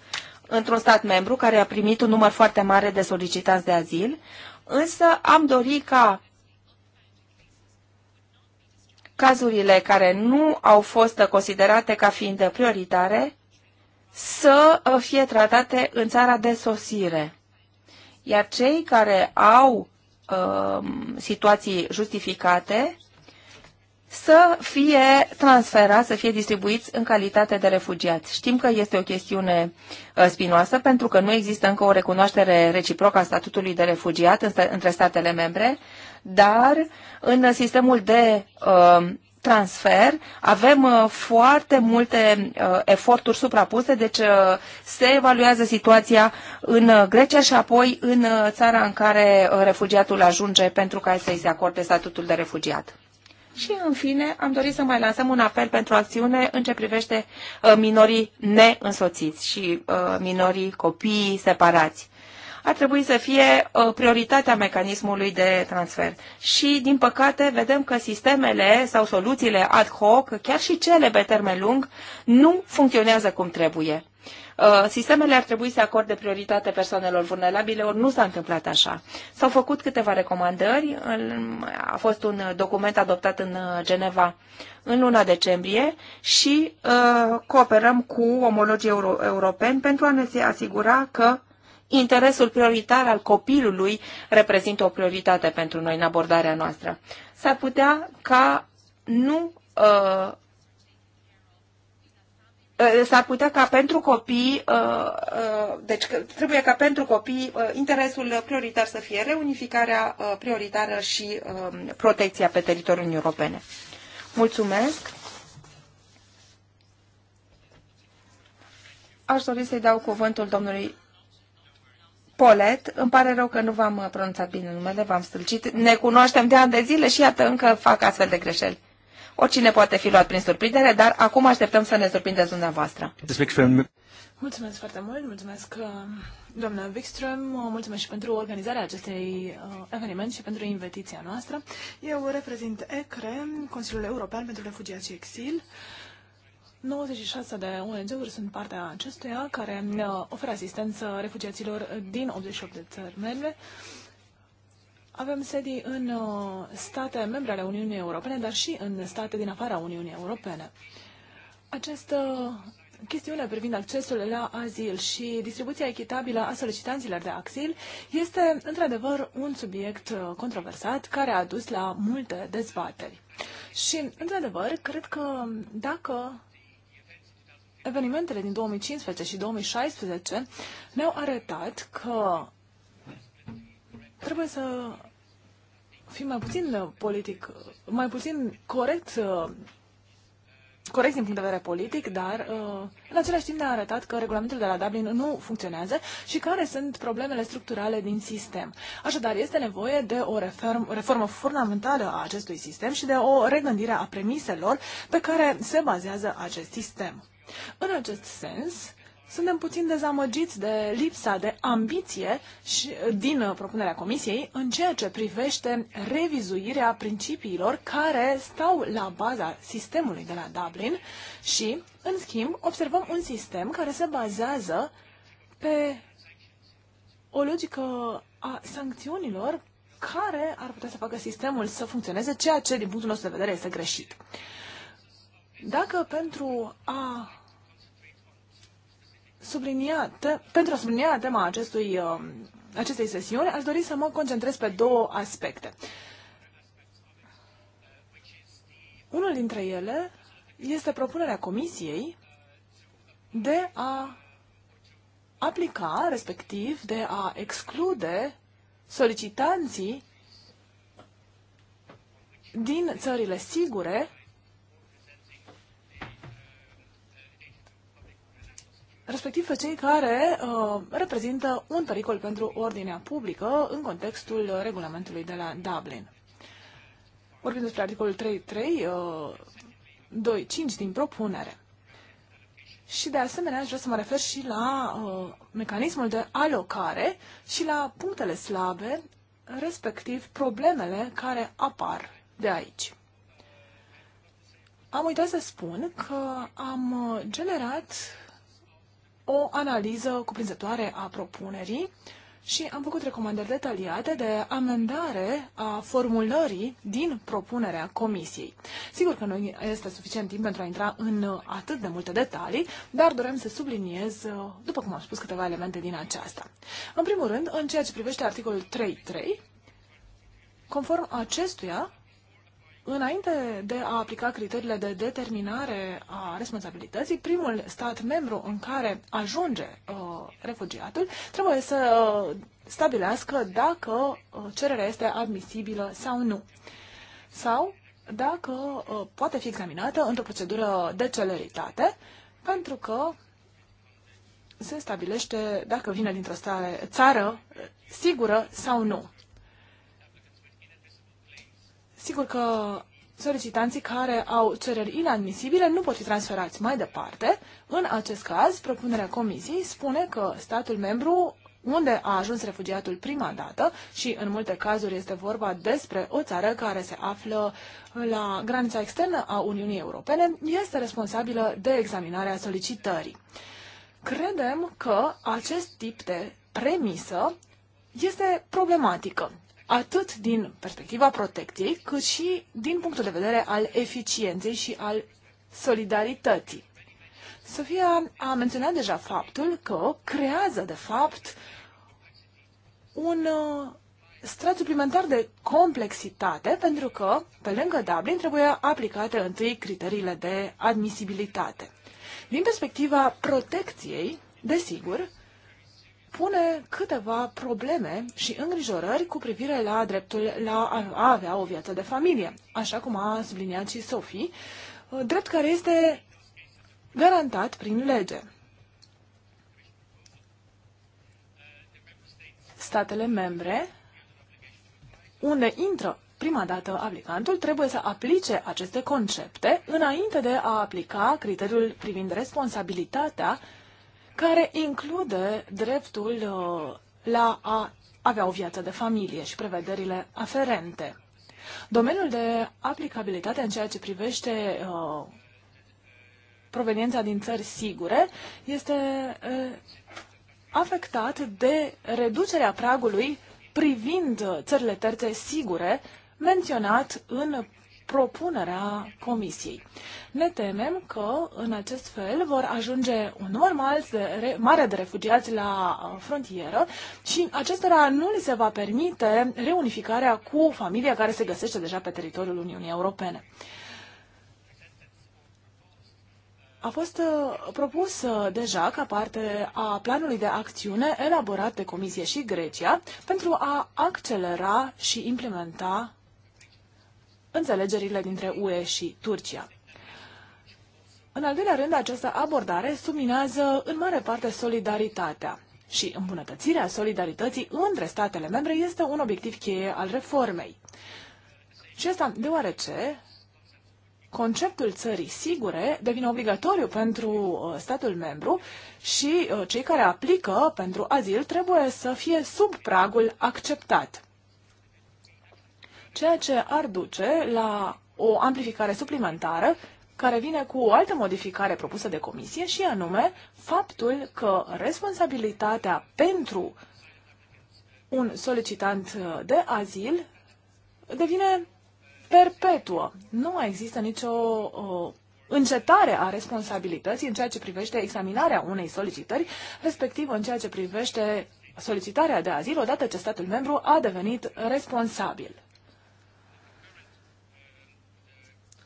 într-un stat membru care a primit un număr foarte mare de solicitanți de azil, însă am dorit ca cazurile care nu au fost considerate ca fiind prioritare să uh, fie tratate în țara de sosire. Iar cei care au uh, situații justificate să fie transferați, să fie distribuiți în calitate de refugiați. Știm că este o chestiune uh, spinoasă pentru că nu există încă o recunoaștere reciprocă a statutului de refugiat între statele membre, dar în sistemul de uh, transfer avem uh, foarte multe uh, eforturi suprapuse, deci se evaluează situația în Grecia și apoi în țara în care refugiatul ajunge pentru ca să-i se acorde statutul de refugiat. Și, în fine, am dorit să mai lansăm un apel pentru acțiune în ce privește minorii neînsoțiți și minorii copiii separați ar trebui să fie ă, prioritatea mecanismului de transfer. Și, din păcate, vedem că sistemele sau soluțiile ad hoc, chiar și cele pe termen lung, nu funcționează cum trebuie. Ă, sistemele ar trebui să acorde prioritate persoanelor vulnerabile, ori nu s-a întâmplat așa. S-au făcut câteva recomandări, a fost un document adoptat în ă, Geneva în luna decembrie și cooperăm cu omologii euro- europeni pentru a ne asigura că interesul prioritar al copilului reprezintă o prioritate pentru noi în abordarea noastră. S-ar putea ca nu uh, uh s-ar putea ca pentru copii, uh, uh, deci trebuie ca pentru copii interesul prioritar să fie reunificarea prioritară și um, protecția pe teritoriul Uniunii Europene. Mulțumesc! Aș dori să-i dau cuvântul domnului Polet, îmi pare rău că nu v-am uh, pronunțat bine numele, v-am stâlcit. Ne cunoaștem de ani de zile și iată încă fac astfel de greșeli. Oricine poate fi luat prin surprindere, dar acum așteptăm să ne surprindeți dumneavoastră. Mulțumesc foarte mult, mulțumesc uh, doamna Wikström, uh, mulțumesc și pentru organizarea acestei eveniment și pentru invitația noastră. Eu reprezint ECRE, Consiliul European pentru Refugiați și Exil. 96 de ONG-uri sunt partea acestuia care uh, oferă asistență refugiaților din 88 de țări membre. Avem sedii în uh, state membre ale Uniunii Europene, dar și în state din afara Uniunii Europene. Această chestiune privind accesul la azil și distribuția echitabilă a solicitanților de axil este într-adevăr un subiect uh, controversat care a dus la multe dezbateri. Și, într-adevăr, cred că dacă evenimentele din 2015 și 2016 ne-au arătat că trebuie să fim mai puțin uh, politic, mai puțin corect, uh, corect din punct de vedere politic, dar uh, în același timp ne-a arătat că regulamentul de la Dublin nu funcționează și care sunt problemele structurale din sistem. Așadar, este nevoie de o reform, reformă fundamentală a acestui sistem și de o regândire a premiselor pe care se bazează acest sistem. În acest sens, suntem puțin dezamăgiți de lipsa de ambiție și, din uh, propunerea Comisiei în ceea ce privește revizuirea principiilor care stau la baza sistemului de la Dublin și, în schimb, observăm un sistem care se bazează pe o logică a sancțiunilor care ar putea să facă sistemul să funcționeze, ceea ce, din punctul nostru de vedere, este greșit. Dacă pentru a sublinia, te, pentru a sublinia tema acestui, um, acestei sesiuni, aș dori să mă concentrez pe două aspecte. Unul dintre ele este propunerea Comisiei de a aplica, respectiv de a exclude solicitanții din țările sigure respectiv pe cei care uh, reprezintă un pericol pentru ordinea publică în contextul regulamentului de la Dublin. Vorbim despre articolul 3.3, uh, 2.5 din propunere. Și de asemenea, aș vrea să mă refer și la uh, mecanismul de alocare și la punctele slabe, respectiv problemele care apar de aici. Am uitat să spun că am uh, generat o analiză cuprinzătoare a propunerii și am făcut recomandări detaliate de amendare a formulării din propunerea comisiei. Sigur că nu este suficient timp pentru a intra în atât de multe detalii, dar dorem să subliniez, după cum am spus, câteva elemente din aceasta. În primul rând, în ceea ce privește articolul 3.3, conform acestuia, Înainte de a aplica criteriile de determinare a responsabilității, primul stat membru în care ajunge uh, refugiatul trebuie să uh, stabilească dacă uh, cererea este admisibilă sau nu. Sau dacă uh, poate fi examinată într-o procedură de celeritate, pentru că se stabilește dacă vine dintr-o țară uh, sigură sau nu. Sigur că solicitanții care au cereri inadmisibile nu pot fi transferați mai departe. În acest caz, propunerea comisiei spune că statul membru unde a ajuns refugiatul prima dată și în multe cazuri este vorba despre o țară care se află la granița externă a Uniunii Europene, este responsabilă de examinarea solicitării. Credem că acest tip de premisă este problematică atât din perspectiva protecției, cât și din punctul de vedere al eficienței și al solidarității. Sofia a menționat deja faptul că creează, de fapt, un uh, strat suplimentar de complexitate, pentru că, pe lângă Dublin, trebuie aplicate întâi criteriile de admisibilitate. Din perspectiva protecției, desigur, pune câteva probleme și îngrijorări cu privire la dreptul la a avea o viață de familie, așa cum a subliniat și Sophie, drept care este garantat prin lege. Statele membre, unde intră prima dată aplicantul, trebuie să aplice aceste concepte înainte de a aplica criteriul privind responsabilitatea care include dreptul uh, la a avea o viață de familie și prevederile aferente. Domeniul de aplicabilitate în ceea ce privește uh, proveniența din țări sigure este uh, afectat de reducerea pragului privind țările terțe sigure menționat în propunerea Comisiei. Ne temem că, în acest fel, vor ajunge un număr mare de refugiați la uh, frontieră și acestora nu li se va permite reunificarea cu familia care se găsește deja pe teritoriul Uniunii Europene. A fost uh, propus uh, deja ca parte a planului de acțiune elaborat de Comisie și Grecia pentru a accelera și implementa înțelegerile dintre UE și Turcia. În al doilea rând, această abordare subminează în mare parte solidaritatea și îmbunătățirea solidarității între statele membre este un obiectiv cheie al reformei. Și asta deoarece conceptul țării sigure devine obligatoriu pentru uh, statul membru și uh, cei care aplică pentru azil trebuie să fie sub pragul acceptat ceea ce ar duce la o amplificare suplimentară care vine cu o altă modificare propusă de comisie și anume faptul că responsabilitatea pentru un solicitant de azil devine perpetuă. Nu mai există nicio uh, încetare a responsabilității în ceea ce privește examinarea unei solicitări, respectiv în ceea ce privește solicitarea de azil odată ce statul membru a devenit responsabil.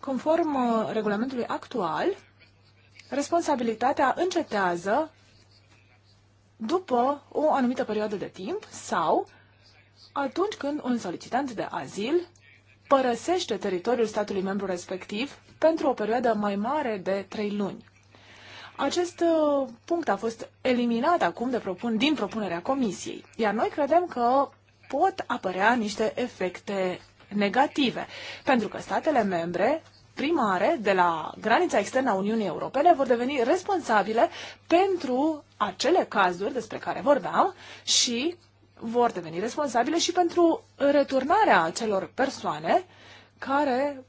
Conform uh, regulamentului actual, responsabilitatea încetează după o anumită perioadă de timp sau atunci când un solicitant de azil părăsește teritoriul statului membru respectiv pentru o perioadă mai mare de trei luni. Acest uh, punct a fost eliminat acum de propun, din propunerea Comisiei, iar noi credem că pot apărea niște efecte negative, pentru că statele membre primare de la granița externă a Uniunii Europene vor deveni responsabile pentru acele cazuri despre care vorbeam și vor deveni responsabile și pentru returnarea acelor persoane care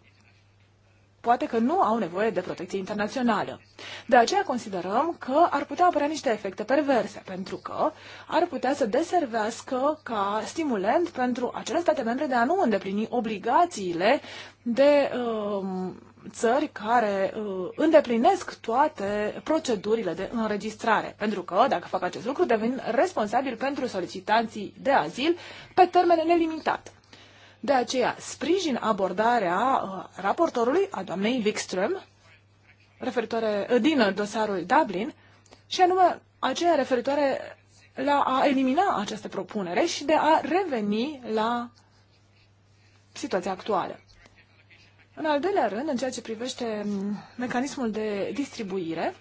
poate că nu au nevoie de protecție internațională. De aceea considerăm că ar putea apărea niște efecte perverse, pentru că ar putea să deservească ca stimulent pentru acele state membre de a nu îndeplini obligațiile de uh, țări care uh, îndeplinesc toate procedurile de înregistrare. Pentru că, dacă fac acest lucru, devin responsabili pentru solicitanții de azil pe termen nelimitat. De aceea, sprijin abordarea uh, raportorului, a doamnei Wikström, referitoare uh, din dosarul Dublin, și anume aceea referitoare la a elimina această propunere și de a reveni la situația actuală. În al doilea rând, în ceea ce privește mm, mecanismul de distribuire,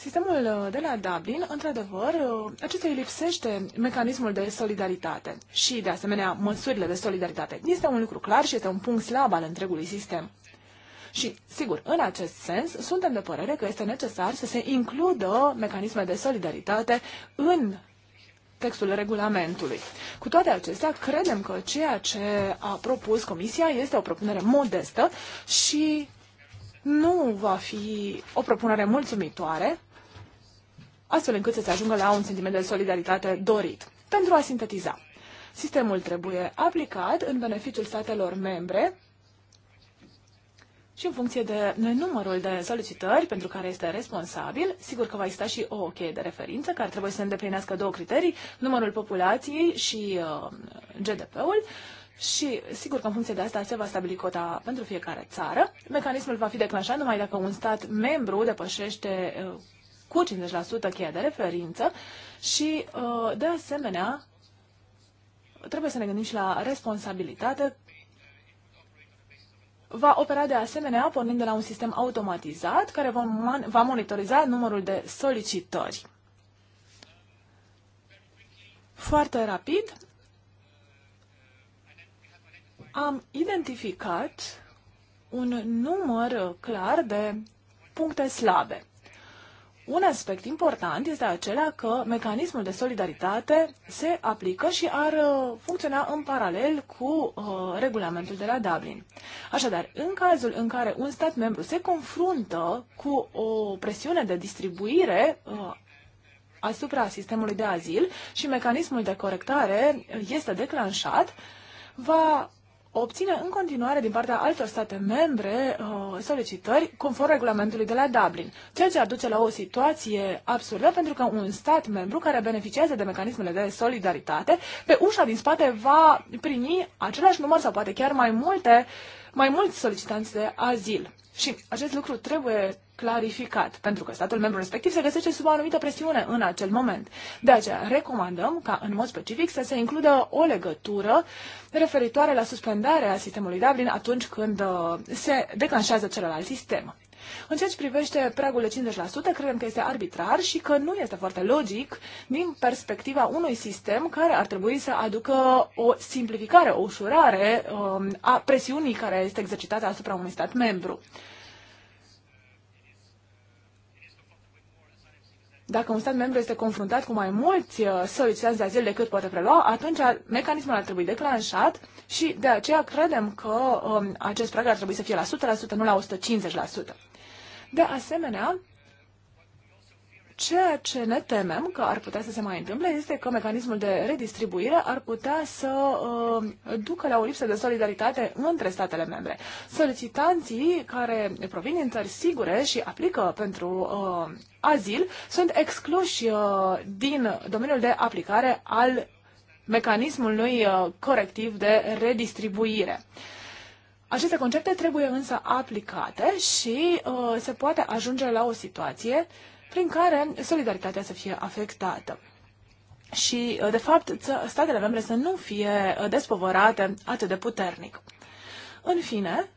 Sistemul uh, de la Dublin, într-adevăr, uh, acestui lipsește mecanismul de solidaritate și, de asemenea, măsurile de solidaritate. Este un lucru clar și este un punct slab al întregului sistem. Și, sigur, în acest sens, suntem de părere că este necesar să se includă mecanisme de solidaritate în textul regulamentului. Cu toate acestea, credem că ceea ce a propus Comisia este o propunere modestă și nu va fi o propunere mulțumitoare astfel încât să se ajungă la un sentiment de solidaritate dorit. Pentru a sintetiza, sistemul trebuie aplicat în beneficiul statelor membre și în funcție de numărul de solicitări pentru care este responsabil, sigur că va exista și o cheie de referință care trebuie să îndeplinească două criterii, numărul populației și uh, GDP-ul. Și sigur că în funcție de asta se va stabili cota pentru fiecare țară. Mecanismul va fi declanșat numai dacă un stat membru depășește uh, cu 50% cheia de referință și, uh, de asemenea, trebuie să ne gândim și la responsabilitate. Va opera de asemenea pornind de la un sistem automatizat care va, va monitoriza numărul de solicitări. Foarte rapid am identificat un număr clar de puncte slabe. Un aspect important este acela că mecanismul de solidaritate se aplică și ar uh, funcționa în paralel cu uh, regulamentul de la Dublin. Așadar, în cazul în care un stat membru se confruntă cu o presiune de distribuire uh, asupra sistemului de azil și mecanismul de corectare este declanșat, va obține în continuare din partea altor state membre uh, solicitări conform regulamentului de la Dublin, ceea ce aduce la o situație absurdă pentru că un stat membru care beneficiază de mecanismele de solidaritate pe ușa din spate va primi același număr sau poate chiar mai multe mai mulți solicitanți de azil. Și acest lucru trebuie clarificat, pentru că statul membru respectiv se găsește sub o anumită presiune în acel moment. De aceea recomandăm ca, în mod specific, să se includă o legătură referitoare la suspendarea sistemului Dublin atunci când uh, se declanșează celălalt sistem. În ceea ce privește pragul de 50%, credem că este arbitrar și că nu este foarte logic din perspectiva unui sistem care ar trebui să aducă o simplificare, o ușurare um, a presiunii care este exercitată asupra unui stat membru. Dacă un stat membru este confruntat cu mai mulți uh, solicitanți de azil decât poate prelua, atunci mecanismul ar trebui declanșat și de aceea credem că um, acest prag ar trebui să fie la 100%, nu la 150%. De asemenea, ceea ce ne temem că ar putea să se mai întâmple este că mecanismul de redistribuire ar putea să uh, ducă la o lipsă de solidaritate între statele membre. Solicitanții care provin din țări sigure și aplică pentru uh, azil sunt excluși uh, din domeniul de aplicare al mecanismului uh, corectiv de redistribuire. Uh, aceste concepte trebuie însă aplicate și uh, se poate ajunge la o situație prin care solidaritatea să fie afectată. Și, uh, de fapt, statele membre să nu fie uh, despovărate atât de puternic. În fine,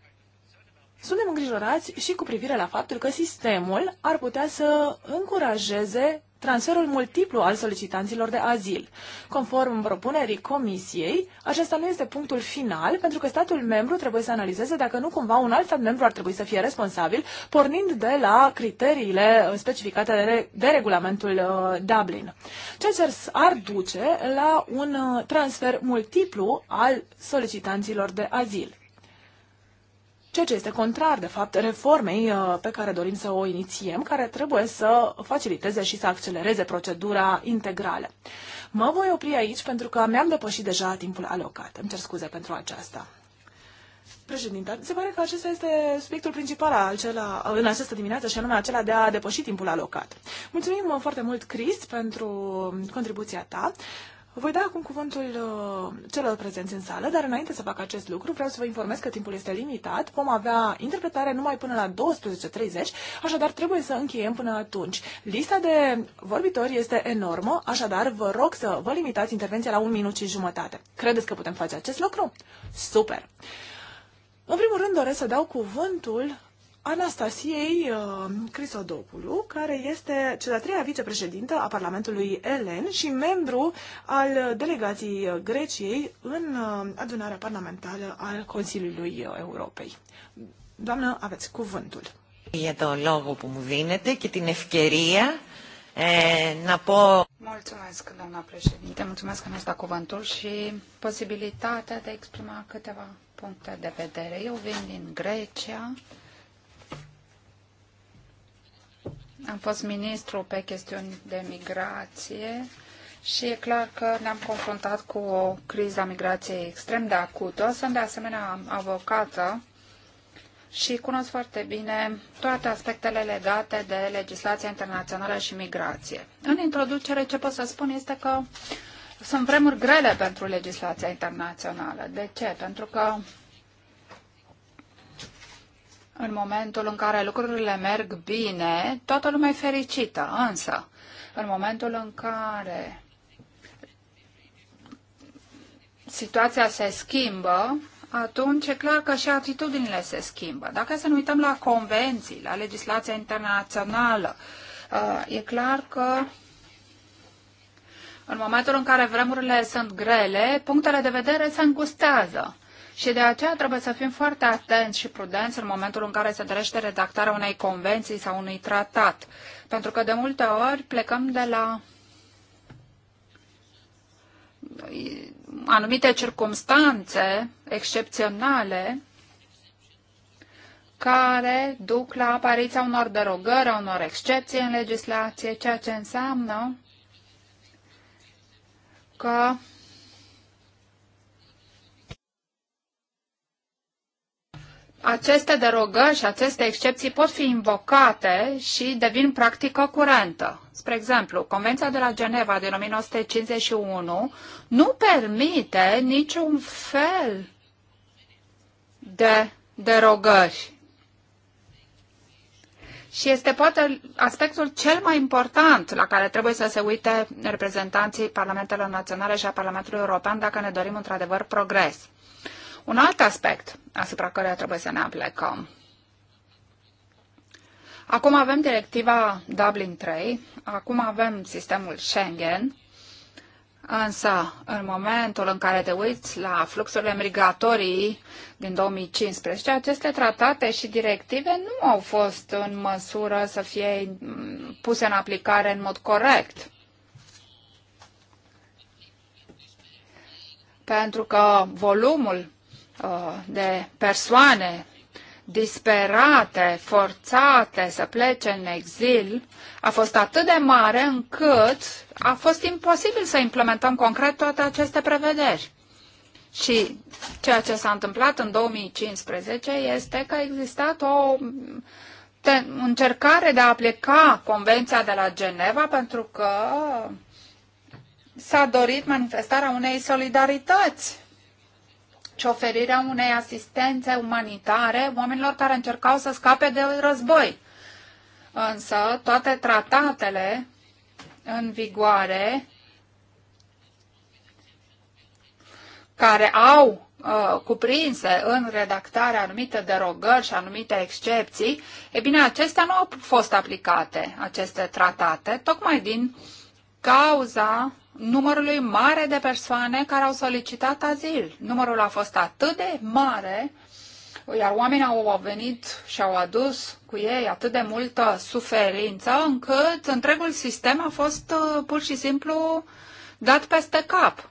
suntem îngrijorați și cu privire la faptul că sistemul ar putea să încurajeze transferul multiplu al solicitanților de azil. Conform propunerii Comisiei, acesta nu este punctul final, pentru că statul membru trebuie să analizeze dacă nu cumva un alt stat membru ar trebui să fie responsabil, pornind de la criteriile uh, specificate de, de regulamentul uh, Dublin. Ceea ce ar duce la un uh, transfer multiplu al solicitanților de azil ceea ce este contrar, de fapt, reformei uh, pe care dorim să o inițiem, care trebuie să faciliteze și să accelereze procedura integrală. Mă voi opri aici pentru că mi-am depășit deja timpul alocat. Îmi cer scuze pentru aceasta. Președinte, se pare că acesta este subiectul principal acela, în această dimineață și anume acela de a depăși timpul alocat. Mulțumim foarte mult, Crist pentru contribuția ta. Voi da acum cuvântul uh, celor prezenți în sală, dar înainte să fac acest lucru, vreau să vă informez că timpul este limitat. Vom avea interpretare numai până la 12.30, așadar trebuie să încheiem până atunci. Lista de vorbitori este enormă, așadar vă rog să vă limitați intervenția la un minut și jumătate. Credeți că putem face acest lucru? Super! În primul rând doresc să dau cuvântul Anastasiei uh, Crisodopulu, care este cea de-a treia vicepreședintă a Parlamentului Elen și membru al delegației Greciei în uh, adunarea parlamentară al Consiliului Europei. Doamnă, aveți cuvântul. Για το λόγο που μου δίνετε και την ευκαιρία ε, Mulțumesc, doamna președinte, mulțumesc că mi-ați dat cuvântul și posibilitatea de a exprima câteva puncte de vedere. Eu vin din Grecia, Am fost ministru pe chestiuni de migrație și e clar că ne-am confruntat cu o criză a migrației extrem de acută. Sunt de asemenea avocată și cunosc foarte bine toate aspectele legate de legislația internațională și migrație. În introducere, ce pot să spun este că sunt vremuri grele pentru legislația internațională. De ce? Pentru că în momentul în care lucrurile merg bine, toată lumea e fericită, însă în momentul în care situația se schimbă, atunci e clar că și atitudinile se schimbă. Dacă să ne uităm la convenții, la legislația internațională, uh, e clar că în momentul în care vremurile sunt grele, punctele de vedere se îngustează. Și de aceea trebuie să fim foarte atenți și prudenți în momentul în care se dorește redactarea unei convenții sau unui tratat. Pentru că de multe ori plecăm de la anumite circumstanțe excepționale care duc la apariția unor derogări, unor excepții în legislație, ceea ce înseamnă că aceste derogări și aceste excepții pot fi invocate și devin practică curentă. Spre exemplu, Convenția de la Geneva din 1951 nu permite niciun fel de derogări. Și este poate aspectul cel mai important la care trebuie să se uite reprezentanții Parlamentelor Naționale și a Parlamentului European dacă ne dorim într-adevăr progres. Un alt aspect asupra căruia trebuie să ne aplecăm. Acum avem directiva Dublin 3, acum avem sistemul Schengen, Însă, în momentul în care te uiți la fluxurile migratorii din 2015, aceste tratate și directive nu au fost în măsură să fie puse în aplicare în mod corect. Pentru că volumul Uh, de persoane disperate, forțate să plece în exil, a fost atât de mare încât a fost imposibil să implementăm concret toate aceste prevederi. Și ceea ce s-a întâmplat în 2015 este că a existat o încercare de a aplica Convenția de la Geneva pentru că s-a dorit manifestarea unei solidarități ci oferirea unei asistențe umanitare oamenilor care încercau să scape de război. Însă toate tratatele în vigoare care au uh, cuprinse în redactare anumite derogări și anumite excepții, e bine, acestea nu au fost aplicate, aceste tratate, tocmai din cauza numărului mare de persoane care au solicitat azil. Numărul a fost atât de mare, iar oamenii au venit și au adus cu ei atât de multă suferință, încât întregul sistem a fost uh, pur și simplu dat peste cap.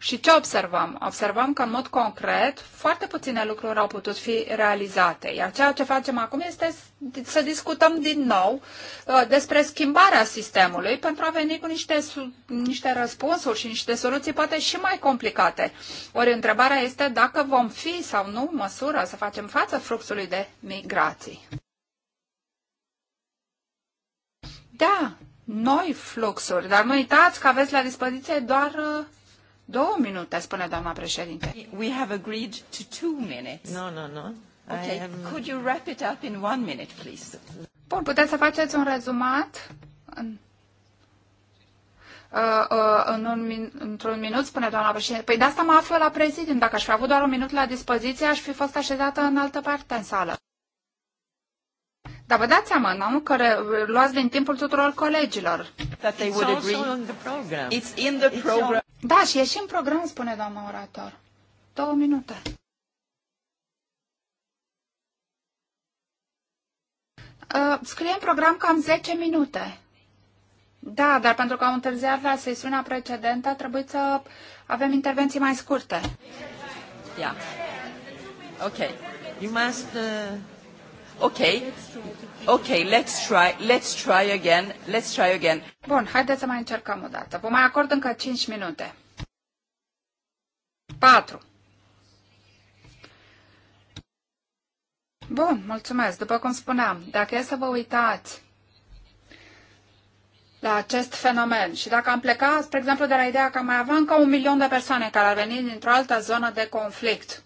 Și ce observăm? Observăm că, în mod concret, foarte puține lucruri au putut fi realizate. Iar ceea ce facem acum este să discutăm din nou uh, despre schimbarea sistemului pentru a veni cu niște, niște răspunsuri și niște soluții poate și mai complicate. Ori întrebarea este dacă vom fi sau nu în măsură să facem față fluxului de migrații. Da, noi fluxuri, dar nu uitați că aveți la dispoziție doar uh, Două minute, spune doamna președinte. We have agreed to two minutes. No, no, no. Okay, am... could you wrap it up in one minute, please? Bun, puteți să faceți un rezumat? În... Uh, uh, în un min- într-un minut, spune doamna președinte. Păi de asta mă aflu la prezidium. Dacă aș fi avut doar un minut la dispoziție, aș fi fost așezată în altă parte în sală. Dar vă dați seama, nu? Că luați din timpul tuturor colegilor. That they would agree. It's in the program. Da, și e și în program, spune doamna orator. Două minute. Uh, scrie în program cam 10 minute. Da, dar pentru că am întârziat la sesiunea precedentă, trebuie să avem intervenții mai scurte. Yeah. Ok. You must... Uh... Okay. Okay, let's try, let's try again, let's try again. Bun, haideți să mai încercăm o dată. Vă mai acord încă 5 minute. 4. Bun, mulțumesc. După cum spuneam, dacă e să vă uitați la acest fenomen și dacă am plecat, spre exemplu, de la ideea că mai avea încă un milion de persoane care ar veni dintr-o altă zonă de conflict,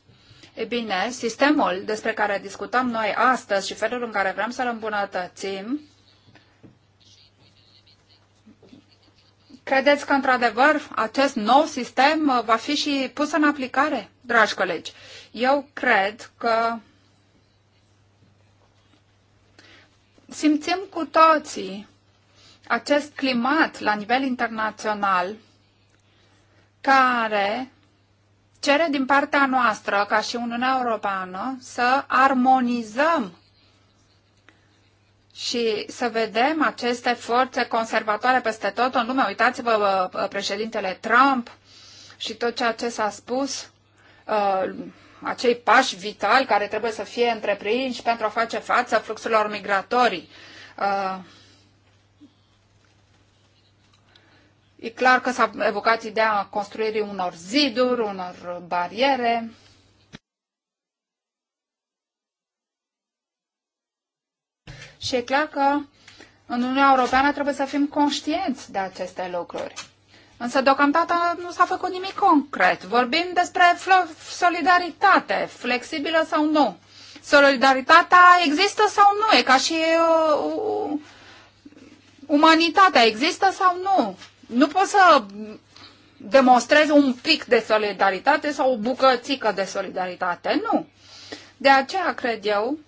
E bine, sistemul despre care discutăm noi astăzi și felul în care vrem să-l îmbunătățim, credeți că, într-adevăr, acest nou sistem uh, va fi și pus în aplicare, dragi colegi? Eu cred că simțim cu toții acest climat la nivel internațional care cere din partea noastră, ca și Uniunea Europeană, să armonizăm și să vedem aceste forțe conservatoare peste tot în lume. Uitați-vă președintele Trump și tot ceea ce s-a spus, ă, acei pași vitali care trebuie să fie întreprinși pentru a face față fluxurilor migratorii. Ă, E clar că s-a evocat ideea construirii unor ziduri, unor bariere. Și e clar că în Uniunea Europeană trebuie să fim conștienți de aceste lucruri. Însă deocamdată nu s-a făcut nimic concret. Vorbim despre solidaritate, flexibilă sau nu. Solidaritatea există sau nu? E ca și uh, umanitatea, există sau nu? nu poți să demonstrezi un pic de solidaritate sau o bucățică de solidaritate. Nu. De aceea cred eu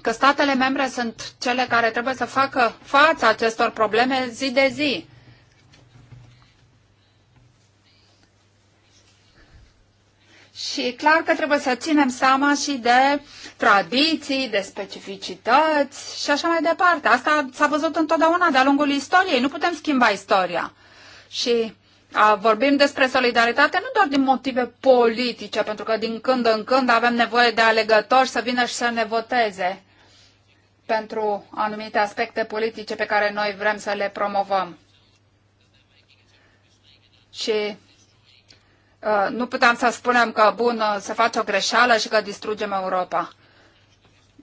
că statele membre sunt cele care trebuie să facă față acestor probleme zi de zi. Și e clar că trebuie să ținem seama și de tradiții, de specificități și așa mai departe. Asta s-a văzut întotdeauna de-a lungul istoriei. Nu putem schimba istoria. Și a, vorbim despre solidaritate nu doar din motive politice, pentru că din când în când avem nevoie de alegători să vină și să ne voteze pentru anumite aspecte politice pe care noi vrem să le promovăm. Și Uh, nu putem să spunem că, bun, uh, se face o greșeală și că distrugem Europa.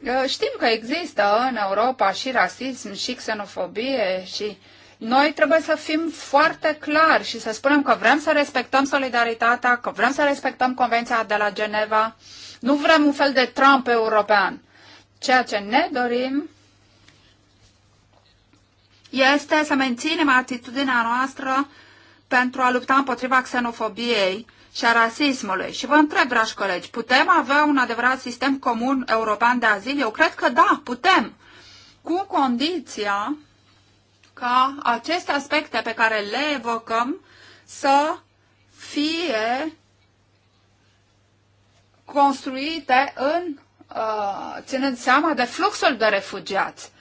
Uh, știm că există în Europa și rasism, și xenofobie, și noi trebuie să fim foarte clari și să spunem că vrem să respectăm solidaritatea, că vrem să respectăm Convenția de la Geneva. Nu vrem un fel de Trump european. Ceea ce ne dorim este să menținem atitudinea noastră pentru a lupta împotriva xenofobiei și a rasismului. Și vă întreb, dragi colegi, putem avea un adevărat sistem comun european de azil? Eu cred că da, putem, cu condiția ca aceste aspecte pe care le evocăm să fie construite în, uh, ținând seama de fluxul de refugiați.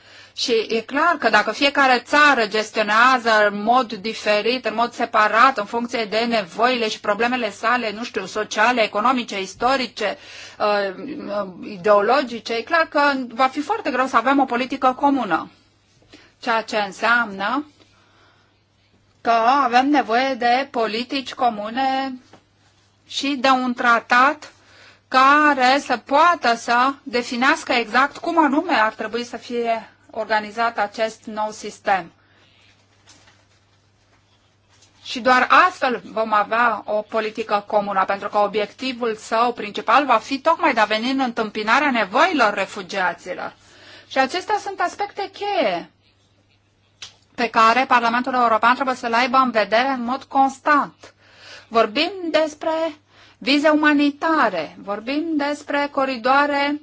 Și e clar că dacă fiecare țară gestionează în mod diferit, în mod separat, în funcție de nevoile și problemele sale, nu știu, sociale, economice, istorice, uh, uh, ideologice, e clar că va fi foarte greu să avem o politică comună. Ceea ce înseamnă că avem nevoie de politici comune și de un tratat care să poată să definească exact cum anume ar trebui să fie organizat acest nou sistem. Și doar astfel vom avea o politică comună, pentru că obiectivul său principal va fi tocmai de a veni în întâmpinarea nevoilor refugiaților. Și acestea sunt aspecte cheie pe care Parlamentul European trebuie să le aibă în vedere în mod constant. Vorbim despre vize umanitare, vorbim despre coridoare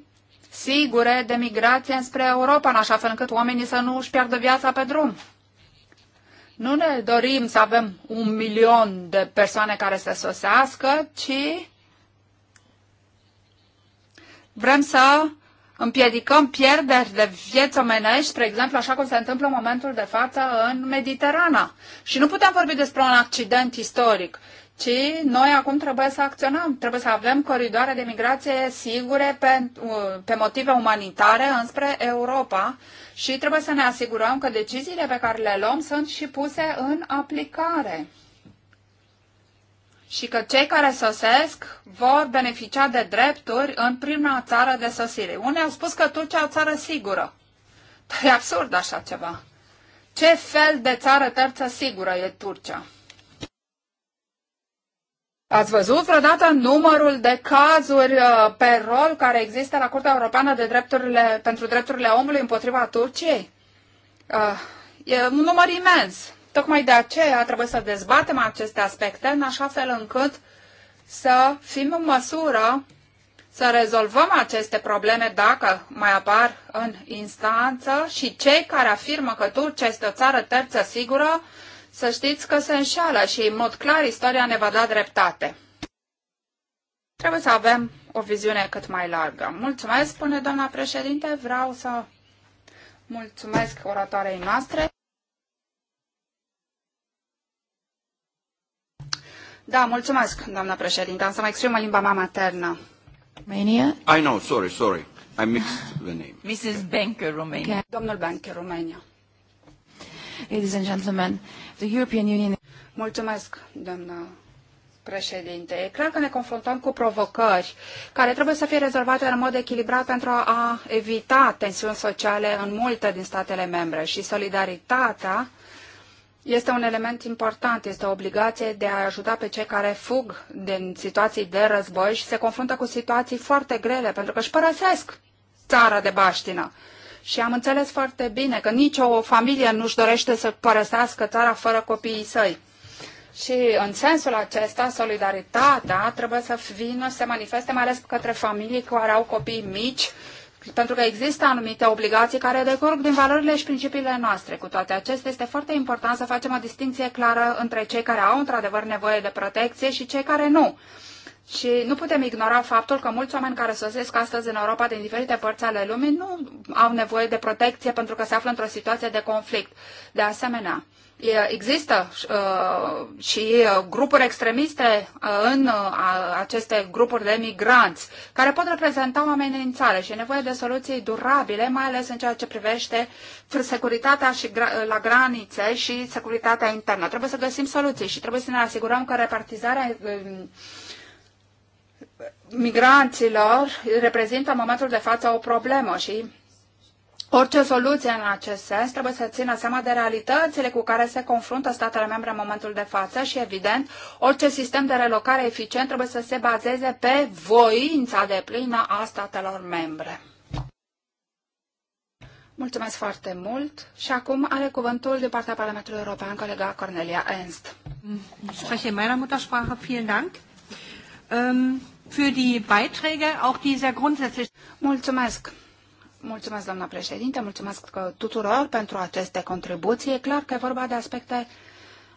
sigure de migrație spre Europa, în așa fel încât oamenii să nu își piardă viața pe drum. Nu ne dorim să avem un milion de persoane care să sosească, ci vrem să împiedicăm pierderi de vieți omenești, spre exemplu, așa cum se întâmplă în momentul de față în Mediterana. Și nu putem vorbi despre un accident istoric, ci noi acum trebuie să acționăm, trebuie să avem coridoare de migrație sigure pe, uh, pe motive umanitare înspre Europa și trebuie să ne asigurăm că deciziile pe care le luăm sunt și puse în aplicare și că cei care sosesc vor beneficia de drepturi în prima țară de sosire. Unii au spus că Turcia e o țară sigură. Dar e absurd așa ceva. Ce fel de țară terță sigură e Turcia? Ați văzut vreodată numărul de cazuri uh, pe rol care există la Curtea Europeană de drepturile, pentru drepturile omului împotriva Turciei? Uh, e un număr imens. Tocmai de aceea trebuie să dezbatem aceste aspecte în așa fel încât să fim în măsură să rezolvăm aceste probleme dacă mai apar în instanță și cei care afirmă că Turcia este o țară terță sigură să știți că se înșeală și, în mod clar, istoria ne va da dreptate. Trebuie să avem o viziune cât mai largă. Mulțumesc, spune doamna președinte, vreau să mulțumesc oratoarei noastre. Da, mulțumesc, doamna președinte. Am să mă exprim în limba mea maternă. Romania? I know, sorry, sorry. I mixed the name. Mrs. Banker, Romania. Domnul Banker, Romania. Ladies and gentlemen, the European Union... Mulțumesc, doamna președinte. E clar că ne confruntăm cu provocări care trebuie să fie rezolvate în mod echilibrat pentru a evita tensiuni sociale în multe din statele membre și solidaritatea este un element important, este o obligație de a ajuta pe cei care fug din situații de război și se confruntă cu situații foarte grele pentru că își părăsesc țara de baștină. Și am înțeles foarte bine că nicio familie nu-și dorește să părăsească țara fără copiii săi. Și în sensul acesta, solidaritatea trebuie să vină, să se manifeste mai ales către familii care au copii mici, pentru că există anumite obligații care decurg din valorile și principiile noastre. Cu toate acestea, este foarte important să facem o distinție clară între cei care au într-adevăr nevoie de protecție și cei care nu. Și nu putem ignora faptul că mulți oameni care sosesc astăzi în Europa din diferite părți ale lumii nu au nevoie de protecție pentru că se află într-o situație de conflict. De asemenea, există uh, și uh, grupuri extremiste uh, în uh, aceste grupuri de migranți care pot reprezenta o amenințare și e nevoie de soluții durabile, mai ales în ceea ce privește securitatea și gra- la granițe și securitatea internă. Trebuie să găsim soluții și trebuie să ne asigurăm că repartizarea uh, migranților reprezintă în momentul de față o problemă și Orice soluție în acest sens trebuie să țină seama de realitățile cu care se confruntă statele membre în momentul de față și, evident, orice sistem de relocare eficient trebuie să se bazeze pe voința de plină a statelor membre. Mulțumesc foarte mult și acum are cuvântul din partea Parlamentului European colega Cornelia Ernst. Spreche meiner Muttersprache, vielen Dank. Ähm, für die Beiträge, auch die sehr grundsätzlich. Mulțumesc! Mulțumesc, doamna președinte, mulțumesc tuturor pentru aceste contribuții. E clar că e vorba de aspecte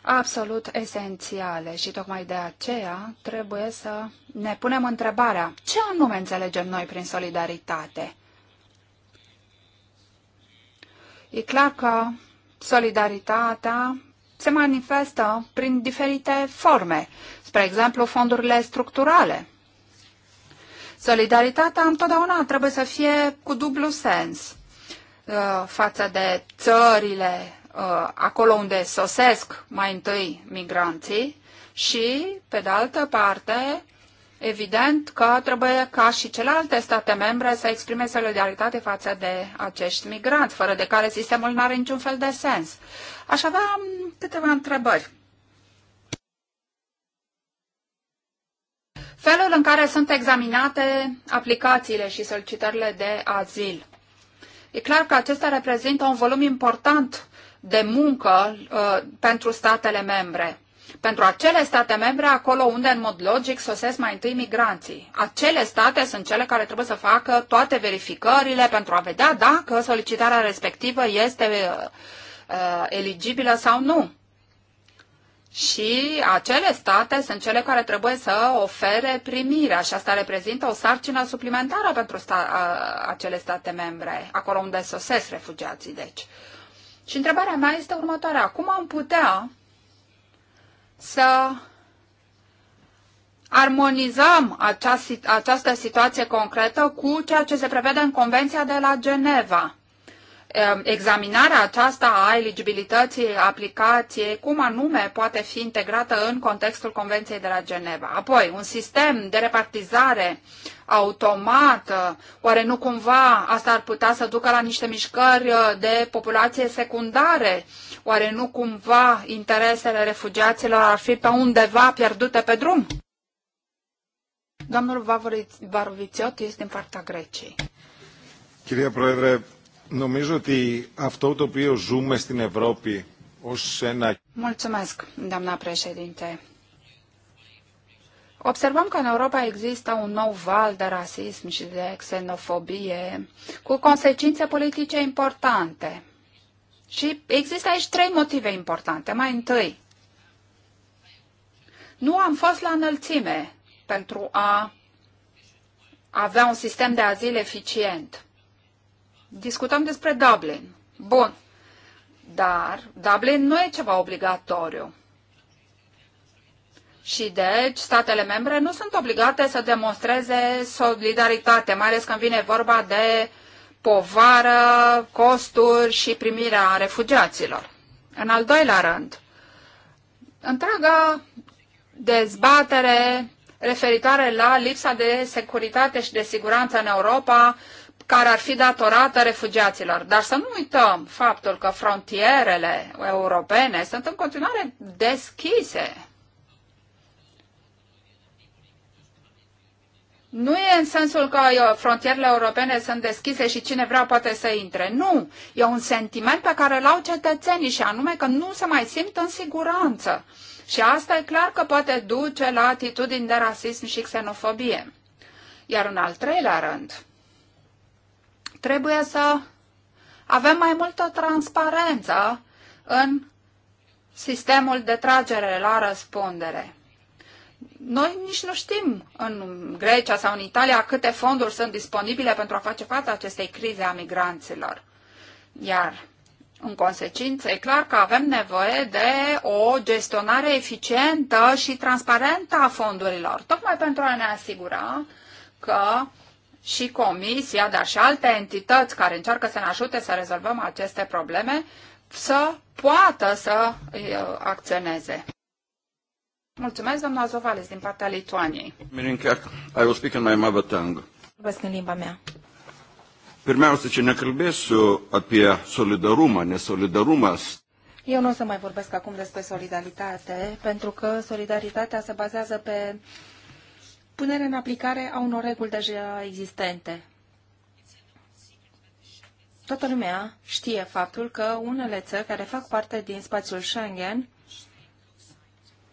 absolut esențiale și tocmai de aceea trebuie să ne punem întrebarea ce anume înțelegem noi prin solidaritate. E clar că solidaritatea se manifestă prin diferite forme, spre exemplu fondurile structurale – Solidaritatea întotdeauna trebuie să fie cu dublu sens uh, față de țările uh, acolo unde sosesc mai întâi migranții și, pe de altă parte, evident că trebuie ca și celelalte state membre să exprime solidaritate față de acești migranți, fără de care sistemul nu are niciun fel de sens. Aș avea câteva întrebări. felul în care sunt examinate aplicațiile și solicitările de azil. E clar că acesta reprezintă un volum important de muncă uh, pentru statele membre. Pentru acele state membre, acolo unde, în mod logic, sosesc mai întâi migranții. Acele state sunt cele care trebuie să facă toate verificările pentru a vedea dacă solicitarea respectivă este uh, uh eligibilă sau nu. Și acele state sunt cele care trebuie să ofere primirea și asta reprezintă o sarcină suplimentară pentru sta- acele state membre, acolo unde sosesc refugiații, deci. Și întrebarea mea este următoarea. Cum am putea să armonizăm această, această situație concretă cu ceea ce se prevede în Convenția de la Geneva? Ehm, examinarea aceasta a eligibilității aplicației, cum anume poate fi integrată în contextul Convenției de la Geneva. Apoi, un sistem de repartizare automată, oare nu cumva asta ar putea să ducă la niște mișcări uh, de populație secundare? Oare nu cumva interesele refugiaților ar fi pe undeva pierdute pe drum? Domnul Varovițiot este din partea Greciei. Chiria Νομίζω ότι αυτό το οποίο ζούμε στην Ευρώπη ως ένα... Mulțumesc, doamna președinte. Observăm că în Europa există un nou val de rasism și de xenofobie cu consecințe politice importante. Și există aici trei motive importante. Mai întâi, nu am fost la înălțime pentru a avea un sistem de azil eficient discutăm despre Dublin. Bun. Dar Dublin nu e ceva obligatoriu. Și deci statele membre nu sunt obligate să demonstreze solidaritate, mai ales când vine vorba de povară, costuri și primirea refugiaților. În al doilea rând, întreaga dezbatere referitoare la lipsa de securitate și de siguranță în Europa care ar fi datorată refugiaților. Dar să nu uităm faptul că frontierele europene sunt în continuare deschise. Nu e în sensul că frontierele europene sunt deschise și cine vrea poate să intre. Nu. E un sentiment pe care îl au cetățenii și anume că nu se mai simt în siguranță. Și asta e clar că poate duce la atitudini de rasism și xenofobie. Iar în al treilea rând, Trebuie să avem mai multă transparență în sistemul de tragere la răspundere. Noi nici nu știm în Grecia sau în Italia câte fonduri sunt disponibile pentru a face față acestei crize a migranților. Iar, în consecință, e clar că avem nevoie de o gestionare eficientă și transparentă a fondurilor, tocmai pentru a ne asigura că și Comisia, dar și alte entități care încearcă să ne ajute să rezolvăm aceste probleme, să poată să acționeze. Mulțumesc, doamna Zovales, din partea Lituaniei. Mirinke, I will speak in my mother tongue. Vorbesc în limba mea. Pirmiausia, čia nekalbėsiu apie solidarumą, nes solidarumas eu nu o să mai vorbesc acum despre solidaritate, pentru că solidaritatea se bazează pe punere în aplicare a unor reguli deja existente. Toată lumea știe faptul că unele țări care fac parte din spațiul Schengen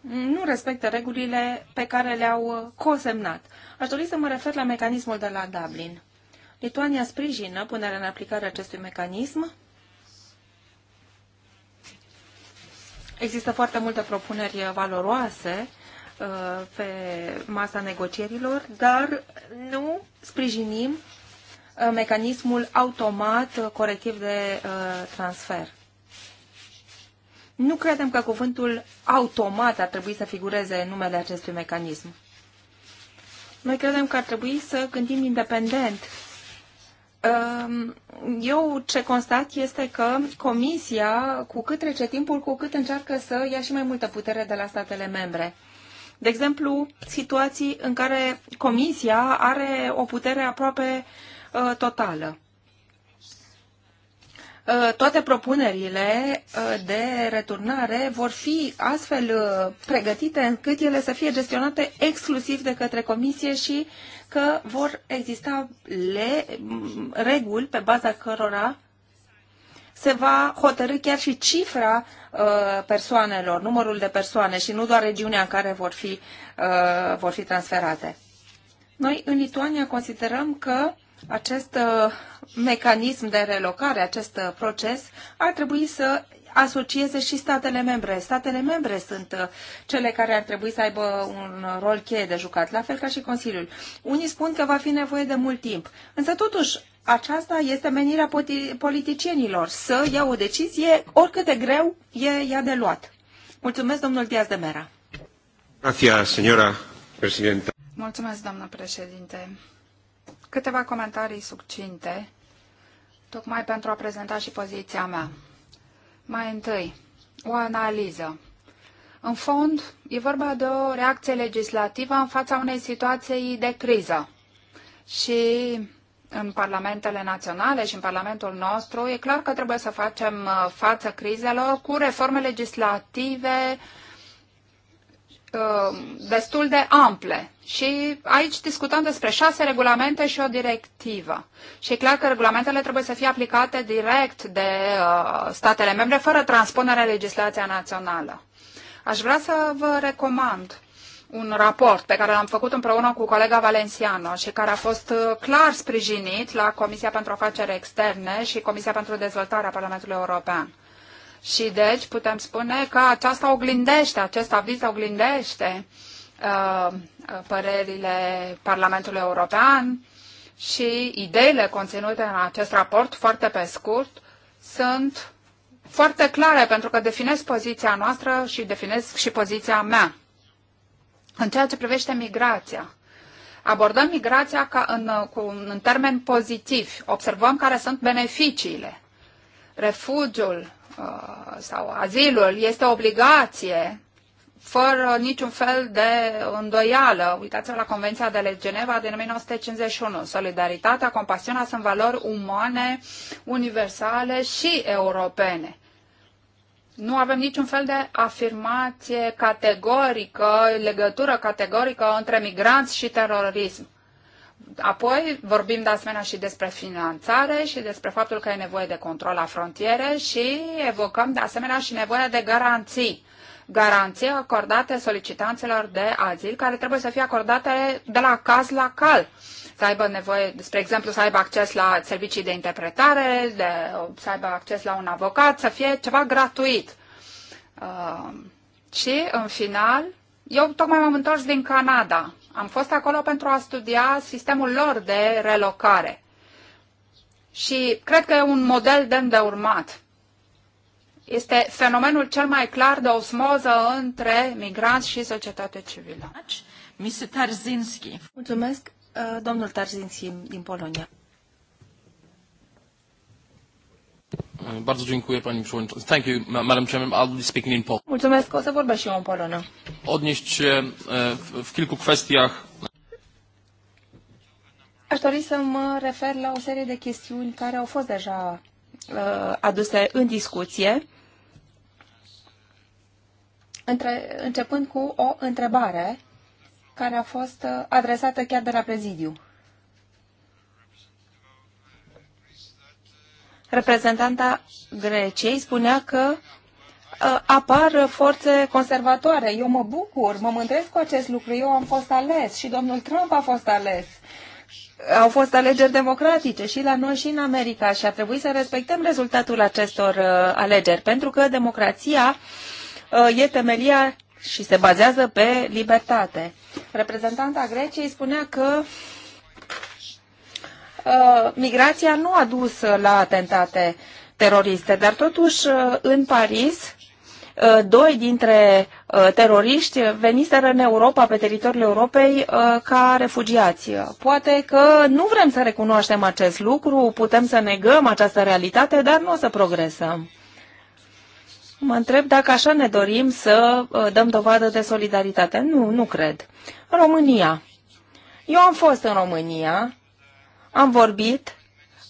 nu respectă regulile pe care le-au cosemnat. Aș dori să mă refer la mecanismul de la Dublin. Lituania sprijină punerea în aplicare acestui mecanism. Există foarte multe propuneri valoroase Uh, pe masa negocierilor, dar nu sprijinim uh, mecanismul automat uh, corectiv de transfer. Nu credem că cuvântul automat ar trebui să figureze numele acestui mecanism. Noi credem că ar trebui să gândim independent. Um, eu ce constat este că Comisia, cu cât trece timpul, cu cât încearcă să ia și mai multă putere de la statele membre. De exemplu, situații în care Comisia are o putere aproape uh, totală uh, toate propunerile uh, de returnare vor fi astfel uh, pregătite încât ele să fie gestionate exclusiv de către comisie și că vor exista le, reguli pe baza cărora se va hotărâ chiar și cifra uh, persoanelor, numărul de persoane și nu doar regiunea în care vor fi, uh, vor fi transferate. Noi în Lituania considerăm că acest uh, mecanism de relocare, acest proces, ar trebui să asocieze și statele membre. Statele membre sunt cele care ar trebui să aibă un rol cheie de jucat, la fel ca și Consiliul. Unii spun că va fi nevoie de mult timp, însă totuși aceasta este menirea politicienilor, să ia o decizie, oricât de greu e ea de luat. Mulțumesc, domnul Diaz de Mera. Gracias, señora presidenta. Mulțumesc, doamnă președinte. Câteva comentarii succinte, tocmai pentru a prezenta și poziția mea. Mai întâi, o analiză. În fond, e vorba de o reacție legislativă în fața unei situații de criză. Și în parlamentele naționale și în Parlamentul nostru, e clar că trebuie să facem uh, față crizelor cu reforme legislative uh, destul de ample. Și aici discutăm despre șase regulamente și o directivă. Și e clar că regulamentele trebuie să fie aplicate direct de uh, statele membre, fără transpunere legislația națională. Aș vrea să vă recomand un raport pe care l-am făcut împreună cu colega Valenciano și care a fost uh, clar sprijinit la Comisia pentru Afaceri Externe și Comisia pentru Dezvoltarea Parlamentului European. Și deci putem spune că aceasta oglindește, acest aviz oglindește uh, părerile Parlamentului European și ideile conținute în acest raport, foarte pe scurt, sunt foarte clare pentru că definesc poziția noastră și definesc și poziția mea. În ceea ce privește migrația, abordăm migrația ca în, cu, în termen pozitiv. Observăm care sunt beneficiile. Refugiul uh, sau azilul este o obligație fără niciun fel de îndoială. Uitați-vă la Convenția de la Geneva din 1951. Solidaritatea, compasiunea sunt valori umane, universale și europene. Nu avem niciun fel de afirmație categorică, legătură categorică între migranți și terorism. Apoi vorbim de asemenea și despre finanțare și despre faptul că e nevoie de control la frontiere și evocăm de asemenea și nevoia de garanții. Garanții acordate solicitanților de azil care trebuie să fie acordate de la caz la cal să aibă nevoie, spre exemplu, să aibă acces la servicii de interpretare, de, să aibă acces la un avocat, să fie ceva gratuit. Uh, și, în final, eu tocmai m-am întors din Canada. Am fost acolo pentru a studia sistemul lor de relocare. Și cred că e un model demn de urmat. Este fenomenul cel mai clar de osmoză între migranți și societate civilă. Mulțumesc. Uh, domnul Tarzinski din Polonia. Uh, bardzo dziękuję Pani Przewodnicząca. Thank you, Madam Chairman. I'll be speaking in Polish. Mulțumesc, o să vorbesc și eu în polonă. Odnieść się w kilku kwestiach. Aș dori să mă refer la o serie de chestiuni care au fost deja aduse în discuție, între, începând cu o întrebare care a fost uh, adresată chiar de la prezidiu. Reprezentanta Greciei spunea că uh, apar forțe conservatoare. Eu mă bucur, mă mândresc cu acest lucru. Eu am fost ales și domnul Trump a fost ales. Au fost alegeri democratice și la noi și în America și a trebuit să respectăm rezultatul acestor uh, alegeri, pentru că democrația e temelia și se bazează pe libertate. Reprezentanta Greciei spunea că uh, migrația nu a dus la atentate teroriste, dar totuși uh, în Paris uh, doi dintre teroriști veniseră în Europa, pe teritoriul Europei, ca refugiați. Poate că nu vrem să recunoaștem acest lucru, putem să negăm această realitate, dar nu o să progresăm. Mă întreb dacă așa ne dorim să uh, dăm dovadă de solidaritate. Nu, nu cred. România. Eu am fost în România, am vorbit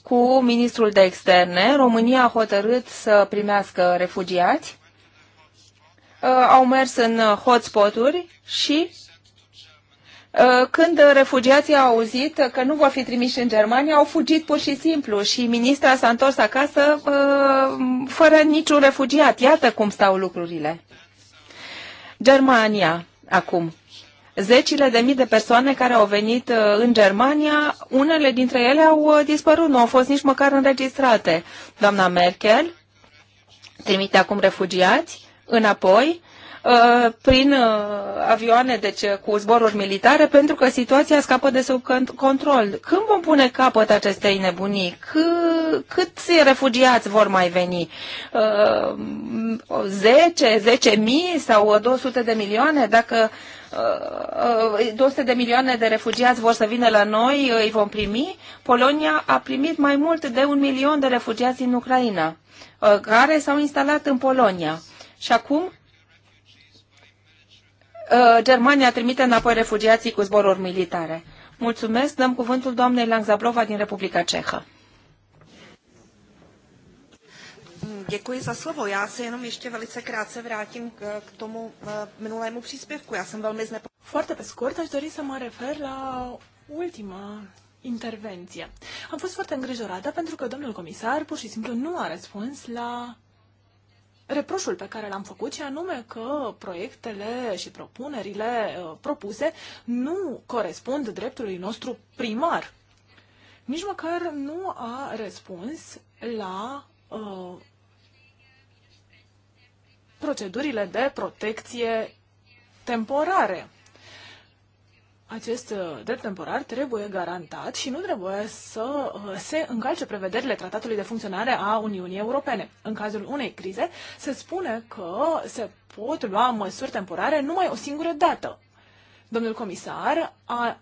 cu ministrul de externe. România a hotărât să primească refugiați. Uh, au mers în uh, hotspoturi și Uh, când refugiații au auzit că nu vor fi trimiși în Germania, au fugit pur și simplu și ministra s-a întors acasă uh, fără niciun refugiat. Iată cum stau lucrurile. Germania, acum. Zecile de mii de persoane care au venit uh, în Germania, unele dintre ele au dispărut, nu au fost nici măcar înregistrate. Doamna Merkel trimite acum refugiați înapoi Uh, prin uh, avioane, deci uh, cu zboruri militare, pentru că situația scapă de sub control. Când vom pune capăt acestei nebunii? Câți refugiați vor mai veni? 10, 10 mii sau 200 de milioane? Dacă 200 de milioane de refugiați vor să vină la noi, îi vom primi. Polonia a primit mai mult de un milion de refugiați din Ucraina, care s-au instalat în Polonia. Și acum Uh, Germania trimite înapoi refugiații cu zboruri militare. Mulțumesc. Dăm cuvântul doamnei Langzablova din Republica Cehă. Děkuji za slovo. Já se jenom ještě velice krátce vrátím k, k tomu uh, minulému příspěvku. Já jsem velmi znepo... Foarte pe scurt, aș dori să mă refer la ultima intervenție. Am fost foarte îngrijorată pentru că domnul comisar pur și simplu nu a răspuns la reproșul pe care l-am făcut, și anume că proiectele și propunerile uh, propuse nu corespund dreptului nostru primar. Nici măcar nu a răspuns la uh, procedurile de protecție temporare acest uh, drept temporar trebuie garantat și nu trebuie să uh, se încalce prevederile tratatului de funcționare a Uniunii Europene. În cazul unei crize, se spune că se pot lua măsuri temporare numai o singură dată. Domnul comisar a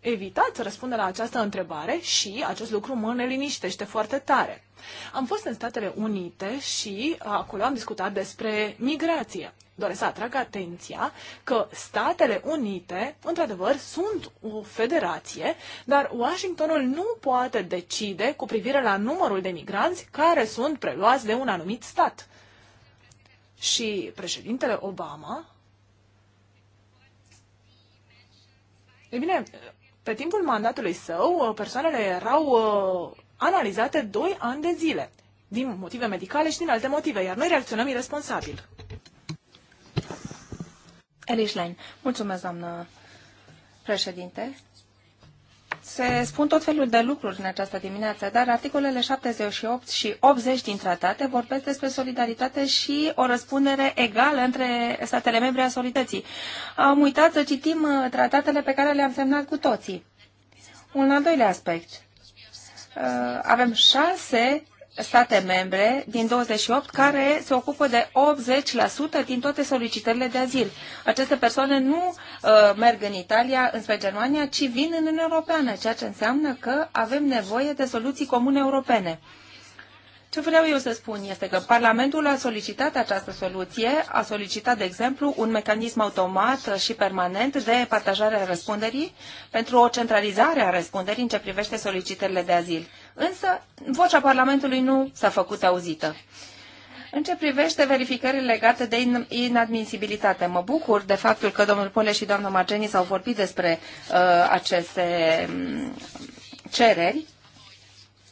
evitat să răspundă la această întrebare și acest lucru mă neliniștește foarte tare. Am fost în Statele Unite și acolo am discutat despre migrație doresc să atrag atenția că Statele Unite, într-adevăr, sunt o federație, dar Washingtonul nu poate decide cu privire la numărul de migranți care sunt preluați de un anumit stat. Și președintele Obama. E bine, pe timpul mandatului său, persoanele erau uh, analizate doi ani de zile, din motive medicale și din alte motive, iar noi reacționăm irresponsabil. Elish Lane. Mulțumesc, doamnă președinte. Se spun tot felul de lucruri în această dimineață, dar articolele 78 și 80 din tratate vorbesc despre solidaritate și o răspundere egală între statele membre a solidității. Am uitat să citim uh, tratatele pe care le-am semnat cu toții. Un al doilea aspect. Uh, avem șase state membre din 28 care se ocupă de 80% din toate solicitările de azil. Aceste persoane nu uh, merg în Italia, înspre Germania, ci vin în Uniunea Europeană, ceea ce înseamnă că avem nevoie de soluții comune europene. Ce vreau eu să spun este că Parlamentul a solicitat această soluție, a solicitat, de exemplu, un mecanism automat și permanent de partajare a răspunderii pentru o centralizare a răspunderii în ce privește solicitările de azil însă vocea Parlamentului nu s-a făcut auzită. În ce privește verificările legate de inadmisibilitate, mă bucur de faptul că domnul Pole și doamna Margeni s-au vorbit despre uh, aceste mm, cereri.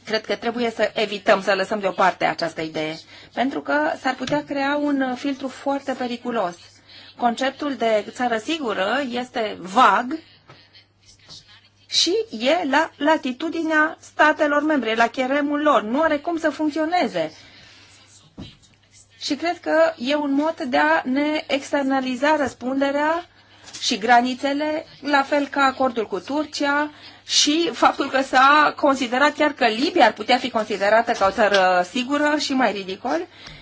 Cred că trebuie să evităm, să lăsăm deoparte această idee, pentru că s-ar putea crea un uh, filtru foarte periculos. Conceptul de țară sigură este vag și e la latitudinea statelor membre, la cheremul lor, nu are cum să funcționeze. Și cred că e un mod de a ne externaliza răspunderea și granițele, la fel ca acordul cu Turcia și faptul că s-a considerat chiar că Libia ar putea fi considerată ca o țară sigură și mai ridicol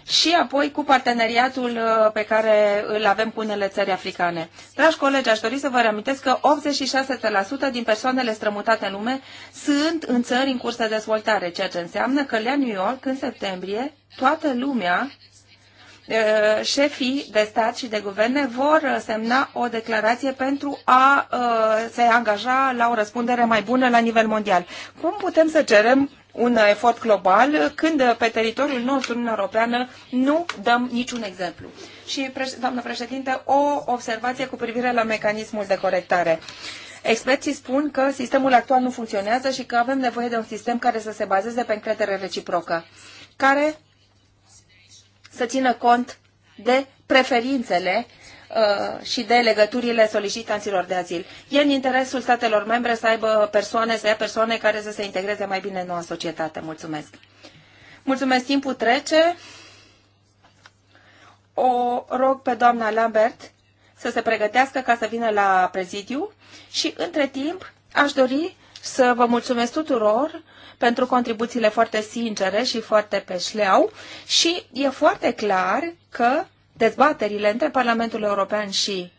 și apoi cu parteneriatul uh, pe care îl avem cu unele țări africane. Dragi colegi, aș dori să vă reamintesc că 86% din persoanele strămutate în lume sunt în țări în curs de dezvoltare, ceea ce înseamnă că la New York, în septembrie, toată lumea uh, șefii de stat și de guverne vor semna o declarație pentru a uh, se angaja la o răspundere mai bună la nivel mondial. Cum putem să cerem un efort global când pe teritoriul nostru, Uniunea Europeană, nu dăm niciun exemplu. Și, doamnă președinte, o observație cu privire la mecanismul de corectare. Experții spun că sistemul actual nu funcționează și că avem nevoie de un sistem care să se bazeze pe încredere reciprocă, care să țină cont de preferințele Uh, și de legăturile solicitanților de azil. E în interesul statelor membre să aibă persoane, să ia persoane care să se integreze mai bine în noua societate. Mulțumesc! Mulțumesc, timpul trece. O rog pe doamna Lambert să se pregătească ca să vină la prezidiu și între timp aș dori să vă mulțumesc tuturor pentru contribuțiile foarte sincere și foarte pe șleau și e foarte clar că dezbaterile între Parlamentul European și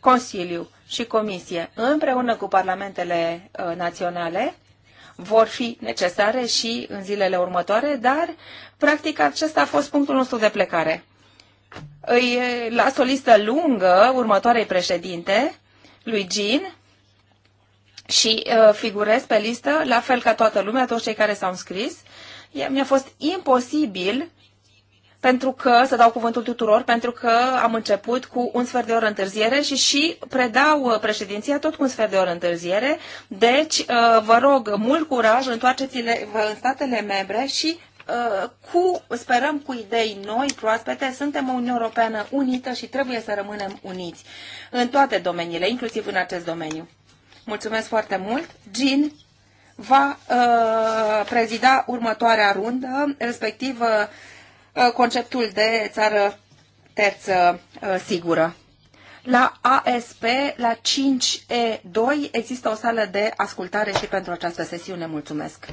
Consiliu și Comisie împreună cu parlamentele uh, naționale vor fi necesare și în zilele următoare, dar practic acesta a fost punctul nostru de plecare. Îi uh, las o listă lungă următoarei președinte, lui Jean, și uh, figurez pe listă, la fel ca toată lumea, toți cei care s-au înscris. Mi-a fost imposibil pentru că, să dau cuvântul tuturor, pentru că am început cu un sfert de oră întârziere și și predau uh, președinția tot cu un sfert de oră întârziere. Deci, uh, vă rog, mult curaj, întoarceți-vă în statele membre și uh, cu, sperăm, cu idei noi, proaspete, suntem o Uniune Europeană unită și trebuie să rămânem uniți în toate domeniile, inclusiv în acest domeniu. Mulțumesc foarte mult. Jean va uh, prezida următoarea rundă, respectiv uh, Uh, conceptul de țară terță uh, sigură. La ASP, la 5E2, există o sală de ascultare și pentru această sesiune. Mulțumesc!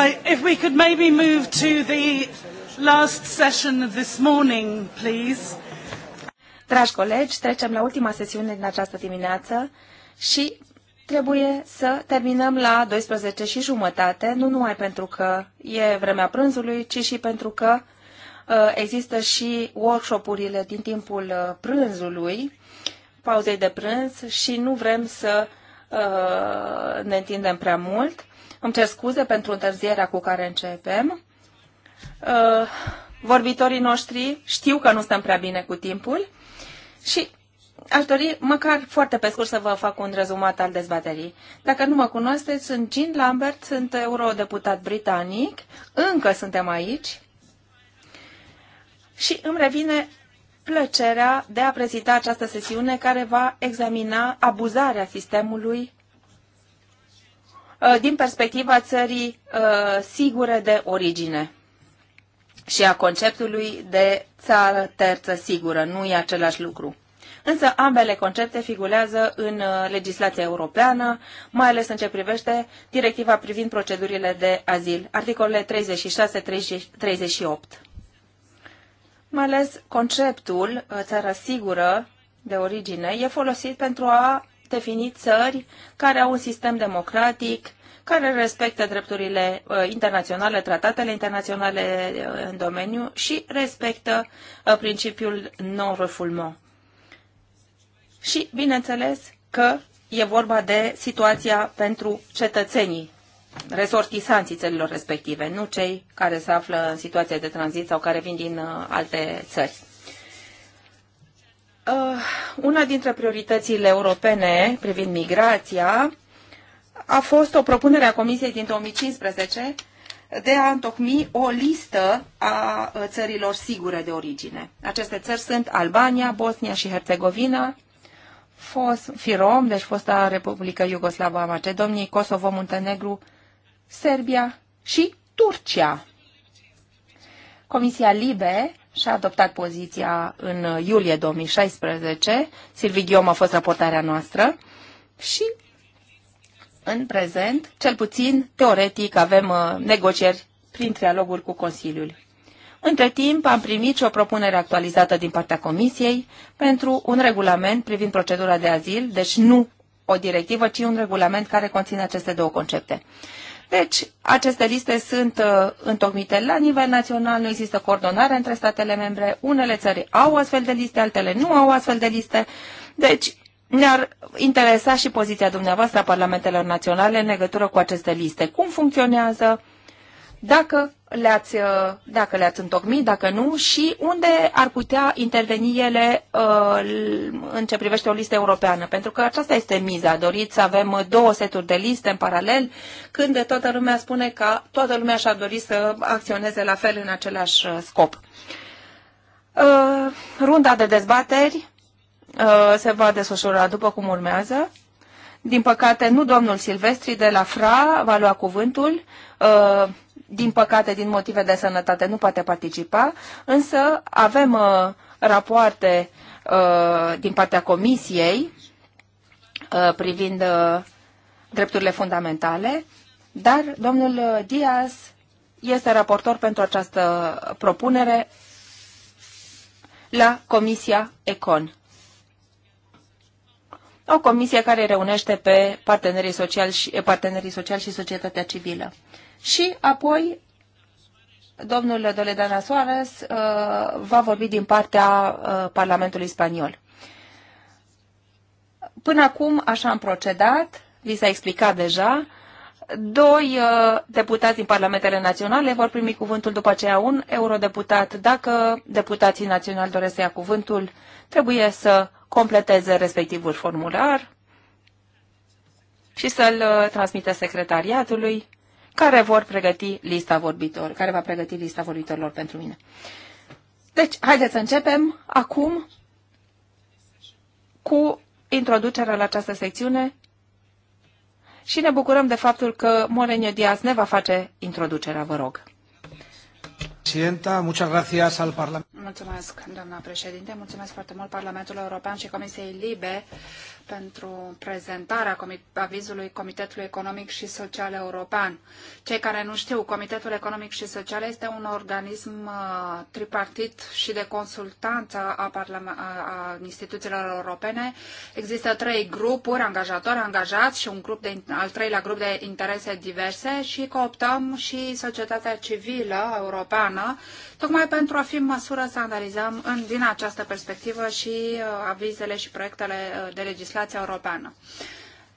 Right, if we could maybe move to the last session of this morning, please. Dragi colegi, trecem la ultima sesiune din această dimineață și trebuie să terminăm la 12 și jumătate, nu numai pentru că e vremea prânzului, ci și pentru că uh, există și workshopurile din timpul uh, prânzului, pauzei de prânz și nu vrem să uh, ne întindem prea mult. Îmi cer scuze pentru întârzierea cu care începem. Uh, vorbitorii noștri știu că nu stăm prea bine cu timpul și aș dori măcar foarte pe scurt să vă fac un rezumat al dezbaterii. Dacă nu mă cunoașteți, sunt Jean Lambert, sunt eurodeputat britanic, încă suntem aici și îmi revine plăcerea de a prezida această sesiune care va examina abuzarea sistemului Uh, din perspectiva țării uh, sigure de origine și a conceptului de țară terță sigură. Nu e același lucru. Însă ambele concepte figurează în uh, legislația europeană, mai ales în ce privește directiva privind procedurile de azil, articolele 36-38. Mai ales conceptul țară sigură de origine e folosit pentru a definit țări care au un sistem democratic, care respectă drepturile uh, internaționale, tratatele internaționale uh, în domeniu și respectă uh, principiul non-refoulement. Și, bineînțeles, că e vorba de situația pentru cetățenii, resortisanții țărilor respective, nu cei care se află în situație de tranzit sau care vin din alte țări. Uh, una dintre prioritățile europene privind migrația a fost o propunere a Comisiei din 2015 de a întocmi o listă a țărilor sigure de origine. Aceste țări sunt Albania, Bosnia și Herțegovina, fost Firom, deci fosta Republică Iugoslavă a Macedoniei, Kosovo, Muntenegru, Serbia și Turcia. Comisia Libe și-a adoptat poziția în iulie 2016. Silvi Ghiom a fost raportarea noastră și în prezent, cel puțin teoretic, avem uh, negocieri prin trialoguri cu Consiliul. Între timp, am primit și o propunere actualizată din partea Comisiei pentru un regulament privind procedura de azil, deci nu o directivă, ci un regulament care conține aceste două concepte. Deci, aceste liste sunt uh, întocmite la nivel național, nu există coordonare între statele membre, unele țări au astfel de liste, altele nu au astfel de liste. Deci, ne-ar interesa și poziția dumneavoastră a parlamentelor naționale în legătură cu aceste liste. Cum funcționează? dacă le-ați, uh, dacă le-ați întocmit, dacă nu, și unde ar putea interveni ele uh, în ce privește o listă europeană. Pentru că aceasta este miza. Doriți să avem două seturi de liste în paralel, când toată lumea spune că toată lumea și a dori să acționeze la fel în același uh, scop. Runda de dezbateri se va desfășura după cum urmează. Din păcate, nu domnul Silvestri de la FRA va lua cuvântul din păcate, din motive de sănătate, nu poate participa, însă avem uh, rapoarte uh, din partea Comisiei uh, privind drepturile fundamentale, dar domnul Diaz este raportor pentru această propunere la Comisia Econ. O comisie care reunește pe partenerii sociali și, partenerii sociali și societatea civilă și apoi domnul Doledana Soares uh, va vorbi din partea uh, Parlamentului Spaniol. Până acum așa am procedat, vi s-a explicat deja, doi uh, deputați din Parlamentele Naționale vor primi cuvântul după aceea un eurodeputat. Dacă deputații naționali doresc să ia cuvântul, trebuie să completeze respectivul formular și să-l uh, transmită secretariatului care vor pregăti lista vorbitor, care va pregăti lista vorbitorilor pentru mine. Deci, haideți să începem acum cu introducerea la această secțiune și ne bucurăm de faptul că Morenio Diaz ne va face introducerea, vă rog. Presidenta, muchas gracias al Parlamento. Mulțumesc, doamna președinte, mulțumesc foarte mult Parlamentul European și Comisiei Libe pentru prezentarea avizului Comitetului Economic și Social European. Cei care nu știu, Comitetul Economic și Social este un organism uh, tripartit și de consultanță a, a instituțiilor europene. Există trei grupuri, angajatori, angajați și un grup de, al treilea grup de interese diverse și cooptăm și societatea civilă europeană, tocmai pentru a fi în măsură să analizăm în, din această perspectivă și uh, avizele și proiectele uh, de legislație legislația europeană.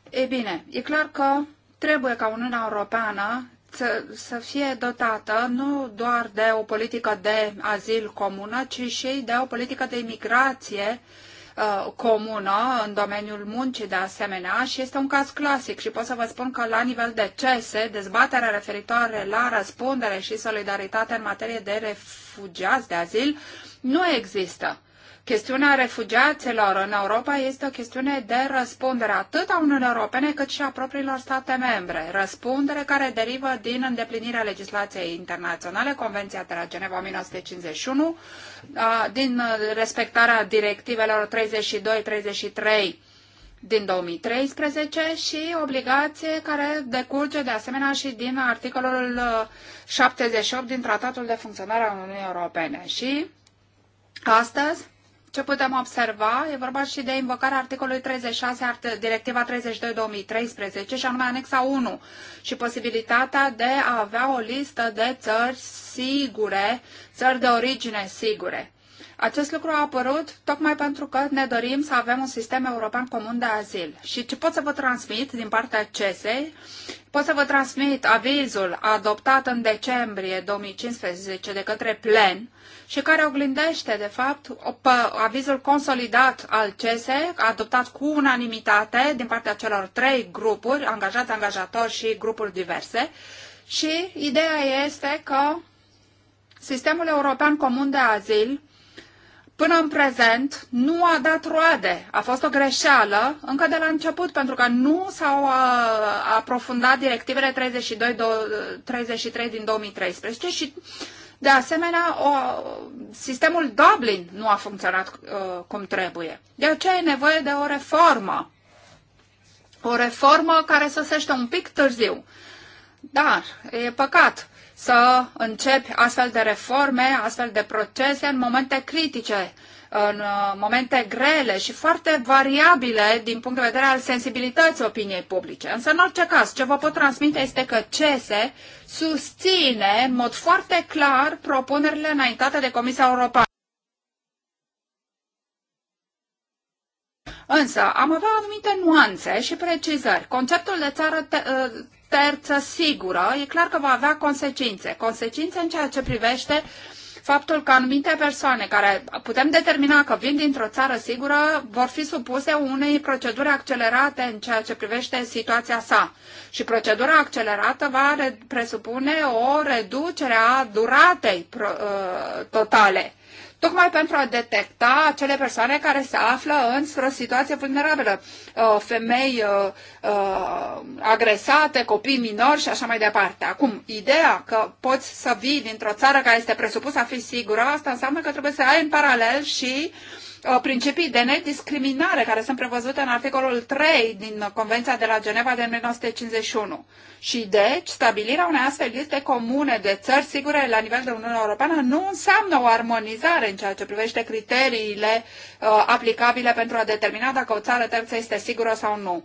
E bine, e clar că trebuie ca Uniunea Europeană să, să fie dotată nu doar de o politică de azil comună, ci și de o politică de imigrație uh, comună în domeniul muncii de asemenea și este un caz clasic și pot să vă spun că la nivel de CESE, dezbaterea referitoare la răspundere și solidaritate în materie de refugiați de azil nu există. Chestiunea refugiaților în Europa este o chestiune de răspundere atât a Uniunii Europene cât și a propriilor state membre. Răspundere care derivă din îndeplinirea legislației internaționale, Convenția de la Geneva 1951, din uh, respectarea directivelor 32-33 din 2013 și obligație care decurge de asemenea și din articolul 78 uh, din Tratatul de Funcționare a Uniunii Europene. Și astăzi ce putem observa? E vorba și de invocarea articolului 36, Directiva 32-2013, și anume anexa 1, și posibilitatea de a avea o listă de țări sigure, țări de origine sigure. Acest lucru a apărut tocmai pentru că ne dorim să avem un sistem european comun de azil. Și ce pot să vă transmit din partea CESEI? Pot să vă transmit avizul adoptat în decembrie 2015 de către plen și care oglindește, de fapt, avizul consolidat al CESE, adoptat cu unanimitate din partea celor trei grupuri, angajați, angajatori și grupuri diverse. Și ideea este că sistemul european comun de azil până în prezent nu a dat roade. A fost o greșeală încă de la început, pentru că nu s-au uh, aprofundat directivele 32, 33 din 2013 și, de asemenea, o, sistemul Dublin nu a funcționat uh, cum trebuie. De aceea e nevoie de o reformă. O reformă care sosește un pic târziu. Dar e păcat să începi astfel de reforme, astfel de procese în momente critice, în uh, momente grele și foarte variabile din punct de vedere al sensibilității opiniei publice. Însă, în orice caz, ce vă pot transmite este că CESE susține în mod foarte clar propunerile înaintate de Comisia Europeană. Însă, am avea anumite nuanțe și precizări. Conceptul de țară uh, terță sigură, e clar că va avea consecințe. Consecințe în ceea ce privește faptul că anumite persoane care putem determina că vin dintr-o țară sigură vor fi supuse unei proceduri accelerate în ceea ce privește situația sa. Și procedura accelerată va presupune o reducere a duratei uh, totale tocmai pentru a detecta acele persoane care se află într-o situație vulnerabilă, uh, femei uh, uh, agresate, copii minori și așa mai departe. Acum, ideea că poți să vii dintr-o țară care este presupusă a fi sigură, asta înseamnă că trebuie să ai în paralel și uh, Uh, principii de nediscriminare care sunt prevăzute în articolul 3 din Convenția de la Geneva de 1951. Și deci, stabilirea unei astfel liste comune de țări sigure la nivel de Uniunea Europeană nu înseamnă o armonizare în ceea ce privește criteriile uh, aplicabile pentru a determina dacă o țară terță este sigură sau nu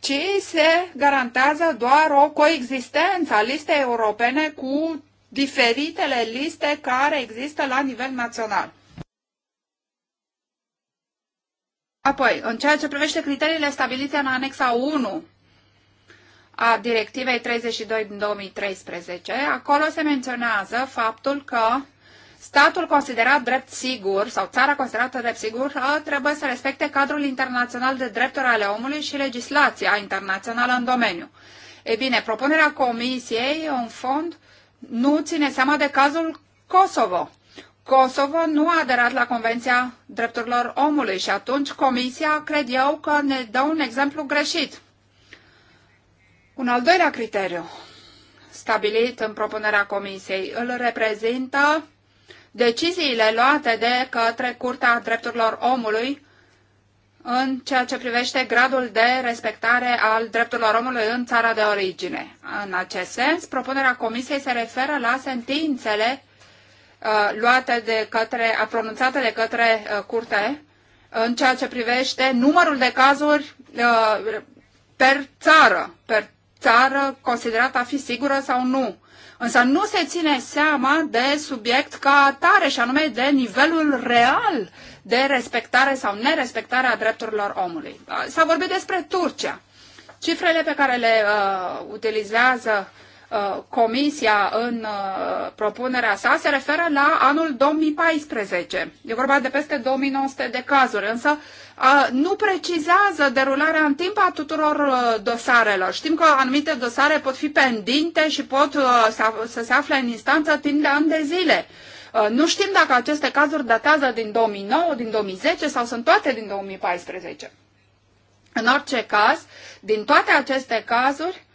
ci se garantează doar o coexistență a listei europene cu diferitele liste care există la nivel național. Apoi, în ceea ce privește criteriile stabilite în anexa 1 a directivei 32 din 2013, acolo se menționează faptul că statul considerat drept sigur sau țara considerată drept sigur uh, trebuie să respecte cadrul internațional de drepturi ale omului și legislația internațională în domeniu. Ei bine, propunerea Comisiei, în fond, nu ține seama de cazul Kosovo. Kosovo nu a aderat la Convenția Drepturilor Omului și atunci Comisia cred eu că ne dă un exemplu greșit. Un al doilea criteriu stabilit în propunerea Comisiei îl reprezintă deciziile luate de către Curtea Drepturilor Omului în ceea ce privește gradul de respectare al drepturilor omului în țara de origine. În acest sens, propunerea Comisiei se referă la sentințele Uh, luate de către, pronunțate de către uh, curte în ceea ce privește numărul de cazuri uh, per țară, per țară considerată a fi sigură sau nu. Însă nu se ține seama de subiect ca atare și anume de nivelul real de respectare sau nerespectare a drepturilor omului. S-a vorbit despre Turcia. Cifrele pe care le uh, utilizează Uh, comisia în uh, propunerea sa se referă la anul 2014. E vorba de peste 2900 de cazuri, însă uh, nu precizează derularea în timp a tuturor dosarelor. Știm că anumite dosare pot fi pendinte și pot să se afle în instanță timp de ani de zile. Nu știm dacă aceste cazuri datează din 2009, din 2010 sau sunt toate din 2014. În orice caz, din toate aceste cazuri,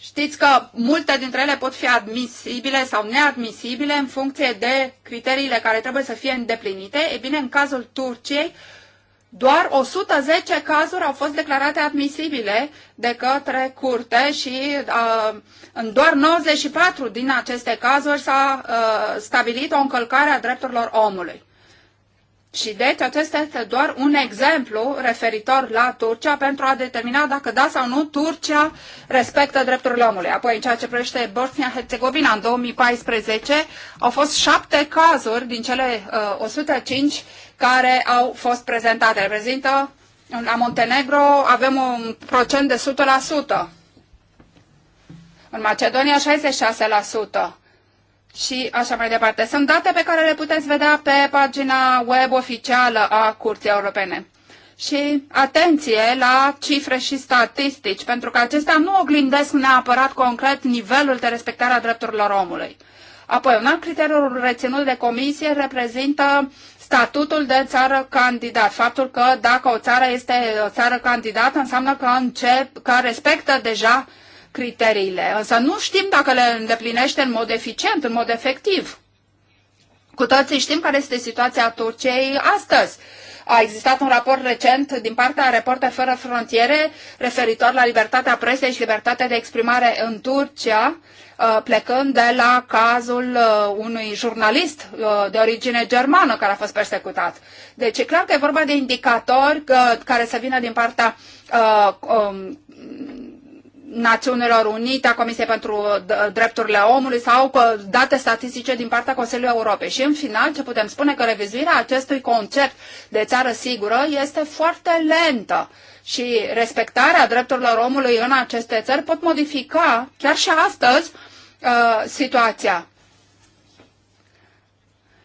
Știți că multe dintre ele pot fi admisibile sau neadmisibile în funcție de criteriile care trebuie să fie îndeplinite. E bine, în cazul Turciei, doar 110 cazuri au fost declarate admisibile de către curte și uh, în doar 94 din aceste cazuri s-a uh, stabilit o încălcare a drepturilor omului. Și deci acesta este doar un exemplu referitor la Turcia pentru a determina dacă da sau nu Turcia respectă drepturile omului. Apoi, în ceea ce privește Bosnia-Herzegovina, în 2014 au fost șapte cazuri din cele uh, 105 care au fost prezentate. Reprezintă la Montenegro avem un procent de 100%. În Macedonia 66% și așa mai departe. Sunt date pe care le puteți vedea pe pagina web oficială a Curții Europene. Și atenție la cifre și statistici, pentru că acestea nu oglindesc neapărat concret nivelul de respectare a drepturilor omului. Apoi, un alt criteriu reținut de comisie reprezintă statutul de țară candidat. Faptul că dacă o țară este o țară candidată înseamnă că, încep, că respectă deja uh, criteriile, însă nu știm dacă le îndeplinește în mod eficient, în mod efectiv. Cu toții știm care este situația Turciei astăzi. A existat un raport recent din partea Reporter Fără Frontiere referitor la libertatea presei și libertatea de exprimare în Turcia, uh, plecând de la cazul uh, unui jurnalist uh, de origine germană care a fost persecutat. Deci e clar că e vorba de indicatori care să vină din partea um, Națiunilor Unite, a Comisiei pentru Drepturile Omului sau date statistice din partea Consiliului Europei. Și în final, ce putem spune că revizuirea acestui concept de țară sigură este foarte lentă și respectarea drepturilor omului în aceste țări pot modifica chiar și astăzi uh, situația.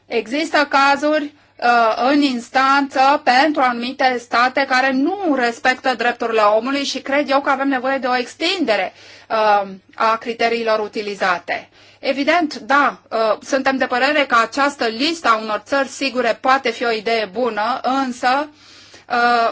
Există cazuri Uh, în instanță pentru anumite state care nu respectă drepturile omului și cred eu că avem nevoie de o extindere uh, a criteriilor utilizate. Evident, da, uh, suntem de părere că această listă a unor țări sigure poate fi o idee bună, însă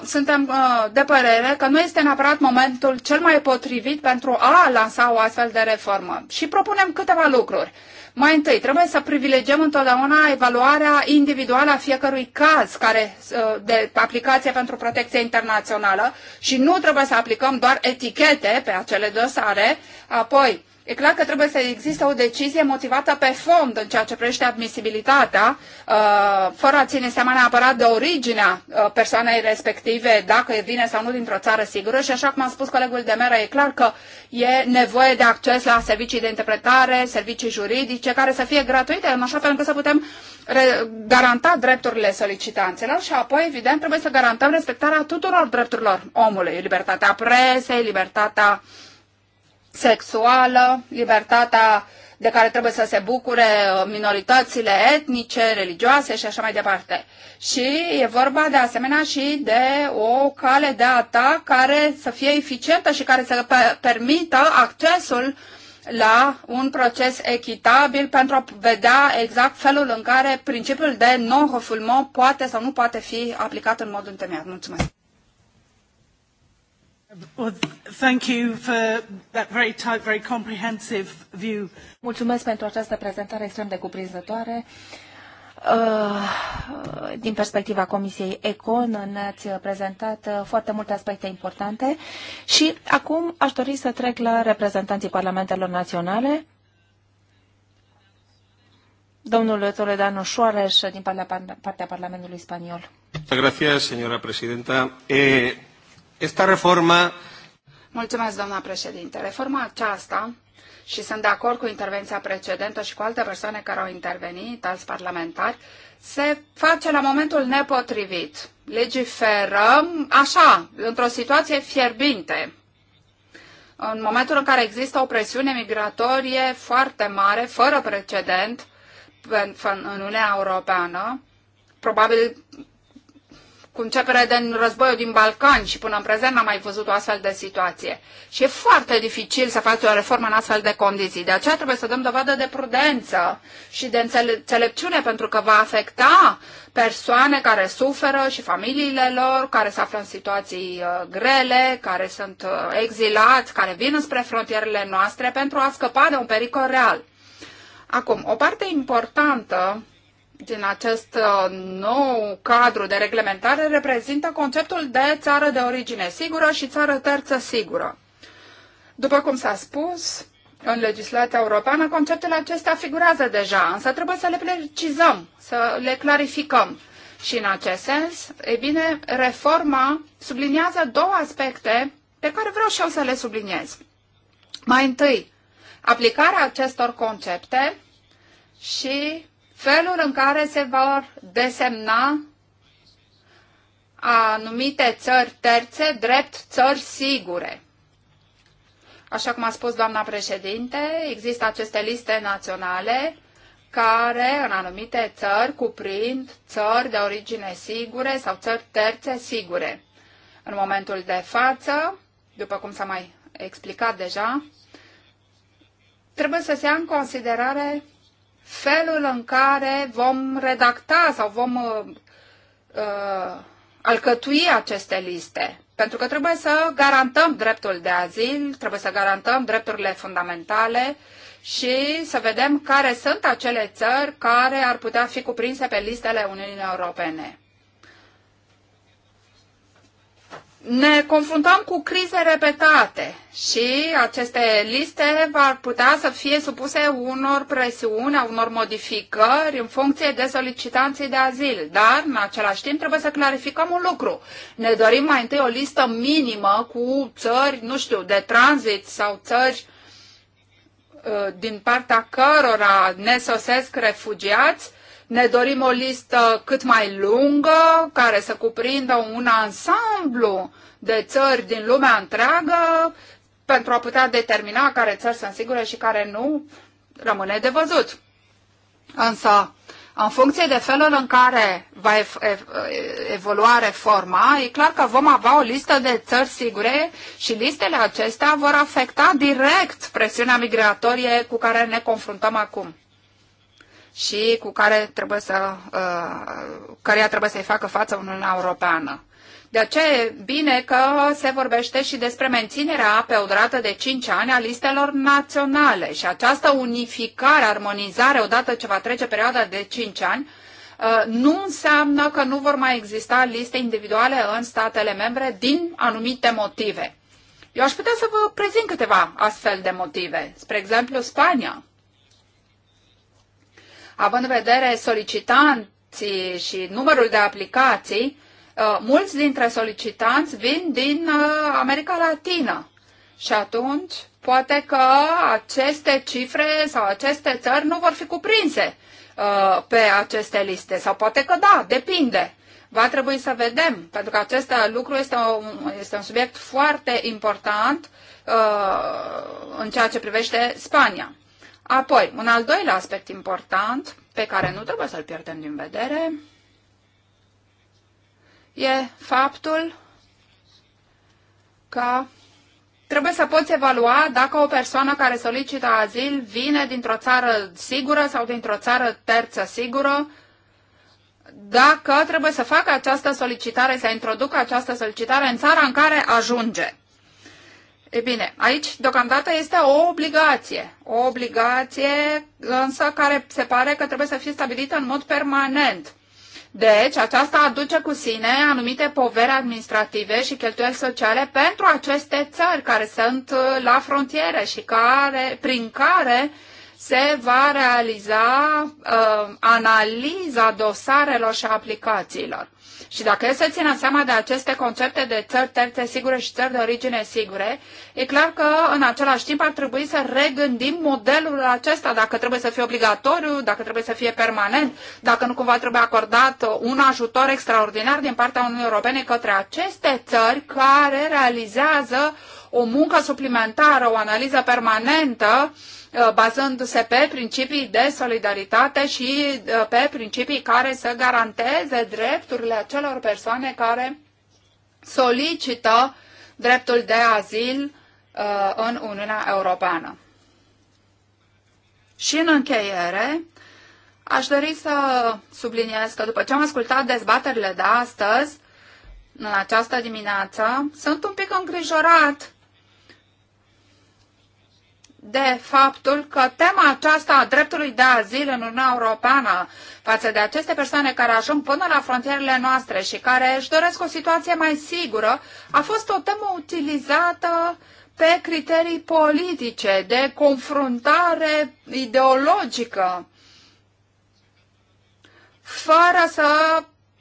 suntem de părere că nu este neapărat momentul cel mai potrivit pentru a lansa o astfel de reformă. Și propunem câteva lucruri. Mai întâi, trebuie să privilegiem întotdeauna evaluarea individuală a fiecărui caz care, uh, de aplicație pentru protecție internațională și nu trebuie să aplicăm doar etichete pe acele dosare. Apoi, E clar că trebuie să existe o decizie motivată pe fond în ceea ce privește admisibilitatea, uh, fără a ține seama neapărat de originea uh, persoanei respective, dacă vine sau nu dintr-o țară sigură. Și așa cum a spus colegul de meră, e clar că e nevoie de acces la servicii de interpretare, servicii juridice, care să fie gratuite, în așa fel încât să putem garanta drepturile solicitanților și apoi, evident, trebuie să garantăm respectarea tuturor drepturilor omului, libertatea presei, libertatea sexuală, libertatea de care trebuie să se bucure uh, minoritățile etnice, religioase și așa mai departe. Și e vorba de asemenea și de o cale de atac care să fie eficientă și care să permită accesul la un proces echitabil pentru a vedea exact felul în care principiul de non-refoulement poate sau nu poate fi aplicat în mod întemeiat. Mulțumesc! Mulțumesc pentru această prezentare extrem de cuprinzătoare. Uh, din perspectiva Comisiei Econ ne-ați prezentat uh, foarte multe aspecte importante și acum aș dori să trec la reprezentanții Parlamentelor Naționale. Domnul Toledano Suarez din partea Parlamentului Spaniol. Gracias, señora presidenta. Eh, Esta reforma... Mulțumesc, doamna președinte. Reforma aceasta, și sunt de acord cu intervenția precedentă și cu alte persoane care au intervenit, alți parlamentari, se face la momentul nepotrivit. Legiferăm așa, într-o situație fierbinte, în momentul în care există o presiune migratorie foarte mare, fără precedent, în Uniunea Europeană, probabil cu începerea din războiul din Balcani și până în prezent n-am mai văzut o astfel de situație. Și e foarte dificil să faci o reformă în astfel de condiții. De aceea trebuie să dăm dovadă de prudență și de înțelepciune, pentru că va afecta persoane care suferă și familiile lor, care se află în situații uh, grele, care sunt uh, exilați, care vin spre frontierele noastre pentru a scăpa de un pericol real. Acum, o parte importantă din acest uh, nou cadru de reglementare reprezintă conceptul de țară de origine sigură și țară terță sigură. După cum s-a spus, în legislația europeană conceptele acestea figurează deja, însă trebuie să le precizăm, să le clarificăm. Și în acest sens, e bine, reforma subliniază două aspecte pe care vreau și eu să le subliniez. Mai întâi, aplicarea acestor concepte și felul în care se vor desemna anumite țări terțe drept țări sigure. Așa cum a spus doamna președinte, există aceste liste naționale care în anumite țări cuprind țări de origine sigure sau țări terțe sigure. În momentul de față, după cum s-a mai explicat deja, trebuie să se ia în considerare felul în care vom redacta sau vom uh, uh, alcătui aceste liste. Pentru că trebuie să garantăm dreptul de azil, trebuie să garantăm drepturile fundamentale și să vedem care sunt acele țări care ar putea fi cuprinse pe listele Uniunii Europene. ne confruntăm cu crize repetate și aceste liste ar putea să fie supuse unor presiuni, a unor modificări în funcție de solicitanții de azil. Dar, în același timp, trebuie să clarificăm un lucru. Ne dorim mai întâi o listă minimă cu țări, nu știu, de tranzit sau țări uh, din partea cărora ne sosesc refugiați ne dorim o listă cât mai lungă, care să cuprindă un ansamblu de țări din lumea întreagă, pentru a putea determina care țări sunt sigure și care nu, rămâne de văzut. Însă, în funcție de felul în care va evolua reforma, e clar că vom avea o listă de țări sigure și listele acestea vor afecta direct presiunea migratorie cu care ne confruntăm acum și cu care trebuie să, uh, căreia trebuie să-i facă față Uniunea Europeană. De aceea e bine că se vorbește și despre menținerea pe o durată de 5 ani a listelor naționale și această unificare, armonizare, odată ce va trece perioada de 5 ani, uh, nu înseamnă că nu vor mai exista liste individuale în statele membre din anumite motive. Eu aș putea să vă prezint câteva astfel de motive. Spre exemplu, Spania având în vedere solicitanții și numărul de aplicații, uh, mulți dintre solicitanți vin din uh, America Latină. Și atunci, poate că aceste cifre sau aceste țări nu vor fi cuprinse uh, pe aceste liste. Sau poate că da, depinde. Va trebui să vedem, pentru că acest lucru este un, este un subiect foarte important uh, în ceea ce privește Spania. Apoi, un al doilea aspect important pe care nu trebuie să-l pierdem din vedere e faptul că trebuie să poți evalua dacă o persoană care solicită azil vine dintr-o țară sigură sau dintr-o țară terță sigură, dacă trebuie să facă această solicitare, să introducă această solicitare în țara în care ajunge. E bine, aici deocamdată este o obligație. O obligație însă care se pare că trebuie să fie stabilită în mod permanent. Deci, aceasta aduce cu sine anumite povere administrative și cheltuieli sociale pentru aceste țări care sunt uh, la frontiere și care, prin care se va realiza uh, analiza dosarelor și aplicațiilor. Și dacă e să țină seama de aceste concepte de țări terțe sigure și țări de origine sigure, e clar că în același timp ar trebui să regândim modelul acesta, dacă trebuie să fie obligatoriu, dacă trebuie să fie permanent, dacă nu cumva trebuie acordat un ajutor extraordinar din partea Uniunii Europene către aceste țări care realizează o muncă suplimentară, o analiză permanentă uh, Uh, bazându-se pe principii de solidaritate și uh, pe principii care să garanteze drepturile acelor persoane care solicită dreptul de azil uh, în Uniunea Europeană. Și în încheiere, aș dori să subliniez că după ce am ascultat dezbaterile de astăzi, în această dimineață, sunt un pic îngrijorat de faptul că tema aceasta a dreptului de azil în Uniunea Europeană față de aceste persoane care ajung până la frontierele noastre și care își doresc o situație mai sigură, a fost o temă utilizată pe criterii politice, de confruntare ideologică, fără să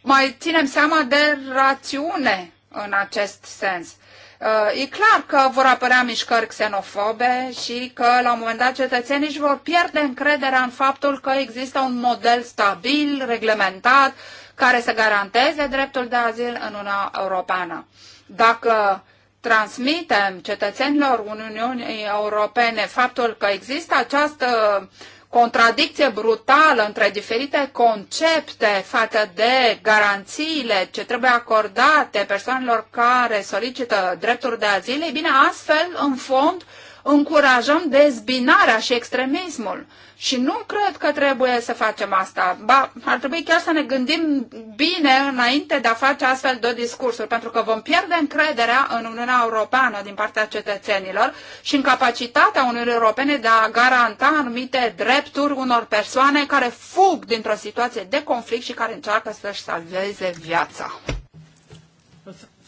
mai ținem seama de rațiune în acest sens. Uh, e clar că vor apărea mișcări xenofobe și că la un moment dat cetățenii își vor pierde încrederea în faptul că există un model stabil, reglementat, care să garanteze dreptul de azil în Uniunea Europeană. Dacă transmitem cetățenilor Uniunii Europene faptul că există această uh, contradicție brutală între diferite concepte față de garanțiile ce trebuie acordate persoanelor care solicită drepturi de azil, e bine, astfel, în fond, încurajăm dezbinarea și extremismul. Și nu cred că trebuie să facem asta. Ba, ar trebui chiar să ne gândim bine înainte de a face astfel de discursuri, pentru că vom pierde încrederea în Uniunea Europeană din partea cetățenilor și în capacitatea Uniunii Europene de a garanta anumite drepturi unor persoane care fug dintr-o situație de conflict și care încearcă să-și salveze viața.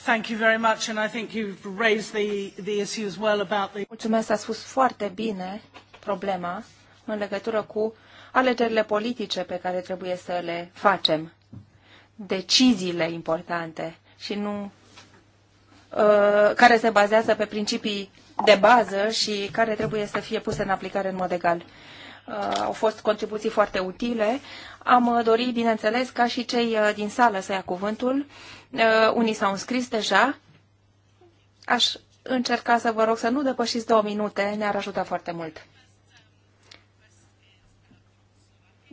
Thank you very much, and I think you've raised the, the issue as well about the... Mulțumesc, a spus foarte bine problema în legătură cu alegerile politice pe care trebuie să le facem, deciziile importante și nu uh, care se bazează pe principii de bază și care trebuie să fie puse în aplicare în mod egal. Uh, au fost contribuții foarte utile. Am uh, dorit, bineînțeles, ca și cei uh, din sală să ia cuvântul. Eh, unii s-au înscris deja. Aș încerca să vă rog să nu depășiți două minute, ne-ar ajuta foarte mult.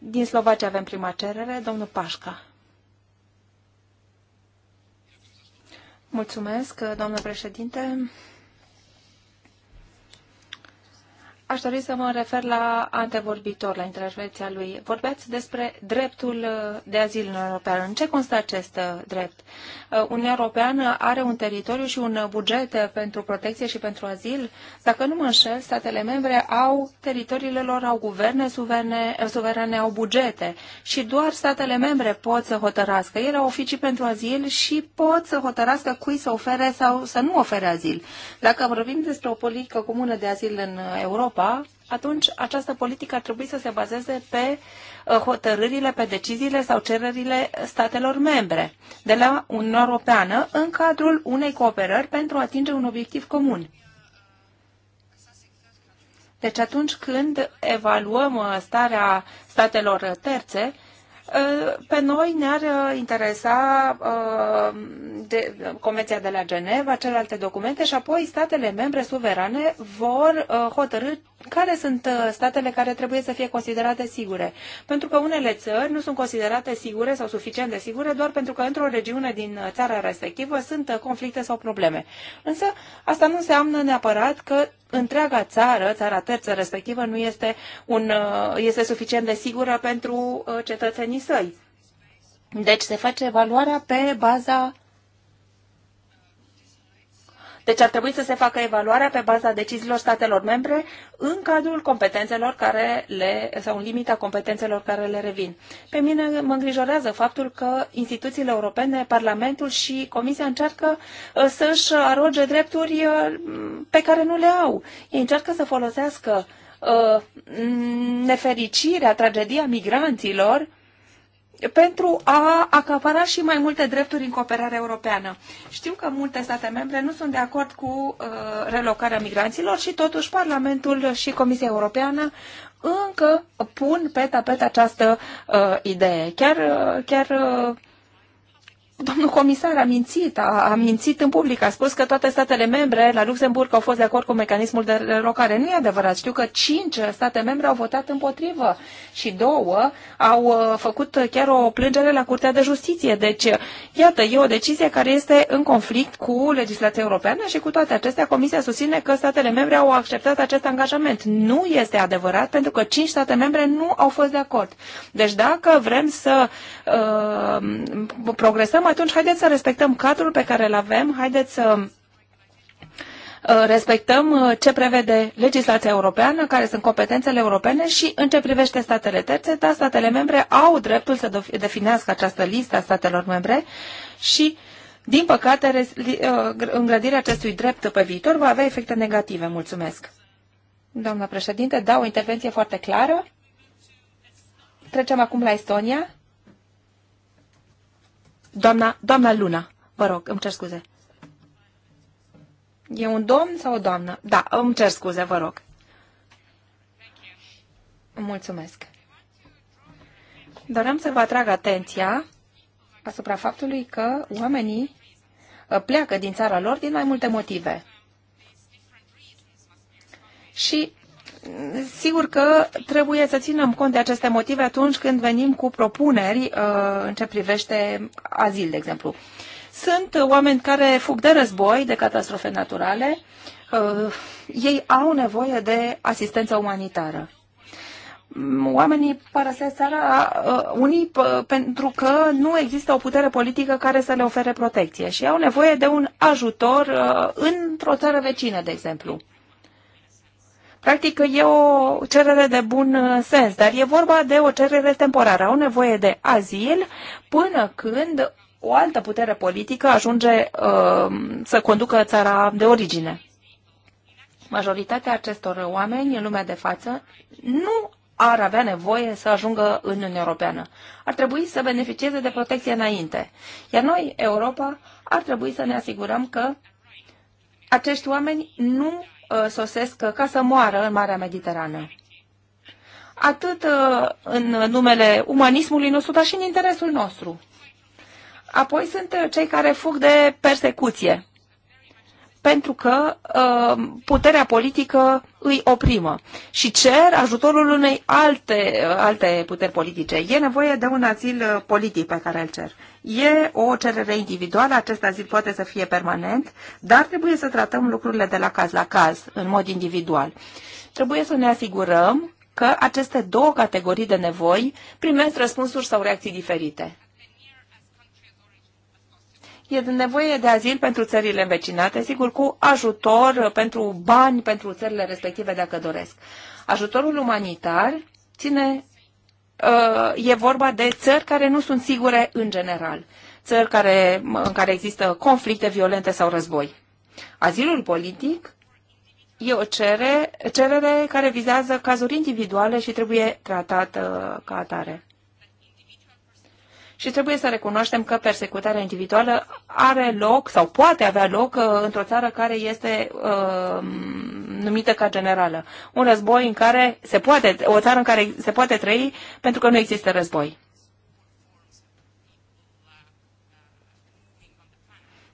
Din Slovacia avem prima cerere, domnul Pașca. Mulțumesc, domnule președinte. Aș dori să mă refer la antevorbitor, la intervenția lui. Vorbeați despre dreptul uh, de azil în european. În ce constă acest uh, drept? Uh, Uniunea Europeană are un teritoriu și un buget pentru protecție și pentru azil? Dacă nu mă înșel, statele membre au teritoriile lor, au guverne suverne, suverane, au bugete și doar statele membre pot să hotărască. Ele au oficii pentru azil și pot să hotărască cui să ofere sau să nu ofere azil. Dacă vorbim despre o politică comună de azil în Europa, Europa, atunci această politică ar trebui să se bazeze pe uh, hotărârile, pe deciziile sau cererile statelor membre de la Uniunea Europeană în cadrul unei cooperări pentru a atinge un obiectiv comun. Deci atunci când evaluăm uh, starea statelor terțe, Eh, pe noi ne-ar eh, interesa eh, de, Convenția de la Geneva, celelalte documente și apoi statele membre suverane vor hotărâ care sunt statele care trebuie să fie considerate sigure. Pentru că unele țări nu sunt considerate sigure sau suficient de sigure doar pentru că într-o regiune din țara respectivă sunt conflicte sau probleme. Însă asta nu înseamnă neapărat că întreaga țară, țara terță respectivă, nu este, un, uh, este suficient de sigură pentru uh, cetățenii săi. Deci se face evaluarea pe baza deci ar trebui să se facă evaluarea pe baza deciziilor statelor membre în cadrul competențelor care le, sau în limita competențelor care le revin. Pe mine mă îngrijorează faptul că instituțiile europene, Parlamentul și Comisia încearcă uh, să-și aroge drepturi uh, pe care nu le au. Ei încearcă să folosească uh, nefericirea, tragedia migranților pentru a acapara și mai multe drepturi în cooperarea europeană. Știu că multe state membre nu sunt de acord cu uh, relocarea migranților și totuși Parlamentul și Comisia Europeană încă pun pe tapet această uh, idee. Chiar, uh, chiar uh, Domnul comisar a mințit, a, a mințit în public, a spus că toate statele membre la Luxemburg au fost de acord cu mecanismul de relocare. Nu e adevărat, știu că cinci state membre au votat împotrivă și două au uh, făcut chiar o plângere la Curtea de Justiție. Deci, iată, e o decizie care este în conflict cu legislația europeană și cu toate acestea Comisia susține că statele membre au acceptat acest angajament. Nu este adevărat pentru că cinci state membre nu au fost de acord. Deci dacă vrem să uh, progresăm atunci haideți să respectăm cadrul pe care îl avem, haideți să uh, respectăm uh, ce prevede legislația europeană, care sunt competențele europene și în ce privește statele terțe, dar statele membre au dreptul să definească această listă a statelor membre și, din păcate, uh, îngrădirea acestui drept pe viitor va avea efecte negative. Mulțumesc. Doamna președinte, da, o intervenție foarte clară. Trecem acum la Estonia. Doamna, doamna Luna, vă rog, îmi cer scuze. E un domn sau o doamnă? Da, îmi cer scuze, vă rog. Mulțumesc. Doream să vă atrag atenția asupra faptului că oamenii uh, pleacă din țara lor din mai multe motive. Și Sigur că trebuie să ținem cont de aceste motive atunci când venim cu propuneri uh, în ce privește azil, de exemplu. Sunt oameni care fug de război, de catastrofe naturale. Uh, ei au nevoie de asistență umanitară mm, oamenii părăsesc țara uh, unii pentru că nu există o putere politică care să le ofere protecție și au nevoie de un ajutor într-o țară vecină, de exemplu. Practic e o cerere de bun uh, sens, dar e vorba de o cerere temporară. Au nevoie de azil până când o altă putere politică ajunge uh, să conducă țara de origine. Majoritatea acestor oameni în lumea de față nu ar avea nevoie să ajungă în Uniunea Europeană. Ar trebui să beneficieze de protecție înainte. Iar noi, Europa, ar trebui să ne asigurăm că acești oameni nu Uh, sosesc ca să moară în Marea Mediterană. Atât uh, în numele umanismului nostru, dar și în interesul nostru. Apoi sunt uh, cei care fug de persecuție pentru că uh, puterea politică îi oprimă și cer ajutorul unei alte, uh, alte puteri politice. E nevoie de un azil uh, politic pe care îl cer. E o cerere individuală, acest azil poate să fie permanent, dar trebuie să tratăm lucrurile de la caz la caz, în mod individual. Trebuie să ne asigurăm că aceste două categorii de nevoi primesc răspunsuri sau reacții diferite e nevoie de azil pentru țările învecinate, sigur, cu ajutor pentru bani pentru țările respective, dacă doresc. Ajutorul umanitar ține, uh, e vorba de țări care nu sunt sigure în general, țări care, în care există conflicte violente sau război. Azilul politic e o cerere, cerere care vizează cazuri individuale și trebuie tratată uh, ca atare și trebuie să recunoaștem că persecutarea individuală are loc sau poate avea loc uh, într-o țară care este uh, numită ca generală. Un război în care se poate, o țară în care se poate trăi pentru că nu există război.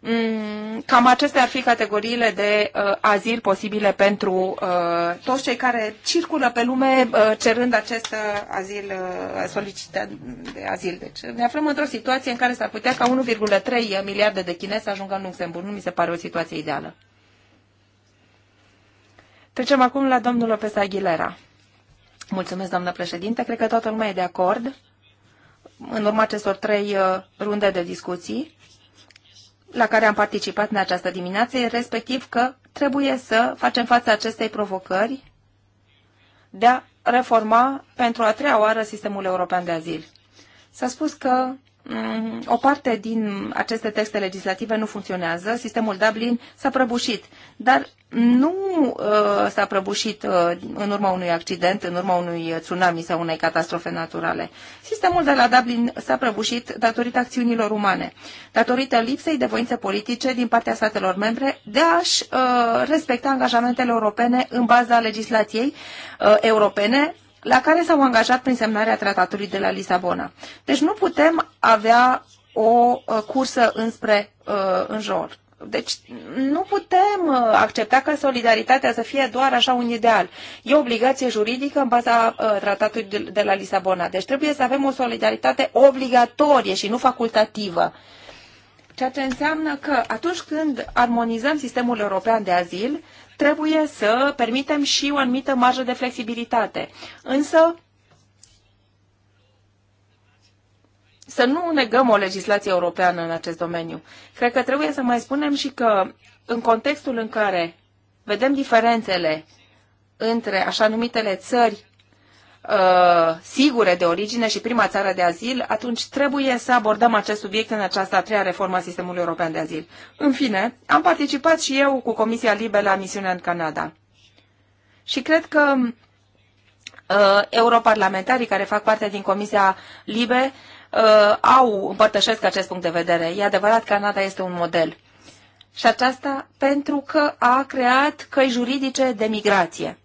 Mm, cam acestea ar fi categoriile de uh, azil posibile pentru uh, toți cei care circulă pe lume uh, cerând acest uh, azil, uh, solicitat de azil. Deci ne aflăm într-o situație în care s-ar putea ca 1,3 miliarde de chinezi să ajungă în Luxemburg. Nu mi se pare o situație ideală. Trecem acum la domnul Lopez Aguilera. Mulțumesc, doamnă președinte. Cred că toată lumea e de acord în urma acestor trei uh, runde de discuții la care am participat în această dimineață, respectiv că trebuie să facem față acestei provocări de a reforma pentru a treia oară sistemul european de azil. S-a spus că Mm, o parte din aceste texte legislative nu funcționează, sistemul Dublin s-a prăbușit, dar nu uh, s-a prăbușit uh, în urma unui accident, în urma unui tsunami sau unei catastrofe naturale. Sistemul de la Dublin s-a prăbușit datorită acțiunilor umane, datorită lipsei de voințe politice din partea statelor membre de a-și uh, respecta angajamentele europene în baza legislației uh, europene la care s-au angajat prin semnarea tratatului de la Lisabona. Deci nu putem avea o uh, cursă înspre uh, în jur. Deci nu putem uh, accepta că solidaritatea să fie doar așa un ideal. E o obligație juridică în baza tratatului de la Lisabona. Deci trebuie să avem o solidaritate obligatorie și nu facultativă. Ceea ce înseamnă că atunci când armonizăm sistemul european de azil, trebuie să permitem și o anumită marjă de flexibilitate. Însă, să nu negăm o legislație europeană în acest domeniu. Cred că trebuie să mai spunem și că în contextul în care vedem diferențele între așa numitele țări Uh, sigure de origine și prima țară de azil, atunci trebuie să abordăm acest subiect în această a treia reformă a sistemului european de azil. În fine, am participat și eu cu Comisia Libe la misiunea în Canada. Și cred că uh, europarlamentarii care fac parte din Comisia Libe uh, au, împărtășesc acest punct de vedere. E adevărat, Canada este un model. Și aceasta pentru că a creat căi juridice de migrație.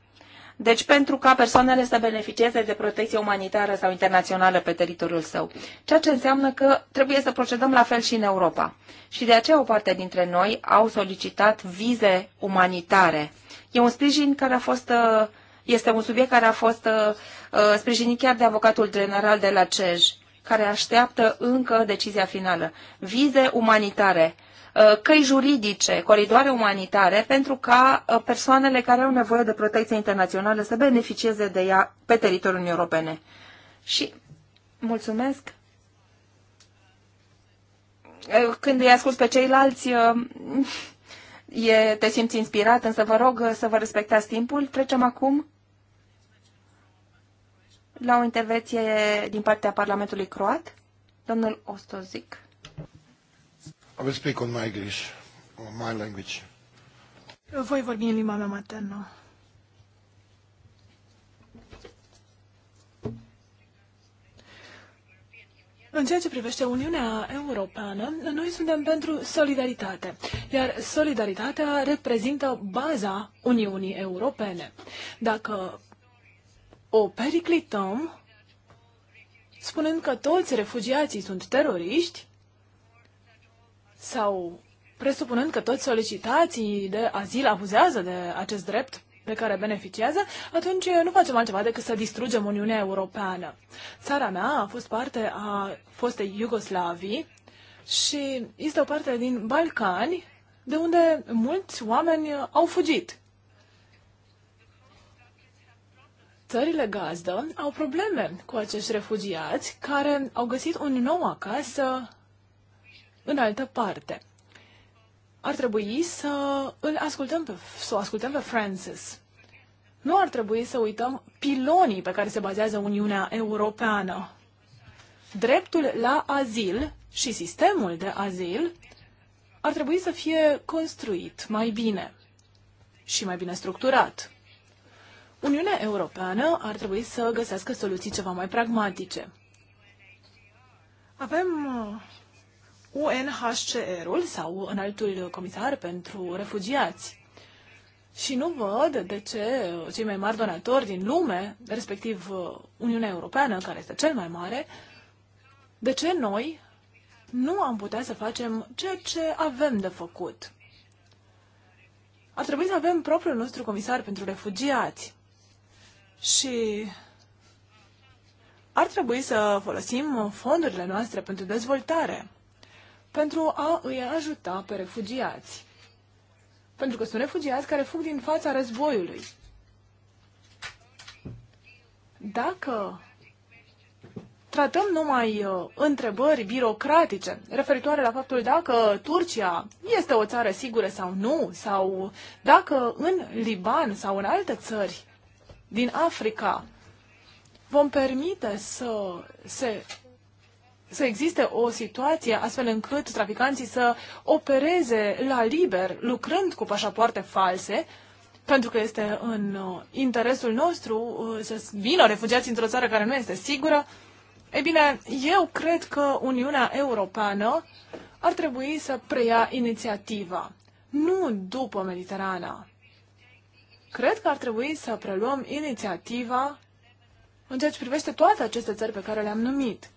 Deci pentru ca persoanele să beneficieze de protecție umanitară sau internațională pe teritoriul său. Ceea ce înseamnă că trebuie să procedăm la fel și în Europa. Și de aceea o parte dintre noi au solicitat vize umanitare. E un sprijin care a fost uh, este un subiect care a fost uh, uh, sprijinit chiar de avocatul general de la CEJ, care așteaptă încă decizia finală. Vize umanitare Uh, căi juridice, coridoare umanitare, pentru ca uh, persoanele care au nevoie de protecție internațională să beneficieze de ea pe teritoriul Uniunii Europene. Și mulțumesc! Uh, când îi ascult pe ceilalți, e, te simți inspirat, însă vă rog să vă respectați timpul. Trecem acum la o intervenție din partea Parlamentului Croat, domnul Ostozic. I will speak on my English, on my language. Eu voi vorbi în limba mea maternă. În ceea ce privește Uniunea Europeană, noi suntem pentru solidaritate, iar solidaritatea reprezintă baza Uniunii Europene. Dacă o periclităm, spunând că toți refugiații sunt teroriști, sau presupunând că toți solicitații de azil abuzează de acest drept pe care beneficiază, atunci nu facem altceva decât să distrugem Uniunea Europeană. Țara mea a fost parte a fostei Iugoslavii și este o parte din Balcani, de unde mulți oameni au fugit. Țările gazdă au probleme cu acești refugiați care au găsit un nou acasă în altă parte. Ar trebui să îl ascultăm pe, să o ascultăm pe Francis. Nu ar trebui să uităm pilonii pe care se bazează Uniunea Europeană. Dreptul la azil și sistemul de azil ar trebui să fie construit mai bine și mai bine structurat. Uniunea Europeană ar trebui să găsească soluții ceva mai pragmatice. Avem uh, UNHCR-ul sau înaltul comisar pentru refugiați. Și nu văd de ce cei mai mari donatori din lume, respectiv uh, Uniunea Europeană, care este cel mai mare, de ce noi nu am putea să facem ceea ce avem de făcut. Ar trebui să avem propriul nostru comisar pentru refugiați. Și ar trebui să folosim fondurile noastre pentru dezvoltare pentru a îi ajuta pe refugiați. Pentru că sunt refugiați care fug din fața războiului. Dacă tratăm numai uh, întrebări birocratice referitoare la faptul dacă Turcia este o țară sigură sau nu, sau dacă în Liban sau în alte țări din Africa vom permite să se să existe o situație astfel încât traficanții să opereze la liber, lucrând cu pașapoarte false, pentru că este în uh, interesul nostru uh, să vină refugiați într-o țară care nu este sigură. Ei bine, eu cred că Uniunea Europeană ar trebui să preia inițiativa, nu după Mediterana. Cred că ar trebui să preluăm inițiativa în ceea ce privește toate aceste țări pe care le-am numit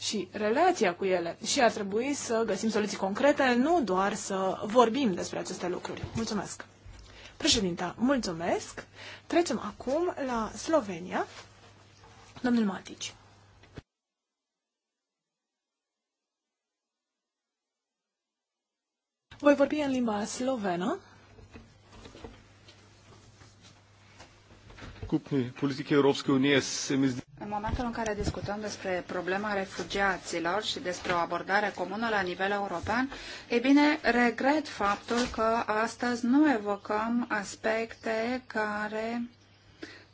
și relația cu ele. Și ar trebui să găsim soluții concrete, nu doar să vorbim despre aceste lucruri. Mulțumesc! Președinta, mulțumesc! Trecem acum la Slovenia. Domnul Matici. Voi vorbi în limba slovenă. În momentul în care discutăm despre problema refugiaților și despre o abordare comună la nivel european, e bine, regret faptul că astăzi nu evocăm aspecte care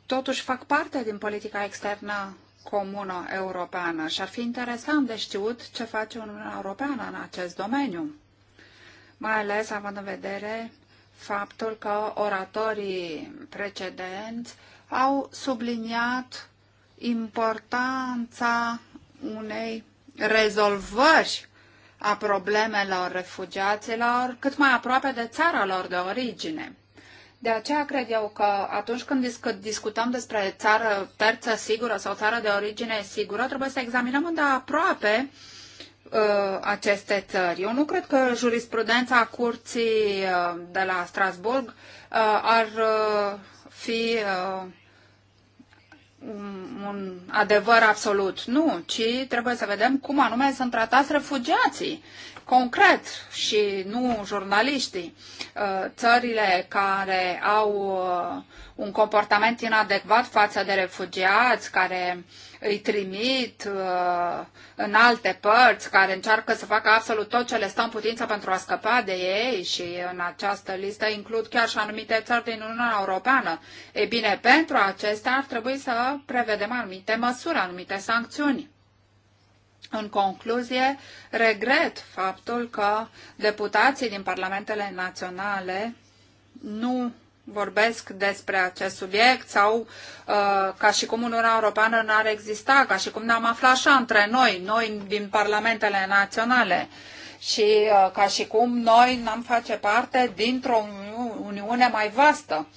totuși fac parte din politica externă comună europeană și ar fi interesant de știut ce face Uniunea Europeană în acest domeniu, mai ales având în vedere faptul că oratorii precedenți au subliniat importanța unei rezolvări a problemelor refugiaților cât mai aproape de țara lor de origine. De aceea cred eu că atunci când discutăm despre țară terță sigură sau țară de origine sigură, trebuie să examinăm îndeaproape uh, aceste țări. Eu nu cred că jurisprudența curții uh, de la Strasburg uh, ar uh, fi uh, un, un adevăr absolut. Nu, ci trebuie să vedem cum anume sunt tratați refugiații concret și nu jurnaliștii. Uh, țările care au uh, un comportament inadecvat față de refugiați, care îi trimit uh, în alte părți, care încearcă să facă absolut tot ce le stă în putință pentru a scăpa de ei și în această listă includ chiar și anumite țări din Uniunea Europeană. E bine, pentru acestea ar trebui să prevedem anumite măsuri, anumite sancțiuni. În concluzie, regret faptul că deputații din parlamentele naționale nu vorbesc despre acest subiect sau uh, ca și cum Uniunea Europeană n-ar exista, ca și cum ne-am aflat așa între noi, noi din parlamentele naționale și uh, ca și cum noi n-am face parte dintr-o Uniune mai vastă.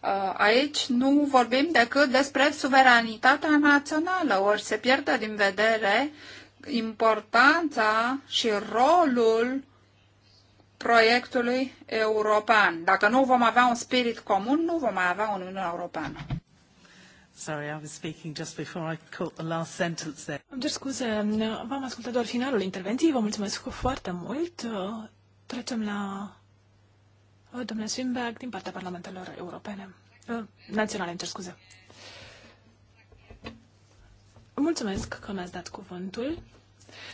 Uh, aici nu vorbim decât despre suveranitatea națională, ori se pierde din vedere uh, importanța și rolul proiectului european. Dacă nu vom avea un spirit comun, nu vom mai avea Uniune Europeană. Sorry, I was speaking just before I caught the last sentence there. Îmi cer scuze, v-am ascultat doar finalul intervenției, vă mulțumesc foarte mult. Trecem la domnule Swinberg din partea Parlamentelor Europene, naționale, îmi cer scuze. Mulțumesc că mi-ați dat cuvântul,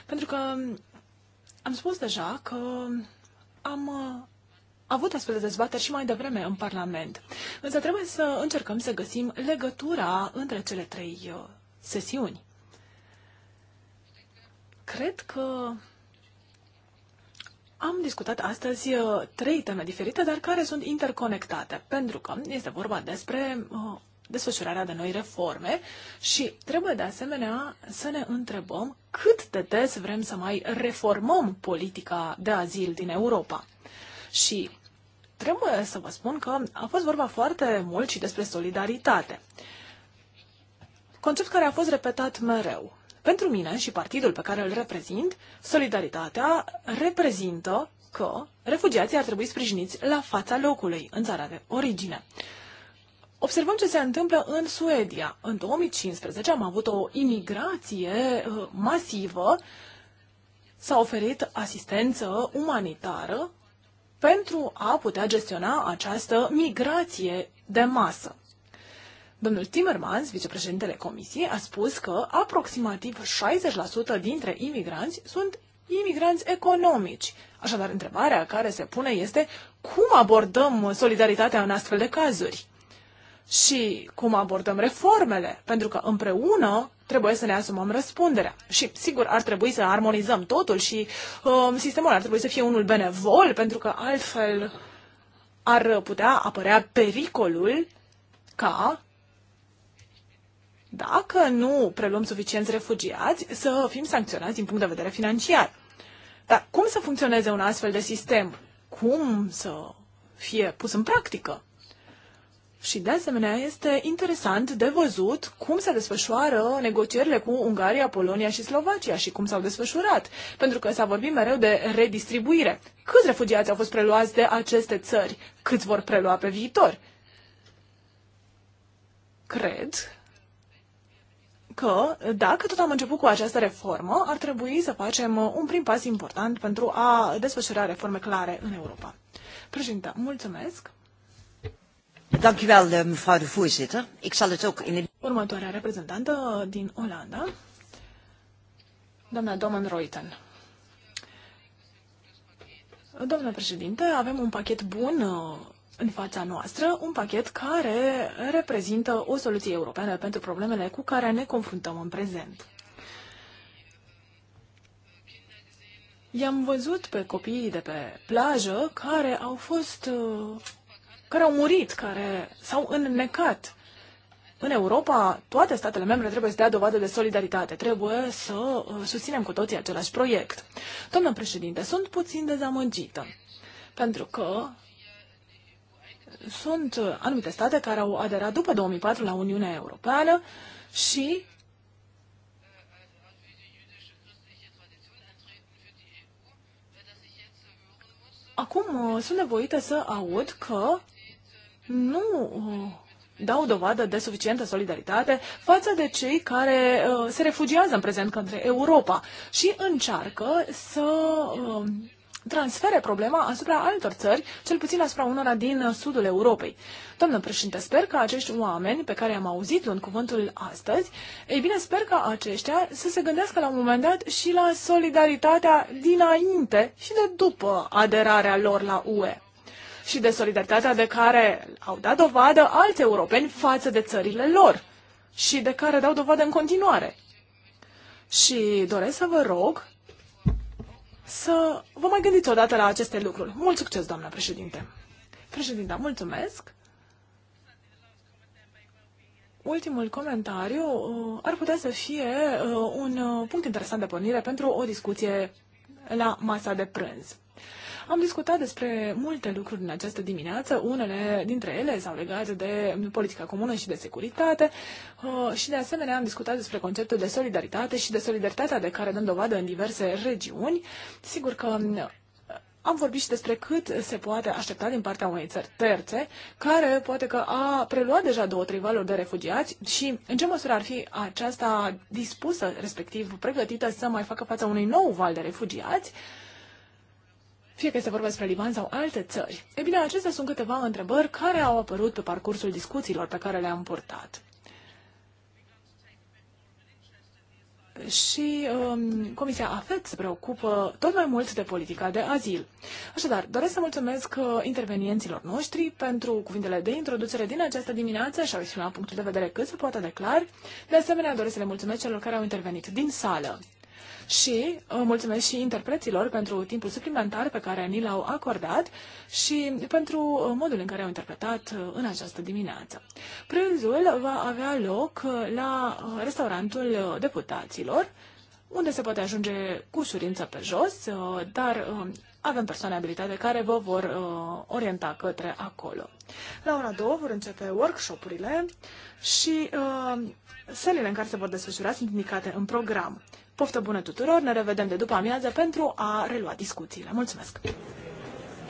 pentru că am spus deja că am uh, avut astfel de dezbateri și mai devreme în Parlament. Însă trebuie să încercăm să găsim legătura între cele trei uh, sesiuni. Cred că am discutat astăzi uh, trei teme diferite, dar care sunt interconectate, pentru că este vorba despre desfășurarea de noi reforme și trebuie de asemenea să ne întrebăm cât de des vrem să mai reformăm politica de azil din Europa. Și trebuie să vă spun că a fost vorba foarte mult și despre solidaritate. Concept care a fost repetat mereu. Pentru mine și partidul pe care îl reprezint, solidaritatea reprezintă că refugiații ar trebui sprijiniți la fața locului, în țara de origine. Observăm ce se întâmplă în Suedia. În 2015 am avut o imigrație uh, masivă, s-a oferit asistență umanitară pentru a putea gestiona această migrație de masă. Domnul Timmermans, vicepreședintele Comisiei, a spus că aproximativ 60% dintre imigranți sunt imigranți economici. Așadar, întrebarea care se pune este cum abordăm solidaritatea în astfel de cazuri? și cum abordăm reformele, pentru că împreună trebuie să ne asumăm răspunderea. Și, sigur, ar trebui să armonizăm totul și um, sistemul ar trebui să fie unul benevol, pentru că altfel ar putea apărea pericolul ca, dacă nu preluăm suficienți refugiați, să fim sancționați din punct de vedere financiar. Dar cum să funcționeze un astfel de sistem? Cum să fie pus în practică? Și de asemenea este interesant de văzut cum se desfășoară negocierile cu Ungaria, Polonia și Slovacia și cum s-au desfășurat. Pentru că s-a vorbit mereu de redistribuire. Câți refugiați au fost preluați de aceste țări? Câți vor prelua pe viitor? Cred că dacă tot am început cu această reformă, ar trebui să facem un prim pas important pentru a desfășura reforme clare în Europa. Președinte, mulțumesc! Următoarea reprezentantă din Olanda, doamna Domen Reuten. Domnule președinte, avem un pachet bun eh, în fața noastră, un pachet care reprezintă o soluție europeană pentru problemele cu care ne confruntăm în prezent. I-am văzut pe copiii de pe plajă care au fost eh, care au murit, care s-au înnecat. În Europa, toate statele membre trebuie să dea dovadă de solidaritate. Trebuie să uh, susținem cu toții același proiect. Doamnă președinte, sunt puțin dezamăgită, pentru că sunt uh, anumite state care au aderat după 2004 la Uniunea Europeană și acum uh, sunt nevoită să aud că nu uh, dau dovadă de suficientă solidaritate față de cei care uh, se refugiază în prezent către Europa și încearcă să uh, transfere problema asupra altor țări, cel puțin asupra unora din sudul Europei. Doamnă președinte, sper că acești oameni pe care am auzit în cuvântul astăzi, ei bine, sper că aceștia să se gândească la un moment dat și la solidaritatea dinainte și de după aderarea lor la UE și de solidaritatea de care au dat dovadă alți europeni față de țările lor și de care dau dovadă în continuare. Și doresc să vă rog să vă mai gândiți odată la aceste lucruri. Mult succes, doamna președinte! Președinta, mulțumesc! Ultimul comentariu uh, ar putea să fie uh, un uh, punct interesant de pornire pentru o discuție la masa de prânz. Am discutat despre multe lucruri în această dimineață. Unele dintre ele s-au legat de politica comună și de securitate uh, și de asemenea am discutat despre conceptul de solidaritate și de solidaritatea de care dăm dovadă în diverse regiuni. Sigur că uh, am vorbit și despre cât se poate aștepta din partea unei țări terțe, care poate că a preluat deja două, trei valuri de refugiați și în ce măsură ar fi aceasta dispusă, respectiv pregătită să mai facă față unui nou val de refugiați, uh, fie că este vorba despre Liban sau alte țări. E bine, acestea sunt câteva întrebări care au apărut pe parcursul discuțiilor pe care le-am purtat. și um, Comisia AFET se preocupă tot mai mult de politica de azil. Așadar, doresc să mulțumesc uh, intervenienților noștri pentru cuvintele de introducere din această dimineață și au exprimat punctul de vedere cât se poate de clar. De asemenea, doresc să le mulțumesc celor care au intervenit din sală și uh, mulțumesc și interpreților pentru timpul suplimentar pe care ni l-au acordat și pentru uh, modul în care au interpretat uh, în această dimineață. Prânzul va avea loc uh, la restaurantul deputaților, unde se poate ajunge cu ușurință pe jos, dar avem persoane abilitate care vă vor uh, orienta către acolo. La ora 2 vor începe workshopurile și uh, sălile în care se vor desfășura sunt indicate în program. Poftă bună tuturor, ne revedem de după amiază pentru a relua discuțiile. Mulțumesc!